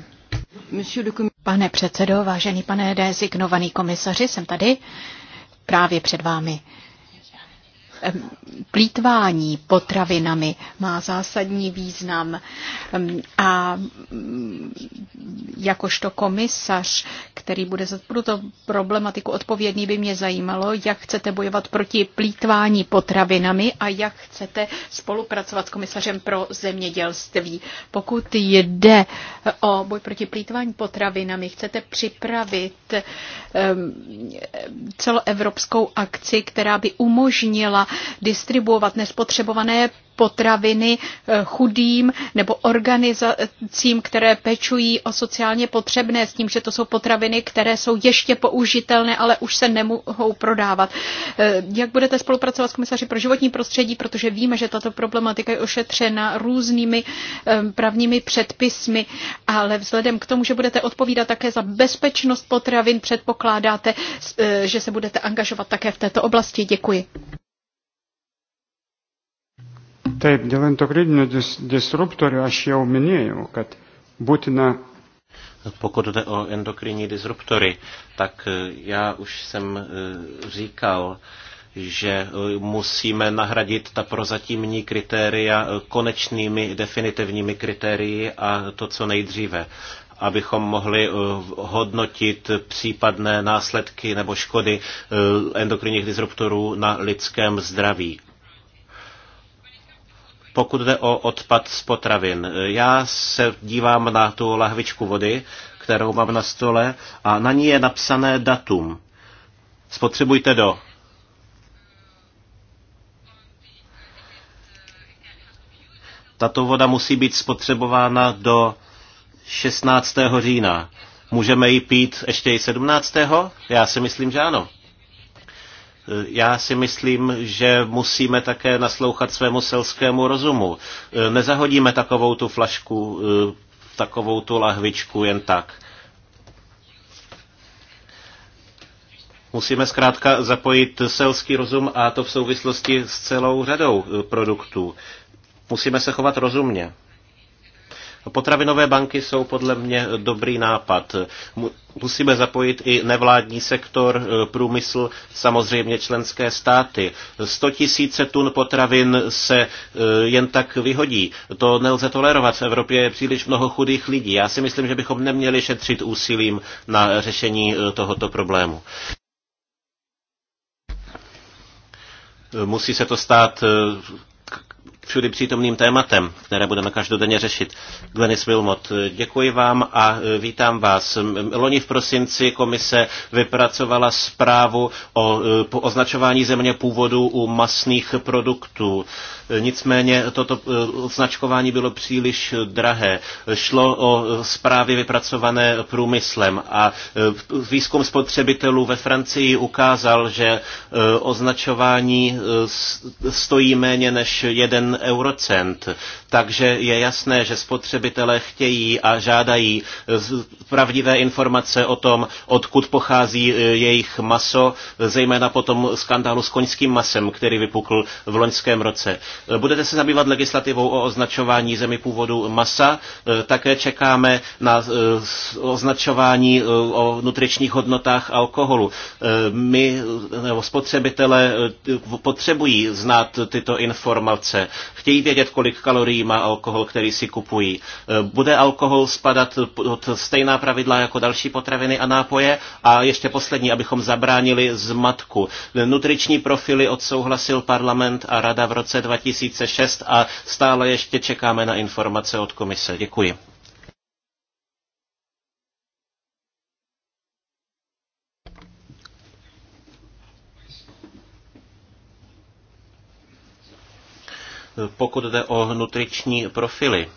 Pane předsedo, vážený pane designovaný komisaři, jsem tady právě před vámi plítvání potravinami má zásadní význam. A mm, jakožto komisař, který bude za tuto problematiku odpovědný, by mě zajímalo, jak chcete bojovat proti plítvání potravinami a jak chcete spolupracovat s komisařem pro zemědělství. Pokud jde o boj proti plítvání potravinami, chcete připravit celoevropskou akci, která by umožnila distribuovat nespotřebované potraviny eh, chudým nebo organizacím, které pečují o sociálně potřebné s tím, že to jsou potraviny, které jsou ještě použitelné, ale už se nemohou prodávat. Eh, jak budete spolupracovat s komisaři pro životní prostředí, protože víme, že tato problematika je ošetřena různými eh, právními předpisy, ale vzhledem k tomu, že budete odpovídat také za bezpečnost potravin, předpokládáte, že se budete angažovat také v této oblasti. Děkuji. Taip, dėl endokrininių dis disruptorių aš jau minėjau, kad būtina. Pokud jde o endokrinní disruptory, tak e, já už jsem e, říkal, že e, musíme nahradit ta prozatímní kritéria konečnými definitivními kritérii a to, co nejdříve abychom mohli hodnotit případné následky nebo škody endokrinních disruptorů na lidském zdraví. Pokud jde o odpad z potravin, já se dívám na tu lahvičku vody, kterou mám na stole, a na ní je napsané datum. Spotřebujte do. Tato voda musí být spotřebována do 16. října. Můžeme ji pít ještě i 17. Já si myslím, že ano. Já si myslím, že musíme také naslouchat svému selskému rozumu. E, nezahodíme takovou tu flašku, e, takovou tu lahvičku jen tak. Musíme zkrátka zapojit selský rozum a to v souvislosti s celou řadou e, produktů. Musíme se chovat rozumně. Potravinové banky jsou podle mě dobrý nápad. Musíme zapojit i nevládní sektor, e, průmysl, samozřejmě členské státy. 100 tisíce tun potravin se e, jen tak vyhodí. To nelze tolerovat. V Evropě je příliš mnoho chudých lidí. Já si myslím, že bychom neměli šetřit úsilím na řešení e, tohoto problému. Musí se to stát všudy přítomným tématem, které budeme každodenně řešit. Glenis Wilmot, děkuji vám a e, vítám vás. Loni v prosinci komise vypracovala zprávu o e, označování země původu u masných produktů. E, nicméně toto označkování bylo příliš drahé. Šlo o zprávy vypracované průmyslem a výzkum spotřebitelů ve Francii ukázal, že označování stojí méně než jeden 1 eurocent. Takže je jasné, že spotřebitelé chtějí a žádají pravdivé informace o tom, odkud pochází e, jejich maso, zejména po tom skandálu s koňským masem, který vypukl v loňském roce. E, budete se zabývat legislativou o označování zemi původu masa. E, také čekáme na označování o nutričních hodnotách alkoholu. My, nebo spotřebitelé, potřebují znát tyto informace. Chtějí vědět, kolik kalorií má alkohol, který si kupují. E, Bude alkohol spadat pod stejná pravidla jako další potraviny a nápoje? A ještě poslední, abychom zabránili zmatku. Nutriční profily odsouhlasil parlament a rada v roce 2006 a stále ještě čekáme na informace od komise. Děkuji. Pokud jde o nutriční profily,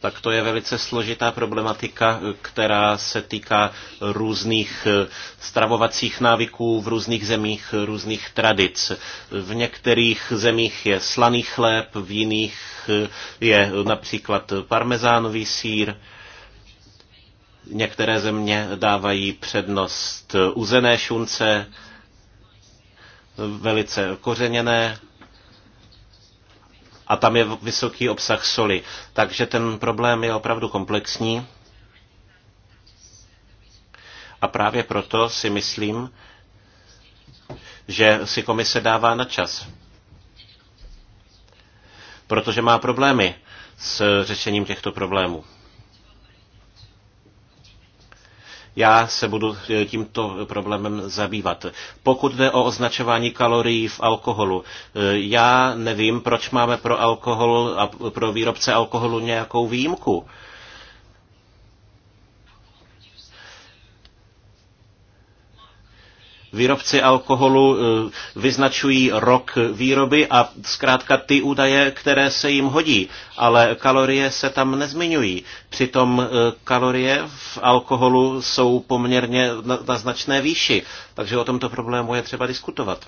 tak to je velice složitá problematika, která se týká různých eh, stravovacích návyků v různých zemích, různých tradic. V některých zemích je slaný chléb, v jiných eh, je například parmezánový sír. Některé země dávají přednost uzené šunce, velice kořeněné a tam je vysoký obsah soli. Takže ten problém je opravdu komplexní. A právě proto si myslím, že si komise dává na čas. Protože má problémy s řešením těchto problémů. Já se budu eh, tímto problémem zabývat. Pokud jde o označování kalorií v alkoholu, eh, já nevím, proč máme pro alkohol a pro výrobce alkoholu nějakou výjimku. výrobci alkoholu eh, vyznačují rok výroby a zkrátka ty údaje, které se jim hodí, ale kalorie se tam nezmiňují. Přitom eh, kalorie v alkoholu jsou poměrně na značné výši, takže o tomto problému je třeba diskutovat.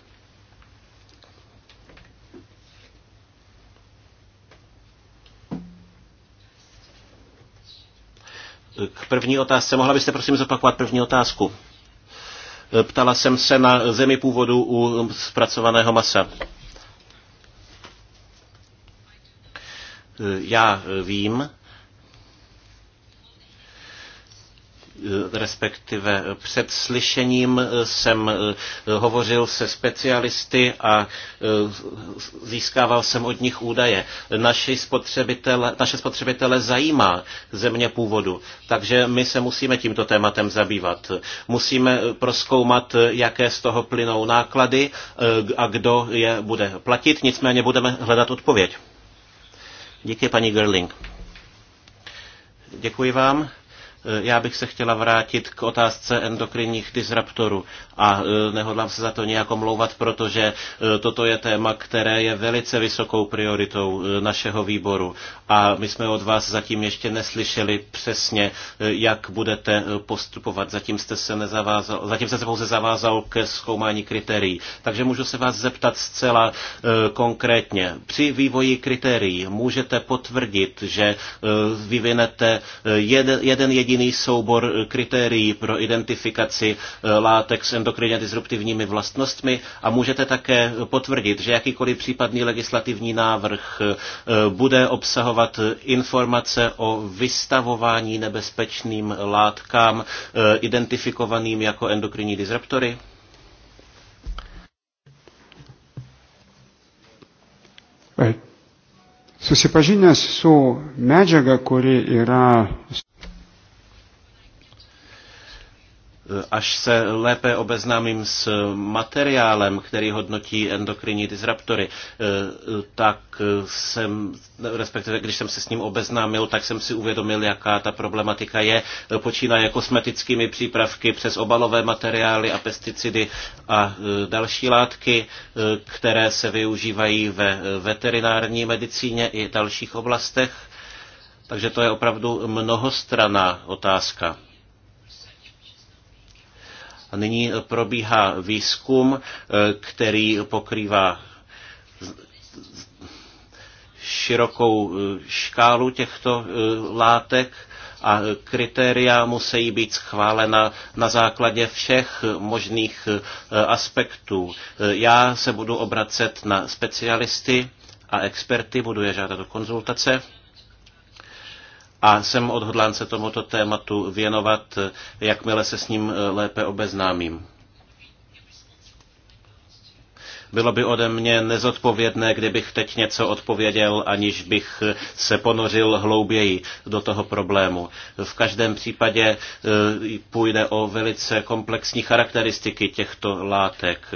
K první otázce. Mohla byste prosím zopakovat první otázku? Ptala jsem se na zemi původu u zpracovaného masa. Já vím, respektive před slyšením jsem eh, hovořil se specialisty a eh, získával jsem od nich údaje. Naši spotřebitele, naše spotřebitele zajímá země původu, takže my se musíme tímto tématem zabývat. Musíme eh, proskoumat, jaké z toho plynou náklady a kdo je bude platit, nicméně budeme hledat odpověď. Díky, paní Gerling. Děkuji vám. Eh, já bych se chtěla vrátit k otázce endokrinních disruptorů a eh, nehodlám se za to nějak omlouvat, protože eh, toto je téma, které je velice vysokou prioritou našeho výboru a my jsme od vás zatím ještě neslyšeli přesně, jak budete postupovat. Zatím jste se, nezavázal, zatím jste se pouze zavázal ke zkoumání kritérií. Takže můžu se vás zeptat zcela konkrétně. Při vývoji kritérií můžete potvrdit, že vyvinete jeden, jeden jediný jediný soubor eh, kritérií pro identifikaci eh, látek s endokrinně disruptivními vlastnostmi a můžete také eh, potvrdit, že jakýkoliv případný legislativní návrh bude obsahovat informace o vystavování nebezpečným látkám identifikovaným jako endokrinní disruptory? Susipažinęs su medžiaga, kuri yra až se lépe obeznámím s materiálem, který hodnotí endokrinní disruptory, eh, tak jsem, respektive když jsem se s ním obeznámil, tak jsem si uvědomil, jaká ta problematika je. Počínaje kosmetickými přípravky přes obalové materiály a pesticidy a eh, další látky, eh, které se využívají ve veterinární medicíně i dalších oblastech. Takže to je opravdu mnohostraná otázka. Nyní probíhá výzkum, eh, který pokrývá širokou eh, škálu těchto eh, látek a kritéria musí být schválena na základě všech možných aspektů. Já se budu obracet na specialisty a experty, budu je žádat o konzultace a jsem odhodlán se tomuto tématu věnovat, jakmile se s ním eh, lépe obeznámím. Bylo by ode mě nezodpovědné, kdybych teď něco odpověděl, aniž bych eh, se ponořil hlouběji do toho problému. V každém případě eh, půjde o velice komplexní charakteristiky těchto látek,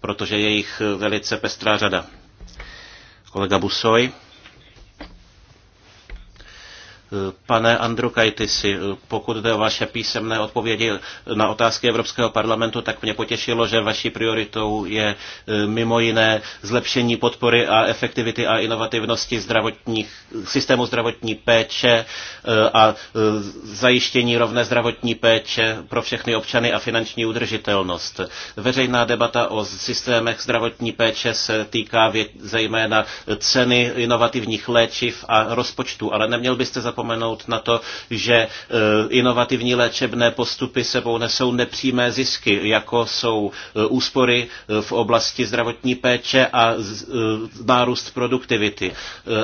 protože je jich velice pestrá řada. Kolega Busoj. Pane Androkajtisi, pokud jde o vaše písemné odpovědi na otázky Evropského parlamentu, tak mě potěšilo, že vaší prioritou je e, mimo jiné zlepšení podpory a efektivity a inovativnosti zdravotních, systému zdravotní péče e, a e, zajištění rovné zdravotní péče pro všechny občany a finanční udržitelnost. Veřejná debata o systémech zdravotní péče se týká zejména ceny inovativních léčiv a rozpočtu, ale neměl byste zapomínat zapomenout na to, že e, inovativní léčebné postupy sebou nesou nepřímé zisky, jako jsou e, úspory e, v oblasti zdravotní péče a nárůst produktivity.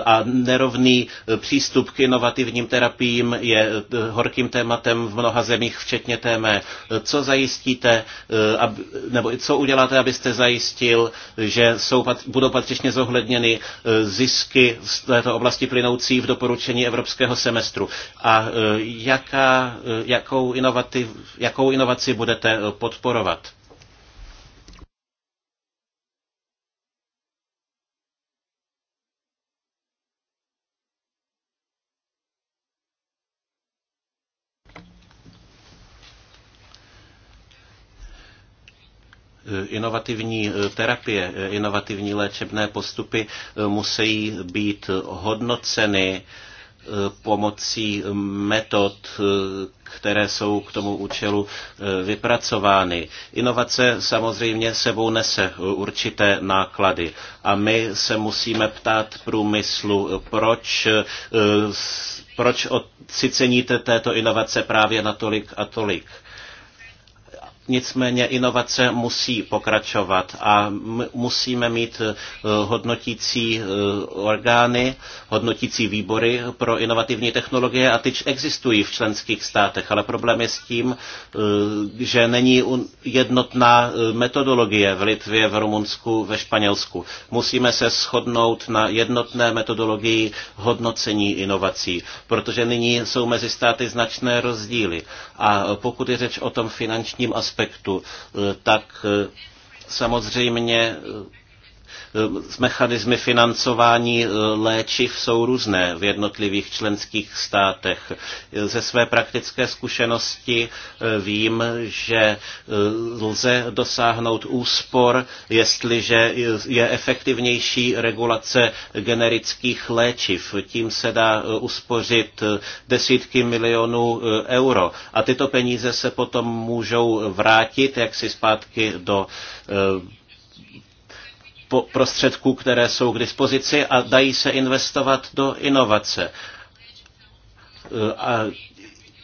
A nerovný přístup k inovativním terapiím je horkým tématem v mnoha zemích, včetně té mé. Co zajistíte, nebo co uděláte, abyste zajistil, že jsou, budou patřičně zohledněny zisky z této oblasti plynoucí v doporučení Evropského semestru. A e, jaká, e, jakou, inovativ, jakou inovaci budete e, podporovat? inovativní terapie, inovativní léčebné postupy musí být hodnoceny Eh, pomocí metod, eh, které jsou k tomu účelu eh, vypracovány. Inovace samozřejmě sebou nese určité náklady a my se musíme ptát průmyslu, proč proč si ceníte této inovace právě na tolik a tolik. Nicméně inovace musí pokračovat a musíme mít eh, hodnotící eh, orgány, hodnotící výbory pro inovativní technologie a ty existují v členských státech, ale problém je s tím, eh, že není jednotná metodologie v Litvě, v Rumunsku, ve Španělsku. Musíme se shodnout na jednotné metodologii hodnocení inovací, protože nyní jsou mezi státy značné rozdíly. A pokud je řeč o tom finančním aspektu, aspektu, eh, tak eh, samozřejmě eh, Eh, Mechanizmy financování eh, léčiv jsou různé v jednotlivých členských státech. Eh, ze své praktické zkušenosti vím, že lze dosáhnout úspor, jestliže je efektivnější regulace generických léčiv. Tím se dá uspořit desítky milionů euro. A tyto peníze se potom můžou vrátit jaksi zpátky do prostředků, které jsou k dispozici a dají se investovat do inovace. E, a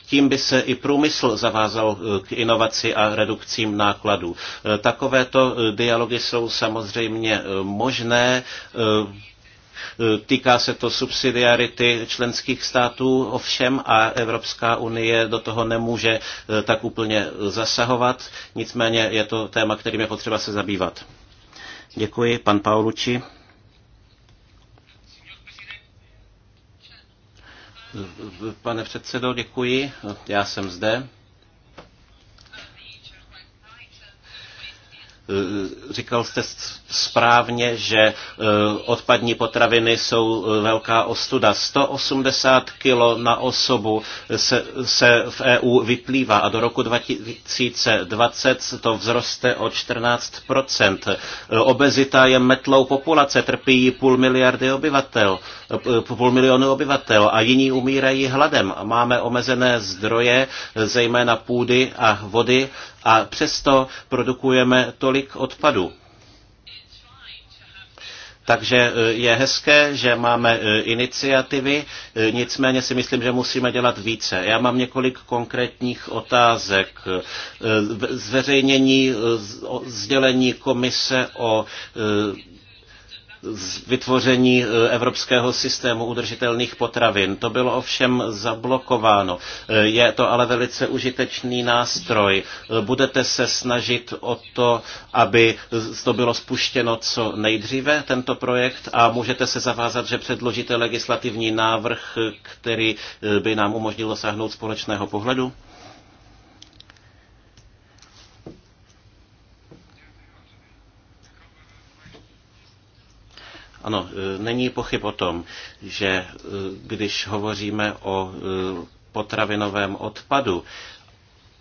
tím by se i průmysl zavázal k inovaci a redukcím nákladů. E, takovéto e, dialogy jsou samozřejmě možné. Týká se to subsidiarity členských států ovšem a Evropská unie do toho nemůže tak úplně zasahovat. Nicméně je to téma, kterým je potřeba se zabývat. Děkuji, pan Paulucci. Pane předsedo, děkuji. Já jsem zde. Eh, říkal jste správně, že eh, odpadní potraviny jsou eh, velká ostuda. 180 kilo na osobu se, se v EU vyplývá a do roku 2020 to vzroste o 14 Obezita je metlou populace, trpí půl miliardy obyvatel, půl milionu obyvatel a jiní umírají hladem. Máme omezené zdroje, zejména půdy a vody a přesto produkujeme tolik odpadu. Takže eh, je hezké, že máme eh, iniciativy, eh, nicméně si myslím, že musíme dělat více. Já mám několik konkrétních otázek. Zveřejnění sdělení komise o vytvoření e, evropského systému udržitelných potravin. To bylo ovšem zablokováno. E, je to ale velice užitečný nástroj. E, budete se snažit o to, aby to bylo spuštěno co nejdříve, tento projekt, a můžete se zavázat, že předložíte legislativní návrh, který by nám umožnil dosáhnout společného pohledu? Ano, e, není pochyb o tom, že e, když hovoříme o e, potravinovém odpadu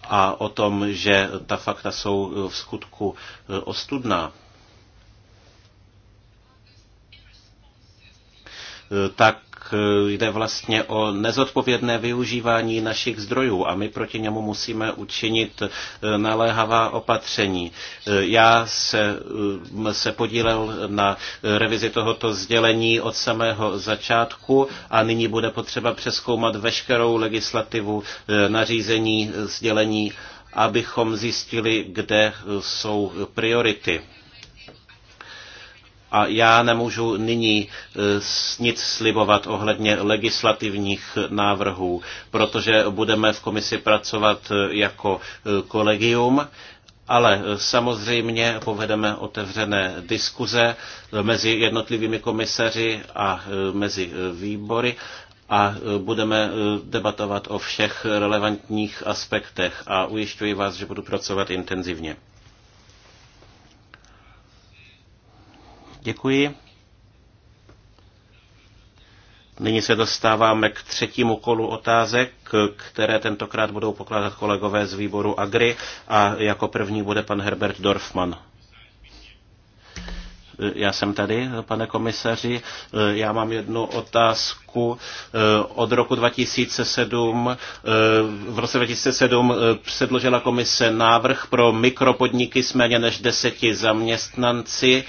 a o tom, že ta fakta jsou v skutku ostudná, tak Eh, jde vlastně o nezodpovědné využívání našich zdrojů a my proti němu musíme učinit eh, naléhavá opatření. Eh, já se, se podílel na revizi tohoto sdělení od samého začátku a nyní bude potřeba přeskoumat veškerou legislativu, nařízení, sdělení, abychom zjistili, kde jsou priority a já nemůžu nyní e, nic slibovat ohledně legislativních návrhů, protože budeme v komisi pracovat e, jako e, kolegium ale samozřejmě povedeme otevřené diskuze mezi jednotlivými komisaři a mezi výbory a budeme debatovat o všech relevantních aspektech a ujišťuji vás, že budu pracovat intenzivně. Děkuji. Nyní se dostáváme k třetímu kolu otázek, které tentokrát budou pokládat kolegové z výboru Agri a jako první bude pan Herbert Dorfman. Já jsem tady, pane komisaři. Já mám jednu otázku Česku. Eh, od roku 2007. Eh, v roce 2007 eh, předložila komise návrh pro mikropodniky s méně než deseti zaměstnanci,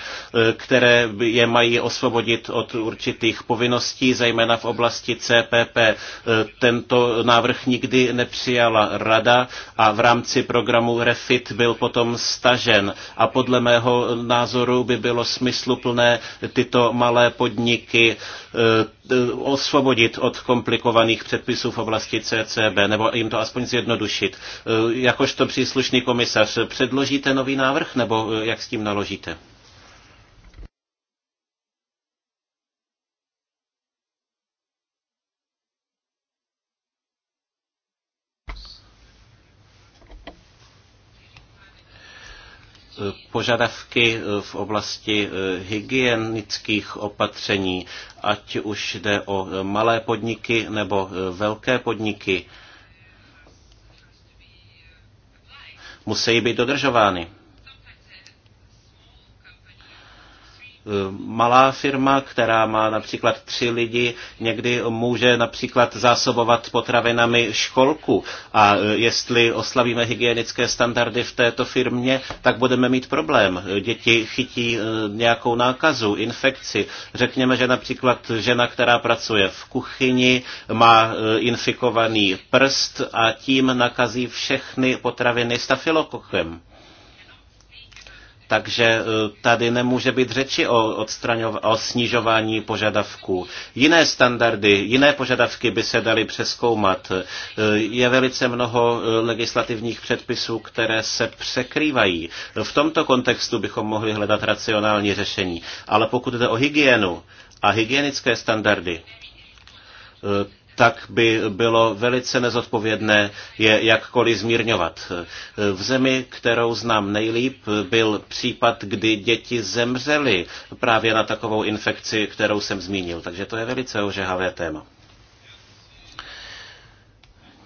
které je mají osvobodit od určitých povinností, zejména v oblasti CPP. Tento návrh nikdy nepřijala rada a v rámci programu REFIT byl potom stažen. A podle mého názoru by bylo smysluplné tyto malé podniky osvobodit od komplikovaných předpisů v oblasti CCB, nebo jim to aspoň zjednodušit. E, jakožto příslušný komisař, předložíte nový návrh, nebo e, jak s tím naložíte? požadavky eh, v oblasti eh, hygienických opatření, ať už jde o eh, malé podniky nebo velké podniky, musí být dodržovány. Eh, malá firma, která má například tři lidi, někdy může například zásobovat potravinami školku a eh, jestli oslavíme hygienické standardy v této firmě, tak budeme mít problém. Děti chytí eh, nějakou nákazu, infekci. Řekněme, že například žena, která pracuje v kuchyni, má infikovaný prst a tím nakazí všechny potraviny stafilokokem. Takže e, tady nemůže být řeči o, odstraňov- o snižování požadavků. Jiné standardy, jiné požadavky by se daly přeskoumat. E, je velice mnoho e, legislativních předpisů, které se překrývají. V tomto kontextu bychom mohli hledat racionální řešení. Ale pokud jde o hygienu a hygienické standardy, tak by bylo velice nezodpovědné je jakkoliv zmírňovat. V zemi, kterou znám nejlíp, byl případ, kdy děti zemřely právě na takovou infekci, kterou jsem zmínil. Takže to je velice ožehavé téma.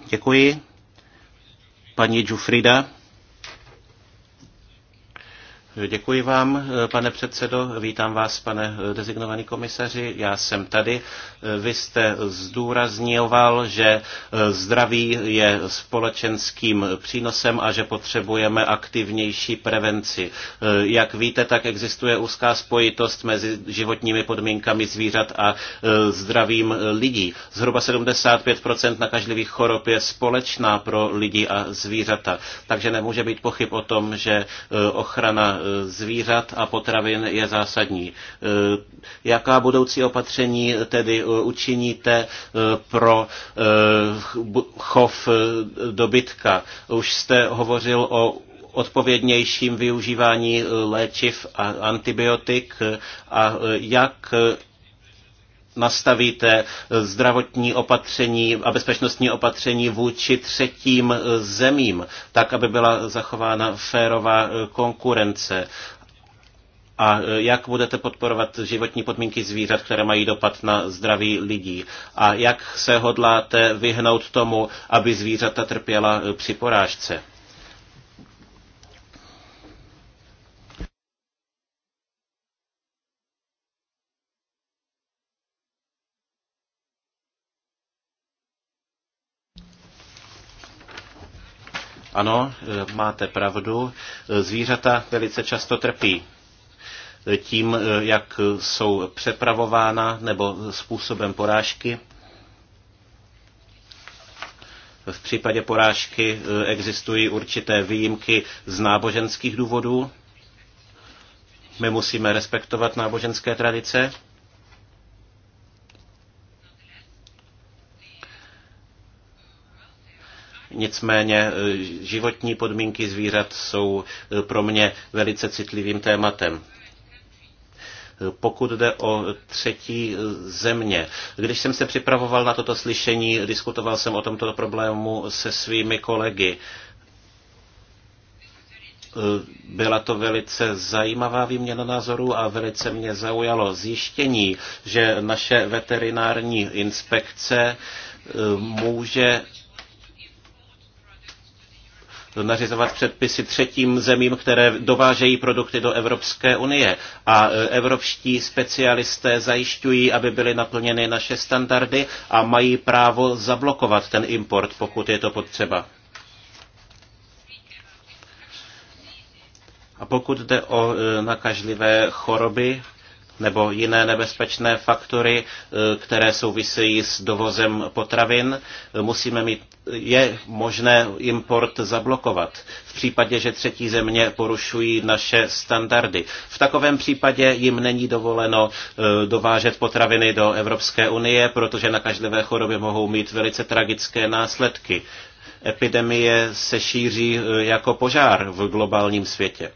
Děkuji. Paní Jufrida. Děkuji vám, pane předsedo. Vítám vás, pane dezignovaný komisaři. Já jsem tady. Vy jste zdůrazňoval, že zdraví je společenským přínosem a že potřebujeme aktivnější prevenci. Jak víte, tak existuje úzká spojitost mezi životními podmínkami zvířat a zdravím lidí. Zhruba 75 nakažlivých chorob je společná pro lidi a zvířata. Takže nemůže být pochyb o tom, že ochrana Eh, zvířat a potravin je zásadní. Eh, jaká budoucí opatření tedy eh, učiníte pro chov dobytka? Už jste hovořil o odpovědnějším využívání léčiv a antibiotik a jak nastavíte zdravotní opatření a bezpečnostní opatření vůči třetím zemím, tak, aby byla zachována férová eh, konkurence. A eh, jak budete podporovat životní podmínky zvířat, které mají dopad na zdraví lidí? A jak se hodláte vyhnout tomu, aby zvířata trpěla eh, při porážce? Ano, eh, máte pravdu. Eh, zvířata velice často trpí eh, tím, jak jsou přepravována nebo způsobem porážky. V případě porážky existují určité výjimky z náboženských důvodů. My musíme respektovat náboženské tradice. Nicméně e, životní podmínky zvířat jsou e, pro mě velice citlivým tématem. E, pokud jde o třetí země, když jsem se připravoval na toto slyšení, diskutoval jsem o tomto problému se svými kolegy. Byla to velice zajímavá výměna názorů a velice mě zaujalo zjištění, že naše veterinární inspekce může nařizovat předpisy třetím zemím, které dovážejí produkty do Evropské unie. A e, evropští specialisté zajišťují, aby byly naplněny naše standardy a mají právo zablokovat ten import, pokud je to potřeba. A pokud jde o e, nakažlivé choroby, nebo jiné nebezpečné faktory, e, které souvisejí s dovozem potravin. E, musíme mít, je možné import zablokovat v případě, že třetí země porušují naše standardy. V takovém případě jim není dovoleno e, dovážet potraviny do Evropské unie, protože na každé choroby mohou mít velice tragické následky. Epidemie se šíří jako požár v globálním světě.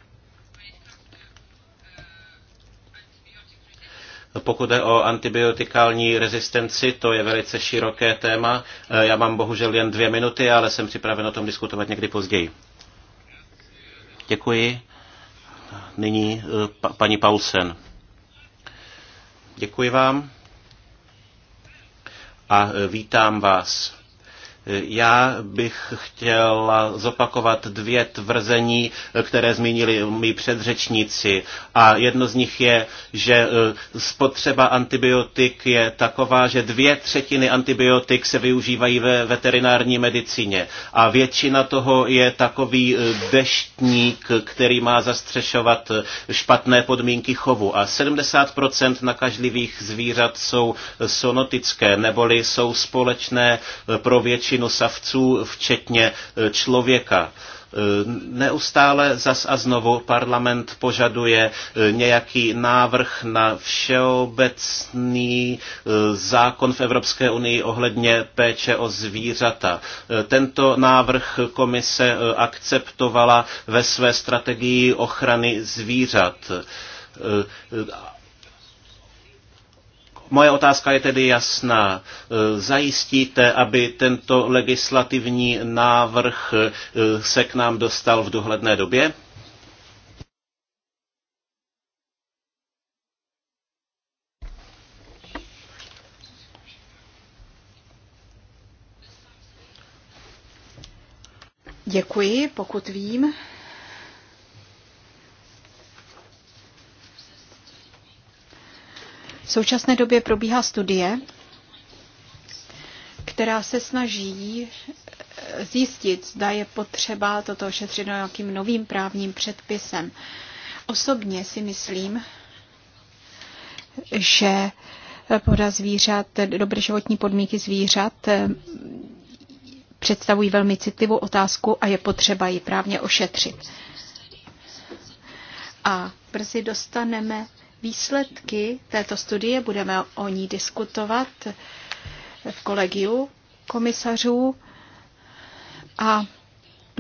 Pokud jde o antibiotikální rezistenci, to je velice široké téma. Eh, já mám bohužel jen dvě minuty, ale jsem připraven o tom diskutovat někdy později. Děkuji. Nyní eh, pa, paní Paulsen. Děkuji vám a eh, vítám vás. Já bych chtěl zopakovat dvě tvrzení, které zmínili mý předřečníci. A jedno z nich je, že e, spotřeba antibiotik je taková, že dvě třetiny antibiotik se využívají ve veterinární medicíně. A většina toho je takový e, deštník, který má zastřešovat e, špatné podmínky chovu. A 70% nakažlivých zvířat jsou sonotické, neboli jsou společné pro většinu většinu savců, včetně e, člověka. E, neustále zas a znovu parlament požaduje e, nějaký návrh na všeobecný zákon v Evropské unii ohledně péče o zvířata. Tento návrh komise akceptovala ve své strategii ochrany zvířat Moje otázka je tedy jasná. E, zajistíte, aby tento legislativní návrh e, se k nám dostal v dohledné době? Děkuji, pokud vím, V současné době probíhá studie, která se snaží eh, zjistit, zda je potřeba toto ošetřit nějakým novým právním předpisem. Osobně si myslím, že eh, poda zvířat, dobré životní podmínky zvířat eh, představují velmi citlivou otázku a je potřeba ji právně ošetřit. A brzy dostaneme Výsledky této studie budeme o ní diskutovat v kolegiu komisařů a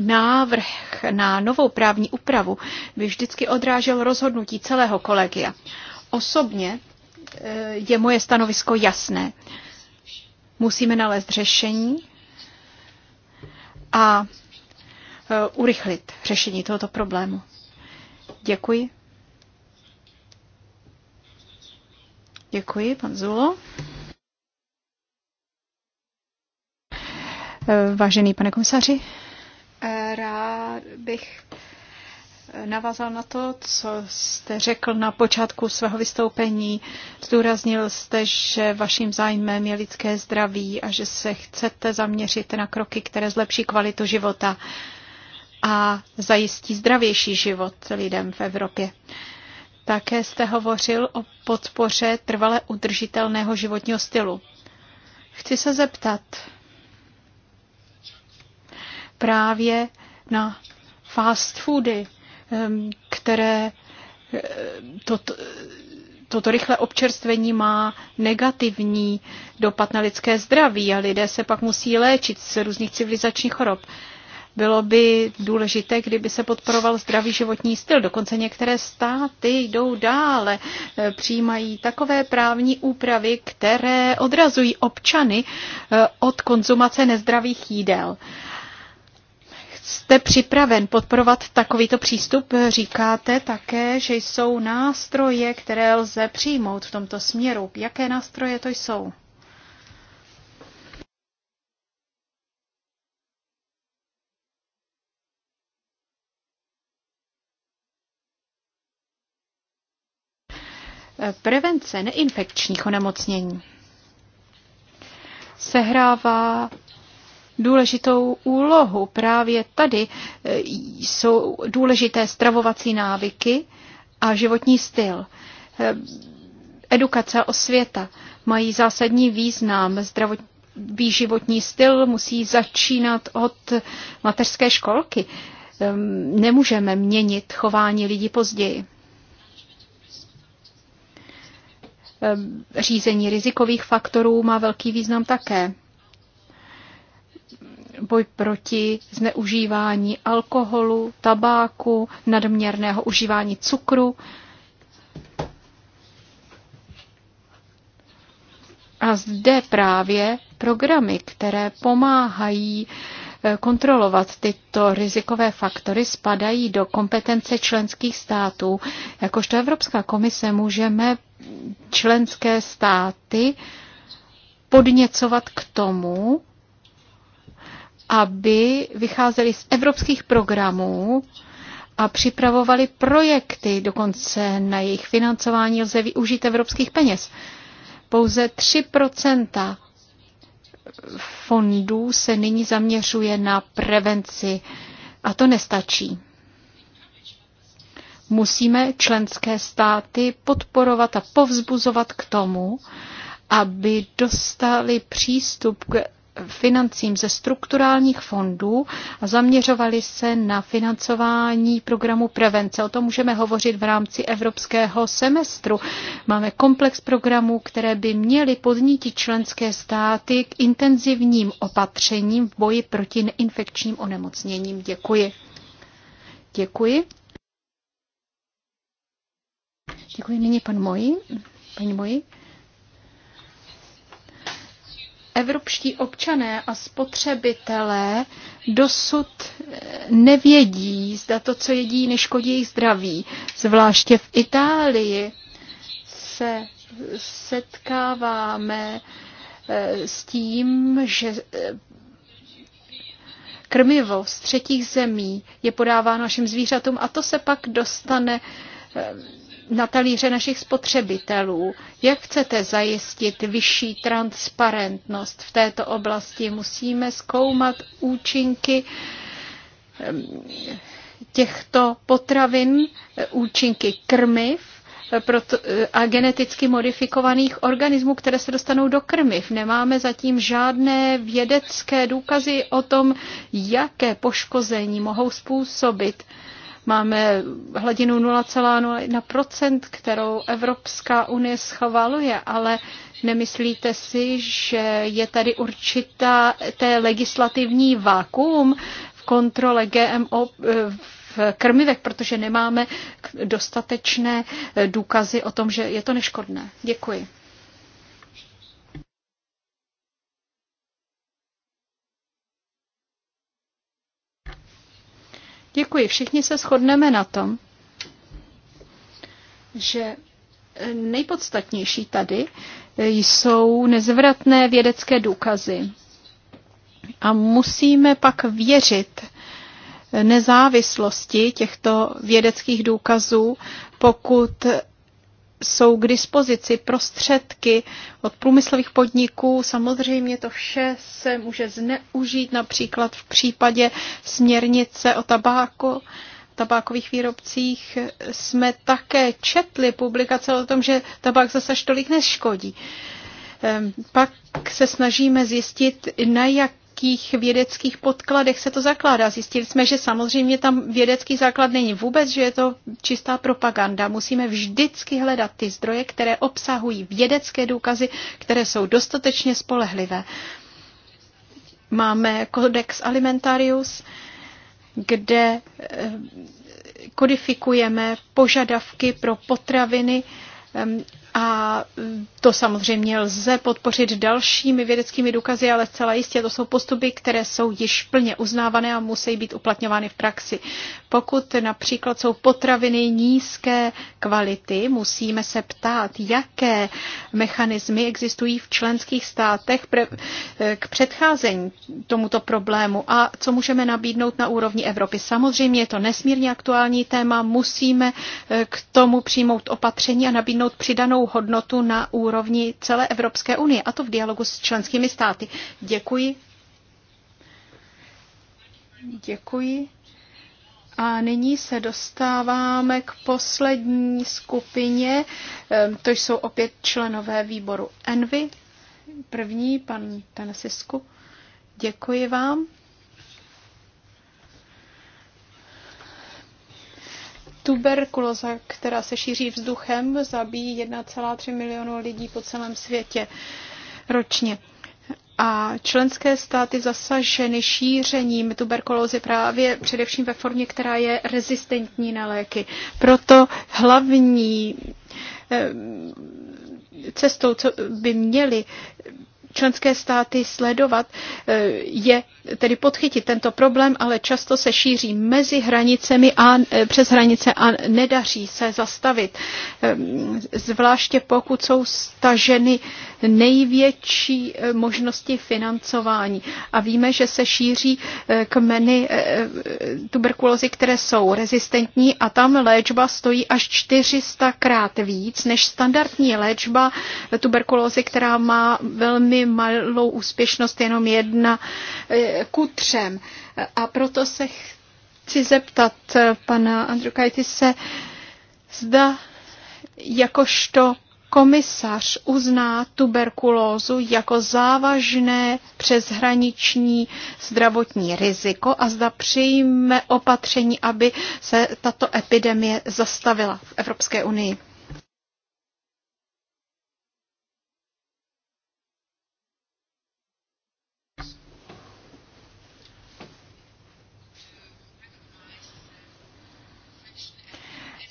návrh na novou právní úpravu by vždycky odrážel rozhodnutí celého kolegia. Osobně e, je moje stanovisko jasné. Musíme nalézt řešení a e, urychlit řešení tohoto problému. Děkuji. Děkuji, pan Zulo. Eh, vážený pane komisaři, eh, rád bych navázal na to, co jste řekl na počátku svého vystoupení. Zdůraznil jste, že vaším zájmem je lidské zdraví a že se chcete zaměřit na kroky, které zlepší kvalitu života a zajistí zdravější život lidem v Evropě. Také jste hovořil o podpoře trvale udržitelného životního stylu. Chci se zeptat právě na fast foody, které eh, toto, toto rychlé občerstvení má negativní dopad na lidské zdraví a lidé se pak musí léčit z různých civilizačních chorob. Bylo by důležité, kdyby se podporoval zdravý životní styl. Dokonce některé státy jdou dále, eh, přijímají takové právní úpravy, které odrazují občany eh, od konzumace nezdravých jídel jste připraven podporovat takovýto přístup? Říkáte také, že jsou nástroje, které lze přijmout v tomto směru. Jaké nástroje to jsou? prevence neinfekčních onemocnění sehrává důležitou úlohu. Právě tady eh, jsou důležité stravovací návyky a životní styl. Eh, edukace a osvěta mají zásadní význam. Zdravotní životní styl musí začínat od mateřské školky. Ehm, nemůžeme měnit chování lidí později. Eh, řízení rizikových faktorů má velký význam také. Boj proti zneužívání alkoholu, tabáku, nadměrného užívání cukru. A zde právě programy, které pomáhají Eh, kontrolovat. Tyto rizikové faktory spadají do kompetence členských států. Jakožto Evropská komise můžeme členské státy podněcovat k tomu, aby vycházeli z evropských programů, a připravovali projekty, dokonce na jejich financování lze využít evropských peněz. Pouze 3 fondů se nyní zaměřuje na prevenci a to nestačí. Musíme členské státy podporovat a povzbuzovat k tomu, aby dostali přístup k financím ze strukturálních fondů a zaměřovali se na financování programu prevence. O tom můžeme hovořit v rámci evropského semestru. Máme komplex programů, které by měly podnítit členské státy k intenzivním opatřením v boji proti neinfekčním onemocněním. Děkuji. Děkuji. Děkuji nyní pan Moji. Pani Moji. Evropští občané a spotřebitelé dosud eh, nevědí, zda to, co jedí, neškodí jejich zdraví. Zvláště v Itálii se setkáváme eh, s tím, že eh, krmivo z třetích zemí je podáváno našim zvířatům a to se pak dostane na talíře našich spotřebitelů. Jak chcete zajistit vyšší transparentnost v této oblasti? Musíme zkoumat účinky ehm, těchto potravin, účinky krmiv a geneticky modifikovaných organismů, které se dostanou do krmiv. Nemáme zatím žádné vědecké důkazy o tom, jaké poškození mohou způsobit Máme hladinu 0,01%, kterou Evropská unie schvaluje, ale Nemyslíte si, že je tady určitá té legislativní vákuum v kontrole GMO eh, v krmivech, protože nemáme dostatečné důkazy o tom, že je to neškodné? Děkuji. Děkuji. Všichni se shodneme na tom, že nejpodstatnější tady jsou nezvratné vědecké důkazy. A musíme pak věřit nezávislosti těchto vědeckých důkazů, pokud jsou k dispozici prostředky od průmyslových podniků. Samozřejmě to vše se může zneužít například v případě směrnice o tabáku tabákových výrobcích jsme také četli publikace o tom, že tabák zase až tolik neškodí. Ehm, pak se snažíme zjistit, na jak jakých vědeckých podkladech se to zakládá. Zjistili jsme, že samozřejmě tam vědecký základ není vůbec, že je to čistá propaganda. Musíme vždycky hledat ty zdroje, které obsahují vědecké důkazy, které jsou dostatečně spolehlivé. Máme kodex alimentarius, kde eh, kodifikujeme požadavky pro potraviny eh, a to samozřejmě lze podpořit dalšími vědeckými důkazy, ale zcela jistě to jsou postupy, které jsou již plně uznávané a musí být uplatňovány v praxi. Pokud například jsou potraviny nízké kvality, musíme se ptát, jaké mechanismy existují v členských státech k předcházení tomuto problému a co můžeme nabídnout na úrovni Evropy. Samozřejmě je to nesmírně aktuální téma, musíme k tomu přijmout opatření a nabídnout přidanou přidanou hodnotu na úrovni celé Evropské unie, a to v dialogu s členskými státy. Děkuji. Děkuji. A nyní se dostáváme k poslední skupině. Ehm, to jsou opět členové výboru Envy. První, pan Tanasisku. Děkuji vám. Tuberkuloza, která se šíří vzduchem, zabíjí 1,3 milionu lidí po celém světě ročně. A členské státy zasaženy šířením tuberkulózy právě především ve formě, která je rezistentní na léky. Proto hlavní eh, cestou, co by měli členské státy sledovat, eh, je tedy podchytit tento problém, ale často se šíří mezi hranicemi a eh, přes hranice a nedaří se zastavit. Eh, zvláště pokud jsou staženy největší možnosti financování. A víme, že se šíří kmeny tuberkulózy, které jsou rezistentní a tam léčba stojí až 400 krát víc než standardní léčba tuberkulózy, která má velmi malou úspěšnost, jenom jedna eh, ku třem. A proto se chci zeptat eh, pana Andrukajtise, zda jakožto komisař uzná tuberkulózu jako závažné přeshraniční zdravotní riziko a zda přijme opatření, aby se tato epidemie zastavila v Evropské unii.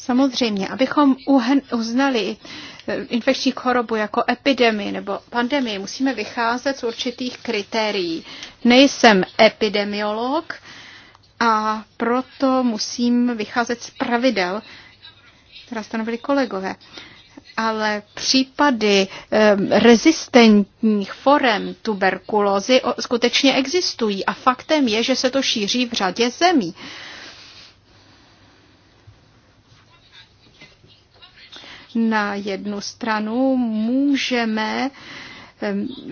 Samozřejmě, abychom uznali eh, infekční chorobu jako epidemii nebo pandemii, musíme vycházet z určitých kritérií. Nejsem epidemiolog a proto musím vycházet z pravidel, která stanovili kolegové. Ale případy um, rezistentních forem tuberkulózy skutečně existují a faktem je, že se to šíří v řadě zemí. Uh, Na jednu stranu můžeme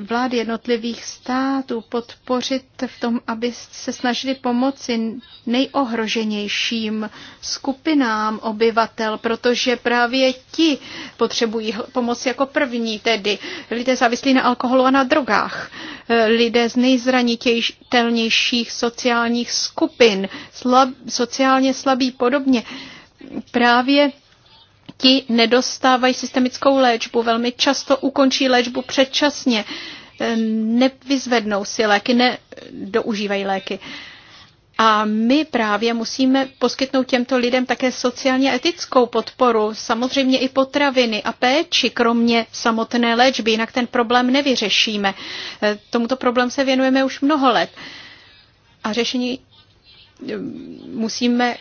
vlády jednotlivých států podpořit v tom, aby se snažili pomoci nejohroženějším skupinám obyvatel, protože právě ti potřebují pomoc jako první, tedy lidé závislí na alkoholu a na drogách, e, lidé z nejzranitelnějších sociálních skupin, slab, sociálně slabí podobně. Právě ti nedostávají systemickou léčbu, velmi často ukončí léčbu předčasně, eh, nevyzvednou si léky, nedoužívají léky. A my právě musíme poskytnout těmto lidem také sociálně etickou podporu, samozřejmě i potraviny a péči, kromě samotné léčby, jinak ten problém nevyřešíme. Eh, tomuto problém se věnujeme už mnoho let. A řešení musíme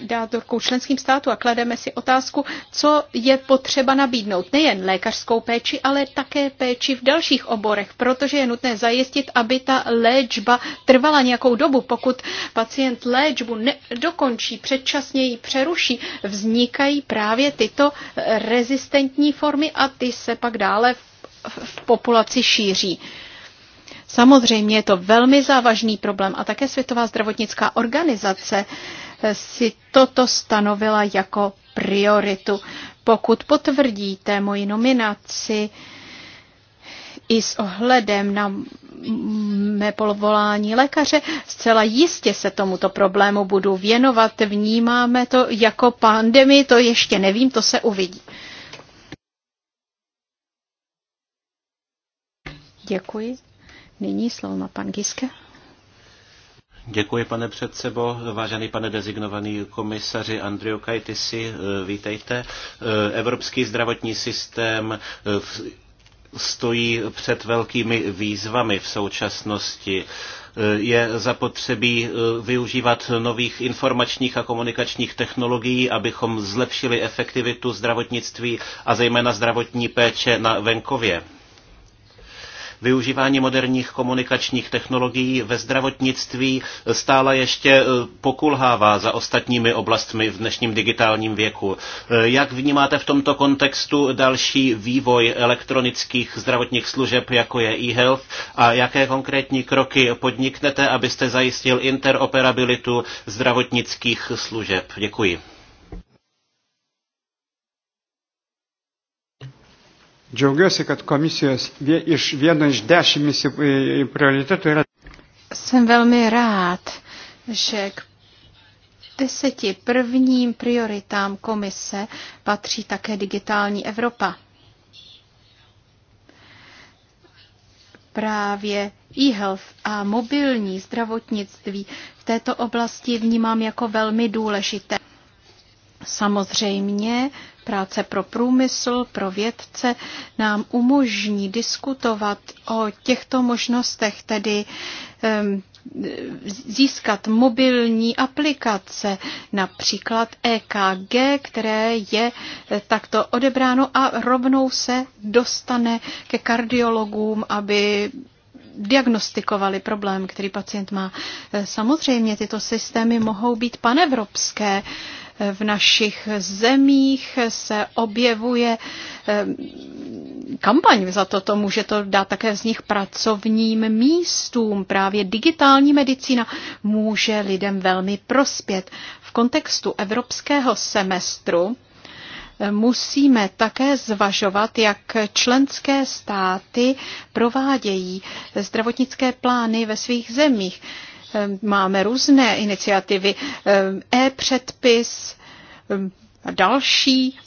dát do rukou členským státu a klademe si otázku, co je potřeba nabídnout. Nejen lékařskou péči, ale také péči v dalších oborech, protože je nutné zajistit, aby ta léčba trvala nějakou dobu. Pokud pacient léčbu nedokončí, předčasně ji přeruší, vznikají právě tyto rezistentní formy a ty se pak dále v populaci šíří. Samozřejmě je to velmi závažný problém a také Světová zdravotnická organizace si toto stanovila jako prioritu. Pokud potvrdíte moji nominaci i s ohledem na mé polvolání lékaře, zcela jistě se tomuto problému budu věnovat. Vnímáme to jako pandemii, to ještě nevím, to se uvidí. Děkuji. Nyní slovo má pan Giske. Děkuji, pane předsebo. Vážený pane dezignovaný komisaři Andrio Kajtisi, eh, vítejte. Eh, evropský zdravotní systém eh, stojí před velkými výzvami v současnosti. Je zapotřebí využívat nových informačních a komunikačních technologií, abychom zlepšili efektivitu zdravotnictví a zejména zdravotní péče na venkově Využívání moderních komunikačních technologií ve zdravotnictví stále ještě eh, pokulhává za ostatními oblastmi v dnešním digitálním věku. Eh, jak vnímáte v tomto kontextu další vývoj elektronických zdravotních služeb, jako je e-health, a jaké konkrétní kroky podniknete, abyste zajistil interoperabilitu zdravotnických služeb? Děkuji. Džiaugiuosi, kad komisijos iš vieno iš dešimt prioritetų yra. Jsem velmi rád, že k deseti prvním prioritám komise patří také digitální Evropa. Právě e-health a mobilní zdravotnictví v této oblasti vnímám jako velmi důležité. Samozřejmě práce pro průmysl, pro vědce nám umožní diskutovat o těchto možnostech, tedy získat mobilní aplikace, například EKG, které je eh, takto odebráno a rovnou se dostane ke kardiologům, aby diagnostikovali problém, který pacient má. Eh, samozřejmě tyto systémy mohou být panevropské v našich zemích se objevuje ehm, kampaň za to, tomu, Může to dá také z nich pracovním místům. Právě digitální medicína může lidem velmi prospět. V kontextu evropského semestru ehm, musíme také zvažovat, jak členské státy provádějí zdravotnické plány ve svých zemích. Máme různé iniciativy, e-předpis, další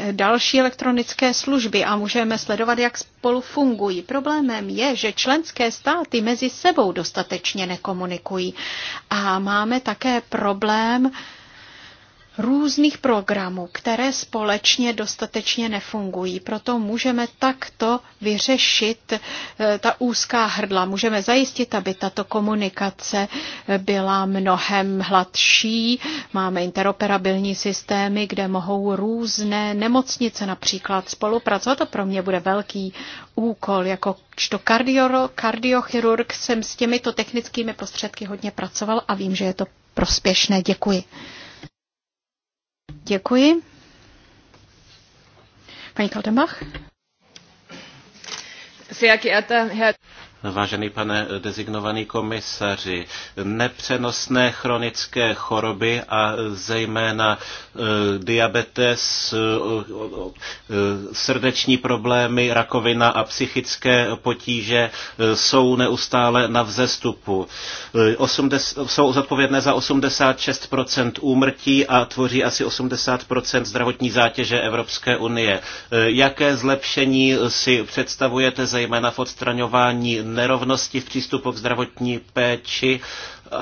e, další elektronické služby a můžeme sledovat, jak spolu fungují. Problémem je, že členské státy mezi sebou dostatečně nekomunikují. A máme také problém různých programů, které společně dostatečně nefungují. Proto můžeme takto vyřešit eh, ta úzká hrdla. Můžeme zajistit, aby tato komunikace eh, byla mnohem hladší. Máme interoperabilní systémy, kde mohou různé nemocnice například spolupracovat. To pro mě bude velký úkol. Jako čto kardio, kardiochirurg jsem s těmito technickými prostředky hodně pracoval a vím, že je to prospěšné. Děkuji. Děkuji. Paní Kaltenbach. Vážený pane dezignovaný komisaři, nepřenosné chronické choroby a zejména e, diabetes, e, srdeční problémy, rakovina a psychické potíže e, jsou neustále na vzestupu. 80, jsou zodpovědné za 86 úmrtí a tvoří asi 80 zdravotní zátěže Evropské unie. Jaké zlepšení si představujete zejména v odstraňování nerovnosti v přístupu k zdravotní péči eh,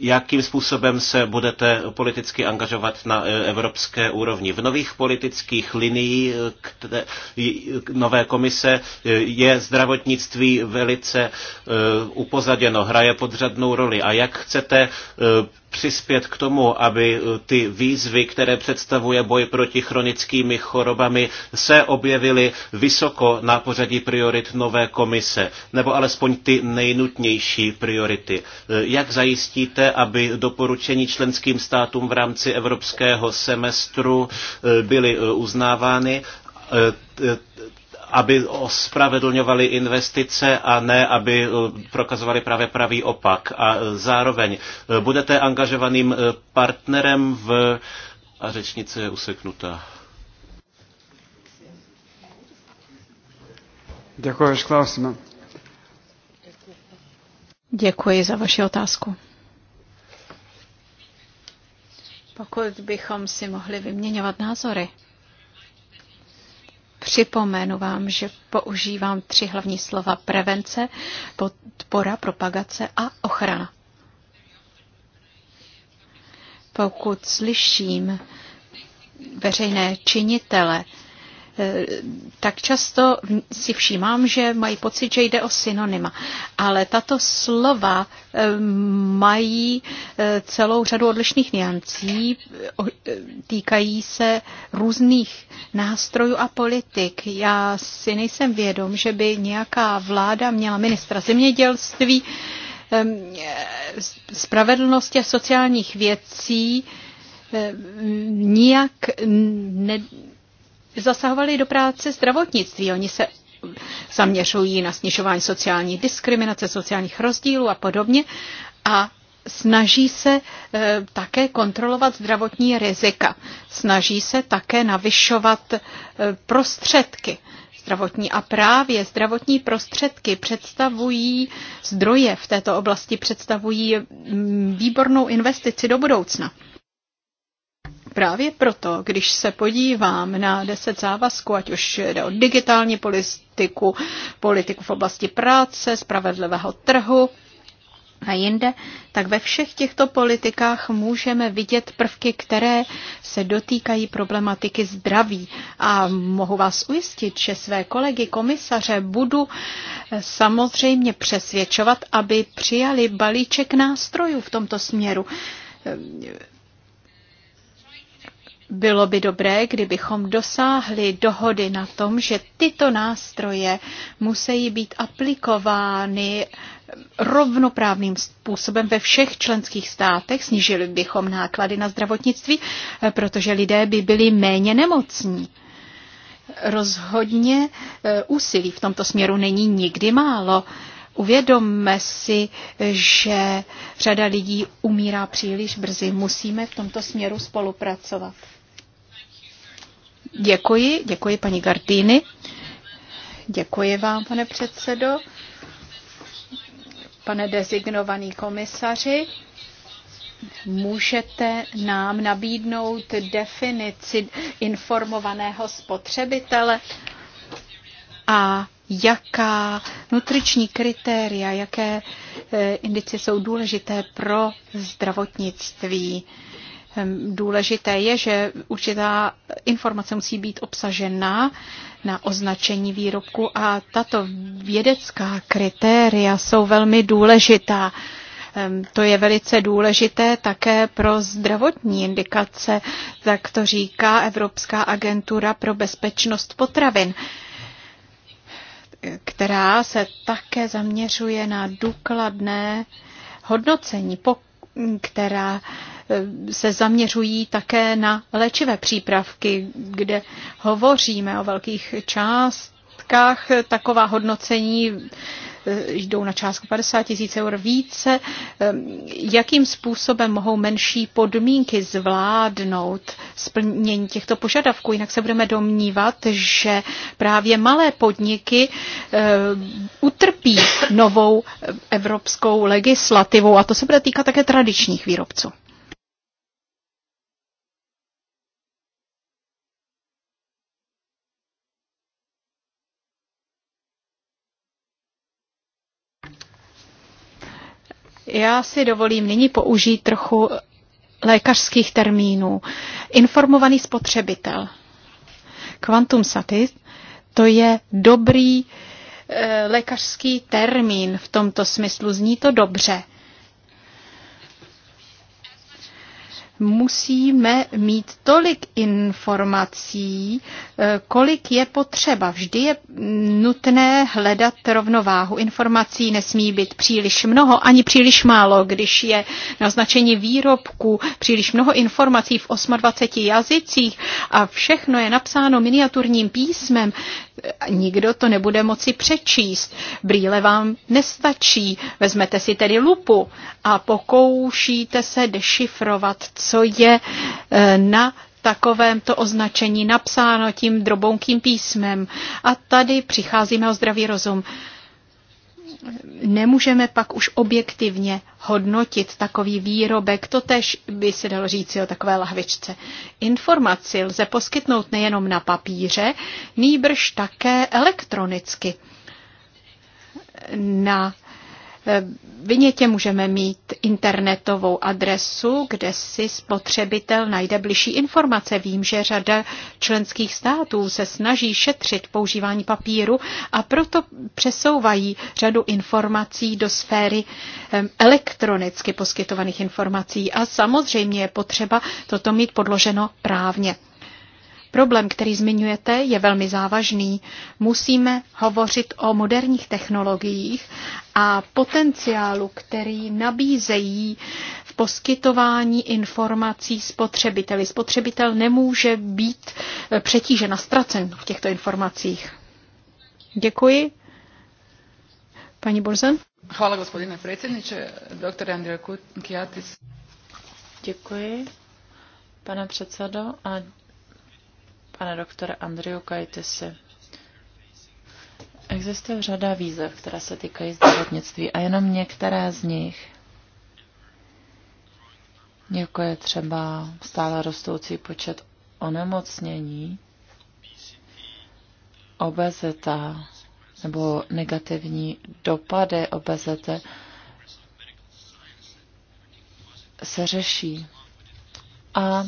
jakým způsobem se budete politicky angažovat na eh, evropské úrovni. V nových politických linií eh, nové komise je zdravotnictví velice upozaděno, hraje podřadnou roli. A jak chcete přispět k tomu, aby eh, ty výzvy, které představuje boj proti chronickými chorobami, se objevily vysoko na pořadí priorit nové komise, nebo alespoň ty nejnutnější priority. Eh, jak zajistíte, aby doporučení členským státům v rámci evropského semestru eh, byly uznávány? aby ospravedlňovali investice a ne, aby eh, prokazovali právě pravý opak. A eh, zároveň eh, budete angažovaným partnerem v... A řečnice je useknutá. Děkuji Šklausima. Děkuji za vaši otázku. Pokud bychom si mohli vyměňovat názory Připomenu vám, že používám tři hlavní slova prevence, podpora, propagace a ochrana. Pokud slyším veřejné činitele, Eh, tak často si všímám, že mají pocit, že jde o synonyma. Ale tato slova eh, mají eh, celou řadu odlišných niancí, týkají se různých nástrojů a politik. Já si nejsem vědom, že by nějaká vláda měla ministra zemědělství, spravedlnosti a sociálních věcí nijak ne, zasahovali do práce zdravotnictví. Oni se zaměřují na snižování sociální diskriminace, sociálních rozdílů a podobně. A snaží se eh, také kontrolovat zdravotní rizika. Snaží se také navyšovat eh, prostředky zdravotní. A právě zdravotní prostředky představují zdroje v této oblasti, představují mm, výbornou investici do budoucna. Právě proto, když se podívám na deset závazků, ať už jde o digitální politiku, politiku v oblasti práce, spravedlivého trhu, a jinde, tak ve všech těchto politikách můžeme vidět prvky, které se dotýkají problematiky zdraví. A mohu vás ujistit, že své kolegy komisaře budu eh, samozřejmě přesvědčovat, aby přijali balíček nástrojů v tomto směru bylo by dobré, kdybychom dosáhli dohody na tom, že tyto nástroje musí být aplikovány rovnoprávným způsobem ve všech členských státech. Snížili bychom náklady na zdravotnictví, protože lidé by byli méně nemocní. Rozhodně eh, úsilí v tomto směru není nikdy málo. Uvědomme si, že řada lidí umírá příliš brzy. Musíme v tomto směru spolupracovat. Děkuji, děkuji paní Gardýny. Děkuji vám, pane předsedo. Pane designovaný komisaři, můžete nám nabídnout definici informovaného spotřebitele a jaká nutriční kritéria, jaké eh, indice jsou důležité pro zdravotnictví. Ehm, důležité je, že určitá informace musí být obsažena na označení výrobku a tato vědecká kritéria jsou velmi důležitá. Ehm, to je velice důležité také pro zdravotní indikace, tak to říká Evropská agentura pro bezpečnost potravin která se také zaměřuje na důkladné hodnocení, která eh, se zaměřují také na léčivé přípravky, kde hovoříme o velkých částkách. Taková hodnocení Eh, jdou na částku 50 tisíc eur více. Ehm, jakým způsobem mohou menší podmínky zvládnout splnění těchto požadavků? Jinak se budeme domnívat, že právě malé podniky ehm, utrpí novou evropskou legislativou a to se bude týkat také tradičních výrobců. Já si dovolím nyní použít trochu lékařských termínů. Informovaný spotřebitel. Quantum satis, to je dobrý eh, lékařský termín v tomto smyslu. Zní to dobře. musíme mít tolik informací, eh, kolik je potřeba. Vždy je nutné hledat rovnováhu. Informací nesmí být příliš mnoho ani příliš málo. Když je na značení výrobku příliš mnoho informací v 28 jazycích a všechno je napsáno miniaturním písmem, nikdo to nebude moci přečíst. Brýle vám nestačí. Vezmete si tedy lupu a pokoušíte se dešifrovat, co je eh, na takovémto označení napsáno tím drobounkým písmem. A tady přicházíme o zdravý rozum nemůžeme pak už objektivně hodnotit takový výrobek. To tež by se dalo říci o takové lahvičce. Informaci lze poskytnout nejenom na papíře, nýbrž také elektronicky. Na Eh, vynětě můžeme mít internetovou adresu, kde si spotřebitel najde bližší informace. Vím, že řada členských států se snaží šetřit používání papíru a proto přesouvají řadu informací do sféry elektronicky poskytovaných informací. A samozřejmě je potřeba toto mít podloženo právně. Problém, který zmiňujete, je velmi závažný. Musíme hovořit o moderních technologiích a potenciálu, který nabízejí v poskytování informací spotřebiteli. Spotřebitel nemůže být přetížen a ztracen v těchto informacích. Děkuji. Paní Borzen. Hvala, gospodine predsjedniče. Doktor Andrija Kijatis. Děkuji, pane předsedo, a pane doktore Andriu Kajtisi. Existuje řada výzev, které se týkají zdravotnictví a jenom některé z nich, jako je třeba stále rostoucí počet onemocnění, obezita nebo negativní dopady obezity, se řeší. A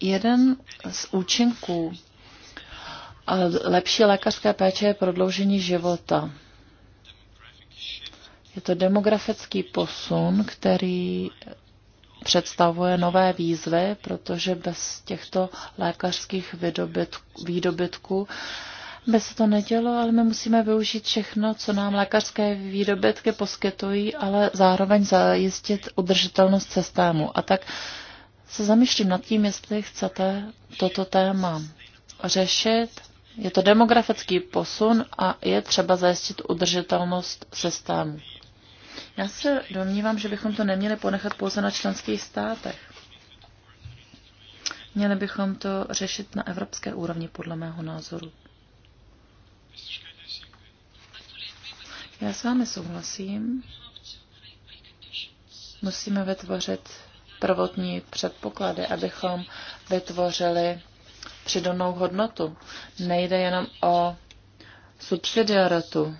Jeden z účinků eh, lepší lékařské péče je prodloužení života. Je to demografický posun, který představuje nové výzvy, protože bez těchto lékařských výdobytků by se to nedělo, ale my musíme využít všechno, co nám lékařské výdobytky poskytují, ale zároveň zajistit udržitelnost systému. A tak se zamýšlím nad tím, jestli chcete toto téma řešit. Je to demografický posun a je třeba zajistit udržitelnost systému. Já se domnívám, že bychom to neměli ponechat pouze na členských státech. Měli bychom to řešit na evropské úrovni, podle mého názoru. Já s vámi souhlasím. Musíme vytvořit prvotní předpoklady, abychom vytvořili přidanou hodnotu. Nejde jenom o subsidiaritu.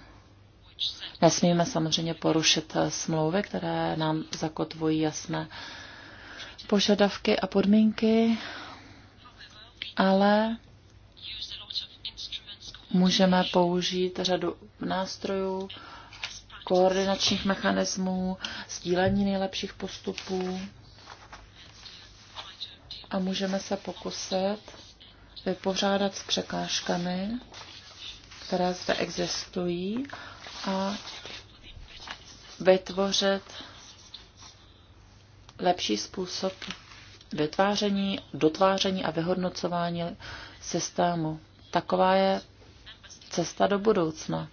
Nesmíme samozřejmě porušit smlouvy, které nám zakotvují jasné požadavky a podmínky, ale můžeme použít řadu nástrojů, koordinačních mechanismů, sdílení nejlepších postupů a můžeme se pokusit vypořádat s překážkami, které zde existují a vytvořit lepší způsob vytváření, dotváření a vyhodnocování systému. Taková je cesta do budoucna.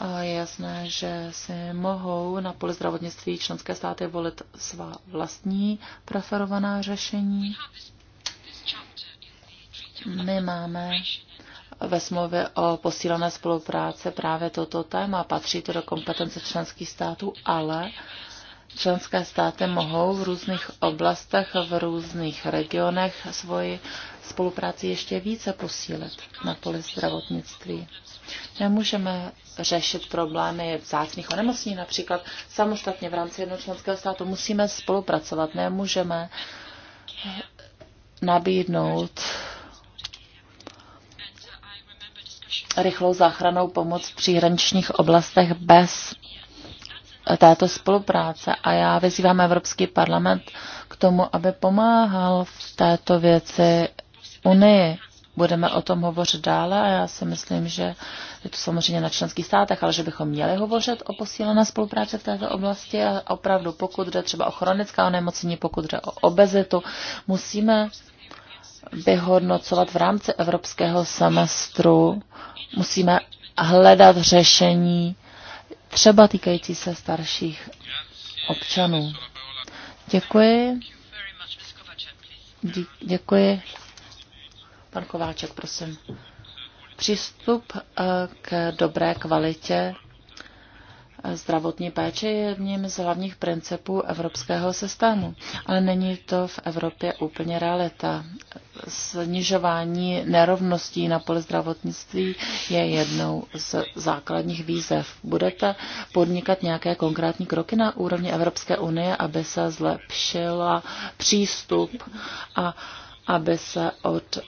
A je jasné, že si mohou na poli zdravotnictví členské státy volit svá vlastní preferovaná řešení. My máme ve smlouvě o posílené spolupráce právě toto téma. Patří to do kompetence členských států, ale členské státy mohou v různých oblastech, v různých regionech svoji spolupráci ještě více posílit na poli zdravotnictví. Nemůžeme řešit problémy vzácných onemocnění například samostatně v rámci jednočlenského státu. Musíme spolupracovat, nemůžeme nabídnout rychlou záchranou pomoc v příhraničních oblastech bez této spolupráce. A já vyzývám Evropský parlament k tomu, aby pomáhal v této věci Unii. Budeme o tom hovořit dále a já si myslím, že je to samozřejmě na členských státech, ale že bychom měli hovořit o posílené spolupráci v této oblasti a opravdu pokud jde třeba o chronická onemocnění, pokud jde o obezitu, musíme vyhodnocovat v rámci evropského semestru, musíme hledat řešení třeba týkající se starších občanů. Děkuji. Děkuji. Pan Kováček, prosím. Přístup eh, k dobré kvalitě zdravotní péče je jedním z hlavních principů evropského systému, ale není to v Evropě úplně realita. Snižování nerovností na poli zdravotnictví je jednou z základních výzev. Budete podnikat nějaké konkrétní kroky na úrovni Evropské unie, aby se zlepšila přístup a aby se od uh,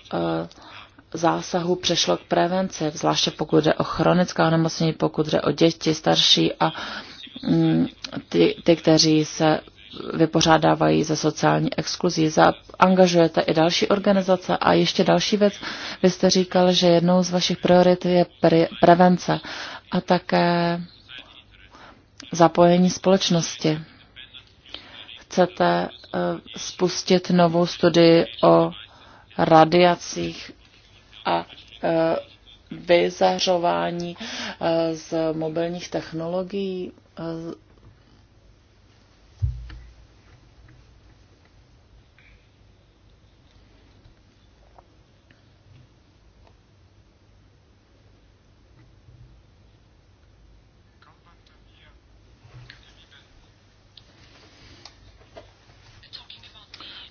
zásahu přešlo k prevenci, zvláště pokud jde o chronická onemocnění, pokud jde o děti starší a mm, ty, ty kteří se vypořádávají ze sociální exkluzí. Angažujete i další organizace. A ještě další věc, vy jste říkal, že jednou z vašich priorit je pre- prevence a také zapojení společnosti. Chcete uh, spustit novou studii o radiacích a e, vyzařování e, z mobilních technologií. E,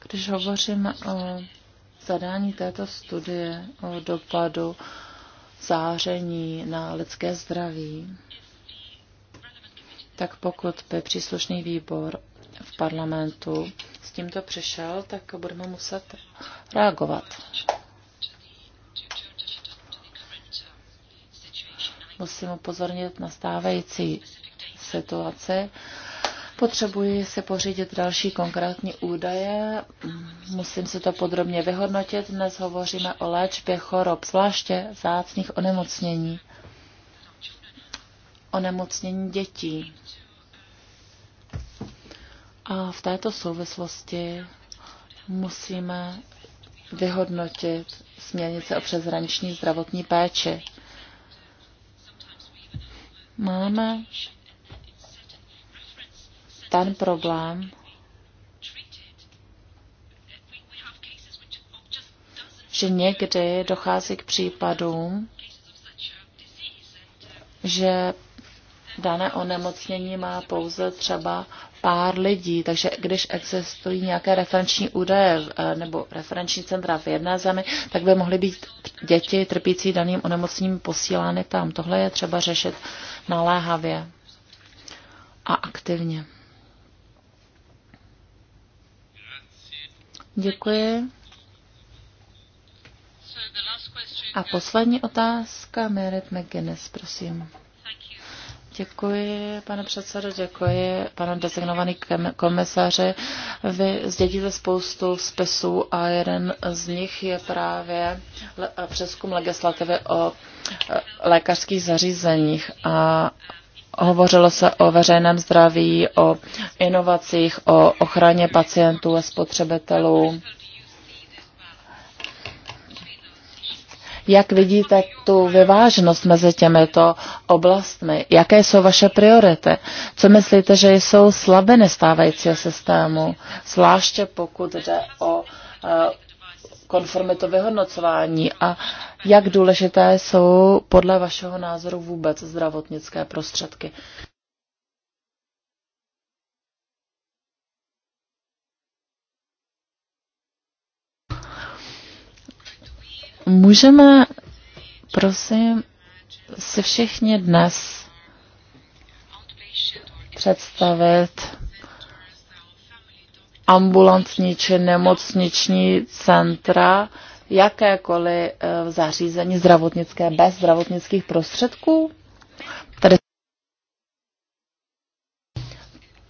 Když hovořím o zadání této studie o dopadu záření na lidské zdraví, tak pokud by příslušný výbor v parlamentu s tímto přišel, tak budeme muset reagovat. Musím upozornit na stávající situaci Potřebuji se pořídit další konkrétní údaje, musím si to podrobně vyhodnotit. Dnes hovoříme o léčbě chorob, zvláště zácných onemocnění. Onemocnění dětí. A v této souvislosti musíme vyhodnotit směrnice o přezraniční zdravotní péči. Máme ten problém, že někdy dochází k případům, že dané onemocnění má pouze třeba pár lidí, takže když existují nějaké referenční údaje eh, nebo referenční centra v jedné zemi, tak by mohly být děti trpící daným onemocněním posílány tam. Tohle je třeba řešit naléhavě a aktivně. Děkuji. A poslední otázka, Merit McGuinness, prosím. Děkuji, pane předsedo, děkuji, pane designovaný komisaři. Vy zdědíte spoustu spisů a jeden z nich je právě přeskum legislativy o e, lékařských zařízeních. A Hovořilo se o veřejném zdraví, o inovacích, o ochraně pacientů a spotřebitelů. Jak vidíte tu vyváženost mezi těmito oblastmi? Jaké jsou vaše priority? Co myslíte, že jsou slabiny stávajícího systému, zvláště pokud jde o eh, to vyhodnocování a jak důležité jsou podle vašeho názoru vůbec zdravotnické prostředky. Můžeme, prosím, si všichni dnes představit ambulantní či nemocniční centra, jakékoliv e, zařízení zdravotnické bez zdravotnických prostředků? Tady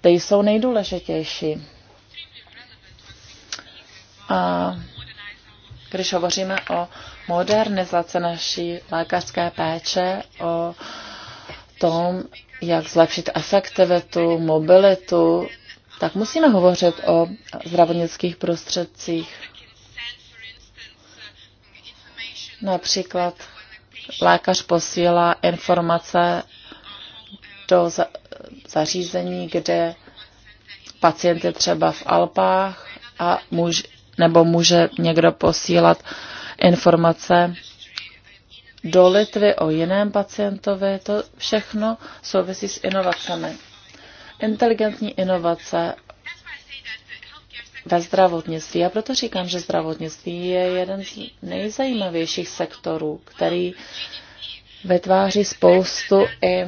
ty jsou nejdůležitější. A když hovoříme o modernizaci naší lékařské péče, o tom, jak zlepšit efektivitu, mobilitu, tak musíme hovořit o zdravotnických prostředcích. Například lékař posílá informace do zařízení, kde pacient je třeba v Alpách a může, nebo může někdo posílat informace do Litvy o jiném pacientovi. To všechno souvisí s inovacemi inteligentní inovace ve zdravotnictví. A proto říkám, že zdravotnictví je jeden z nejzajímavějších sektorů, který vytváří spoustu i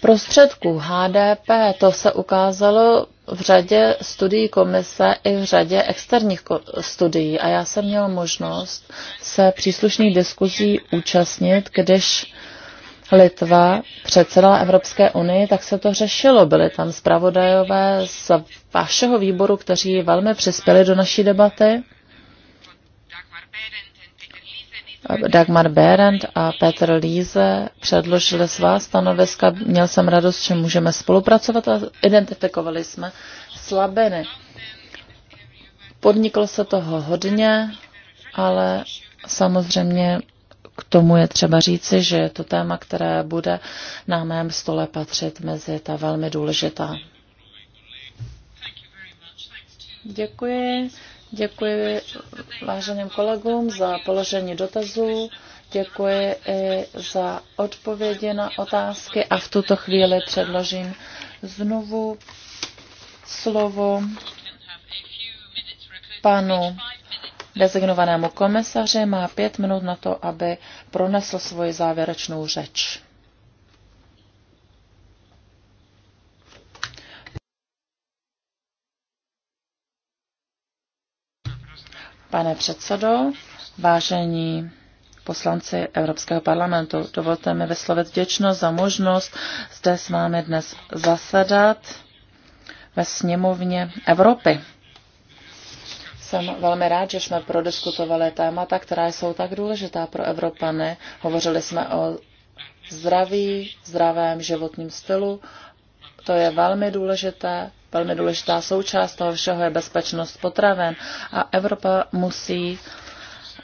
prostředků HDP. To se ukázalo v řadě studií komise i v řadě externích studií. A já jsem měl možnost se příslušných diskuzí účastnit, když Litva předsedala Evropské unii, tak se to řešilo. Byli tam zpravodajové z vašeho výboru, kteří velmi přispěli do naší debaty. Dagmar Berend a Petr Líze předložili svá stanoviska. Měl jsem radost, že můžeme spolupracovat a identifikovali jsme slabiny. Podniklo se toho hodně, ale samozřejmě k tomu je třeba říci, že je to téma, které bude na mém stole patřit mezi ta velmi důležitá. Děkuji. Děkuji váženým kolegům za položení dotazů. Děkuji i za odpovědi na otázky a v tuto chvíli předložím znovu slovo panu Dezignovanému komisaři má pět minut na to, aby pronesl svoji závěrečnou řeč. Pane předsedo, vážení poslanci Evropského parlamentu, dovolte mi vyslovit vděčnost za možnost zde s vámi dnes zasedat ve sněmovně Evropy. Jsem velmi rád, že jsme prodiskutovali témata, která jsou tak důležitá pro Evropany. Hovořili jsme o zdraví, zdravém životním stylu. To je velmi důležité. Velmi důležitá součást toho všeho je bezpečnost potraven a Evropa musí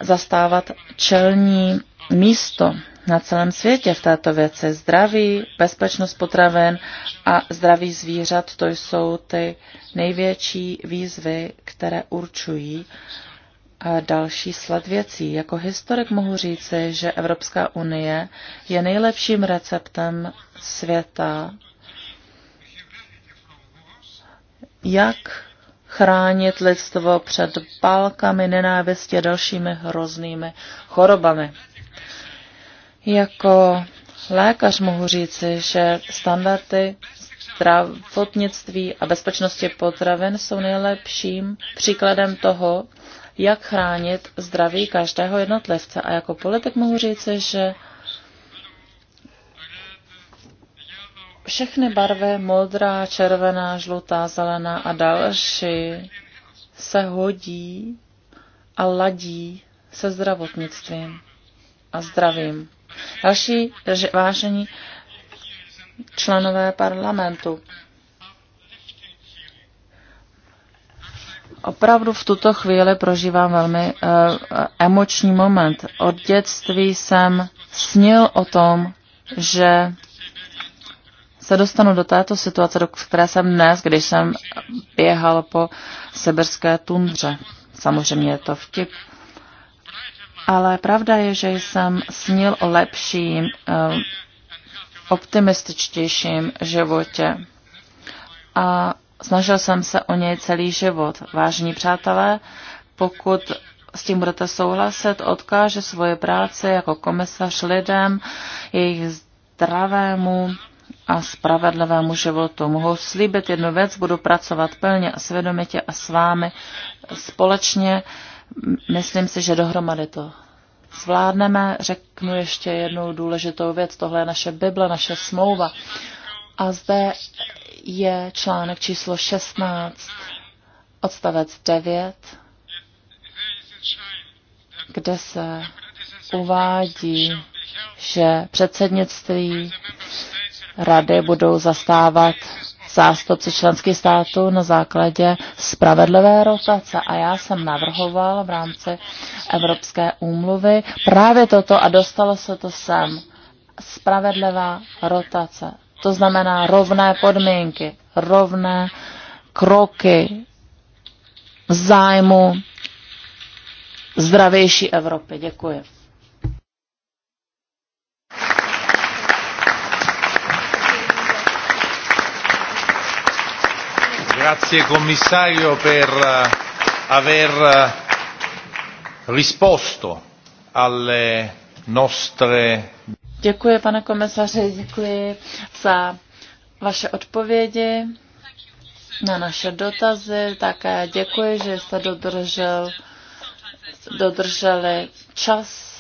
zastávat čelní místo na celém světě v této věci. Zdraví, bezpečnost potravin a zdraví zvířat, to jsou ty největší výzvy, které určují další sled věcí. Jako historik mohu říci, že Evropská unie je nejlepším receptem světa, jak chránit lidstvo před pálkami, nenávistě a dalšími hroznými chorobami. Jako lékař mohu říci, že standardy zdravotnictví a bezpečnosti potravin jsou nejlepším příkladem toho, jak chránit zdraví každého jednotlivce. A jako politik mohu říci, že všechny barvy, modrá, červená, žlutá, zelená a další, se hodí a ladí se zdravotnictvím a zdravím. Další vážení členové parlamentu. Opravdu v tuto chvíli prožívám velmi uh, emoční moment. Od dětství jsem snil o tom, že se dostanu do této situace, do které jsem dnes, když jsem běhal po seberské tundře. Samozřejmě je to vtip. Uh, ale pravda je, že jsem snil o lepším, eh, optimističtějším životě. A snažil jsem se o něj celý život. Vážení přátelé, pokud s tím budete souhlasit, odkáže svoje práce jako komisař lidem, jejich zdravému a spravedlivému životu. Mohu slíbit jednu věc, budu pracovat plně a svědomitě a s vámi společně. Myslím si, že dohromady to zvládneme. Řeknu ještě jednu důležitou věc. Tohle je naše Bible, naše smlouva. A zde je článek číslo 16, odstavec 9, kde se uvádí, že předsednictví rady budou zastávat zástupci členských států na základě spravedlivé rotace. A já jsem navrhoval v rámci Evropské úmluvy právě toto a dostalo se to sem. Spravedlivá rotace. To znamená rovné podmínky, rovné kroky v zájmu zdravější Evropy. Děkuji. Grazie commissario per eh, aver eh, risposto alle nostre. Děkuji, pane komisaři, děkuji za vaše odpovědi na naše dotazy. Také děkuji, že jste dodržel, dodrželi čas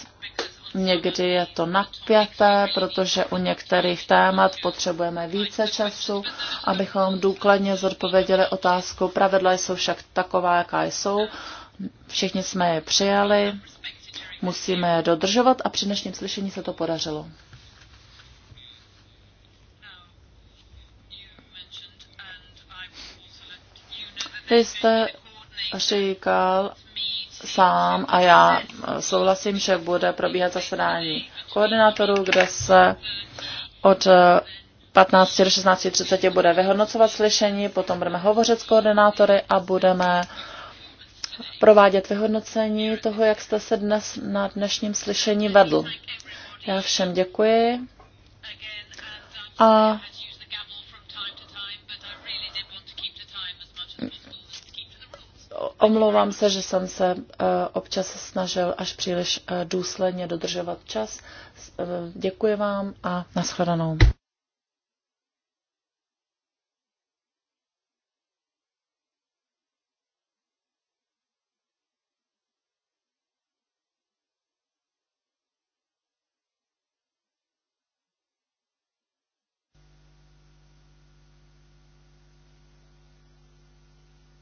Někdy je to napjaté, protože u některých témat potřebujeme více času, abychom důkladně zodpověděli otázku. Pravidla jsou však taková, jaká jsou. Všichni jsme je přijali, musíme je dodržovat a při dnešním slyšení se to podařilo. Vy jste říkal, sám a já eh, souhlasím, že bude probíhat zasedání koordinátorů, kde se od 15 eh, do 16.30 bude vyhodnocovat slyšení, potom budeme hovořit s koordinátory a budeme provádět vyhodnocení toho, jak jste se dnes na dnešním slyšení vedl. Já všem děkuji a Omlouvám se, že jsem se eh, občas snažil až příliš eh, důsledně dodržovat čas. Eh, děkuji vám a nashledanou.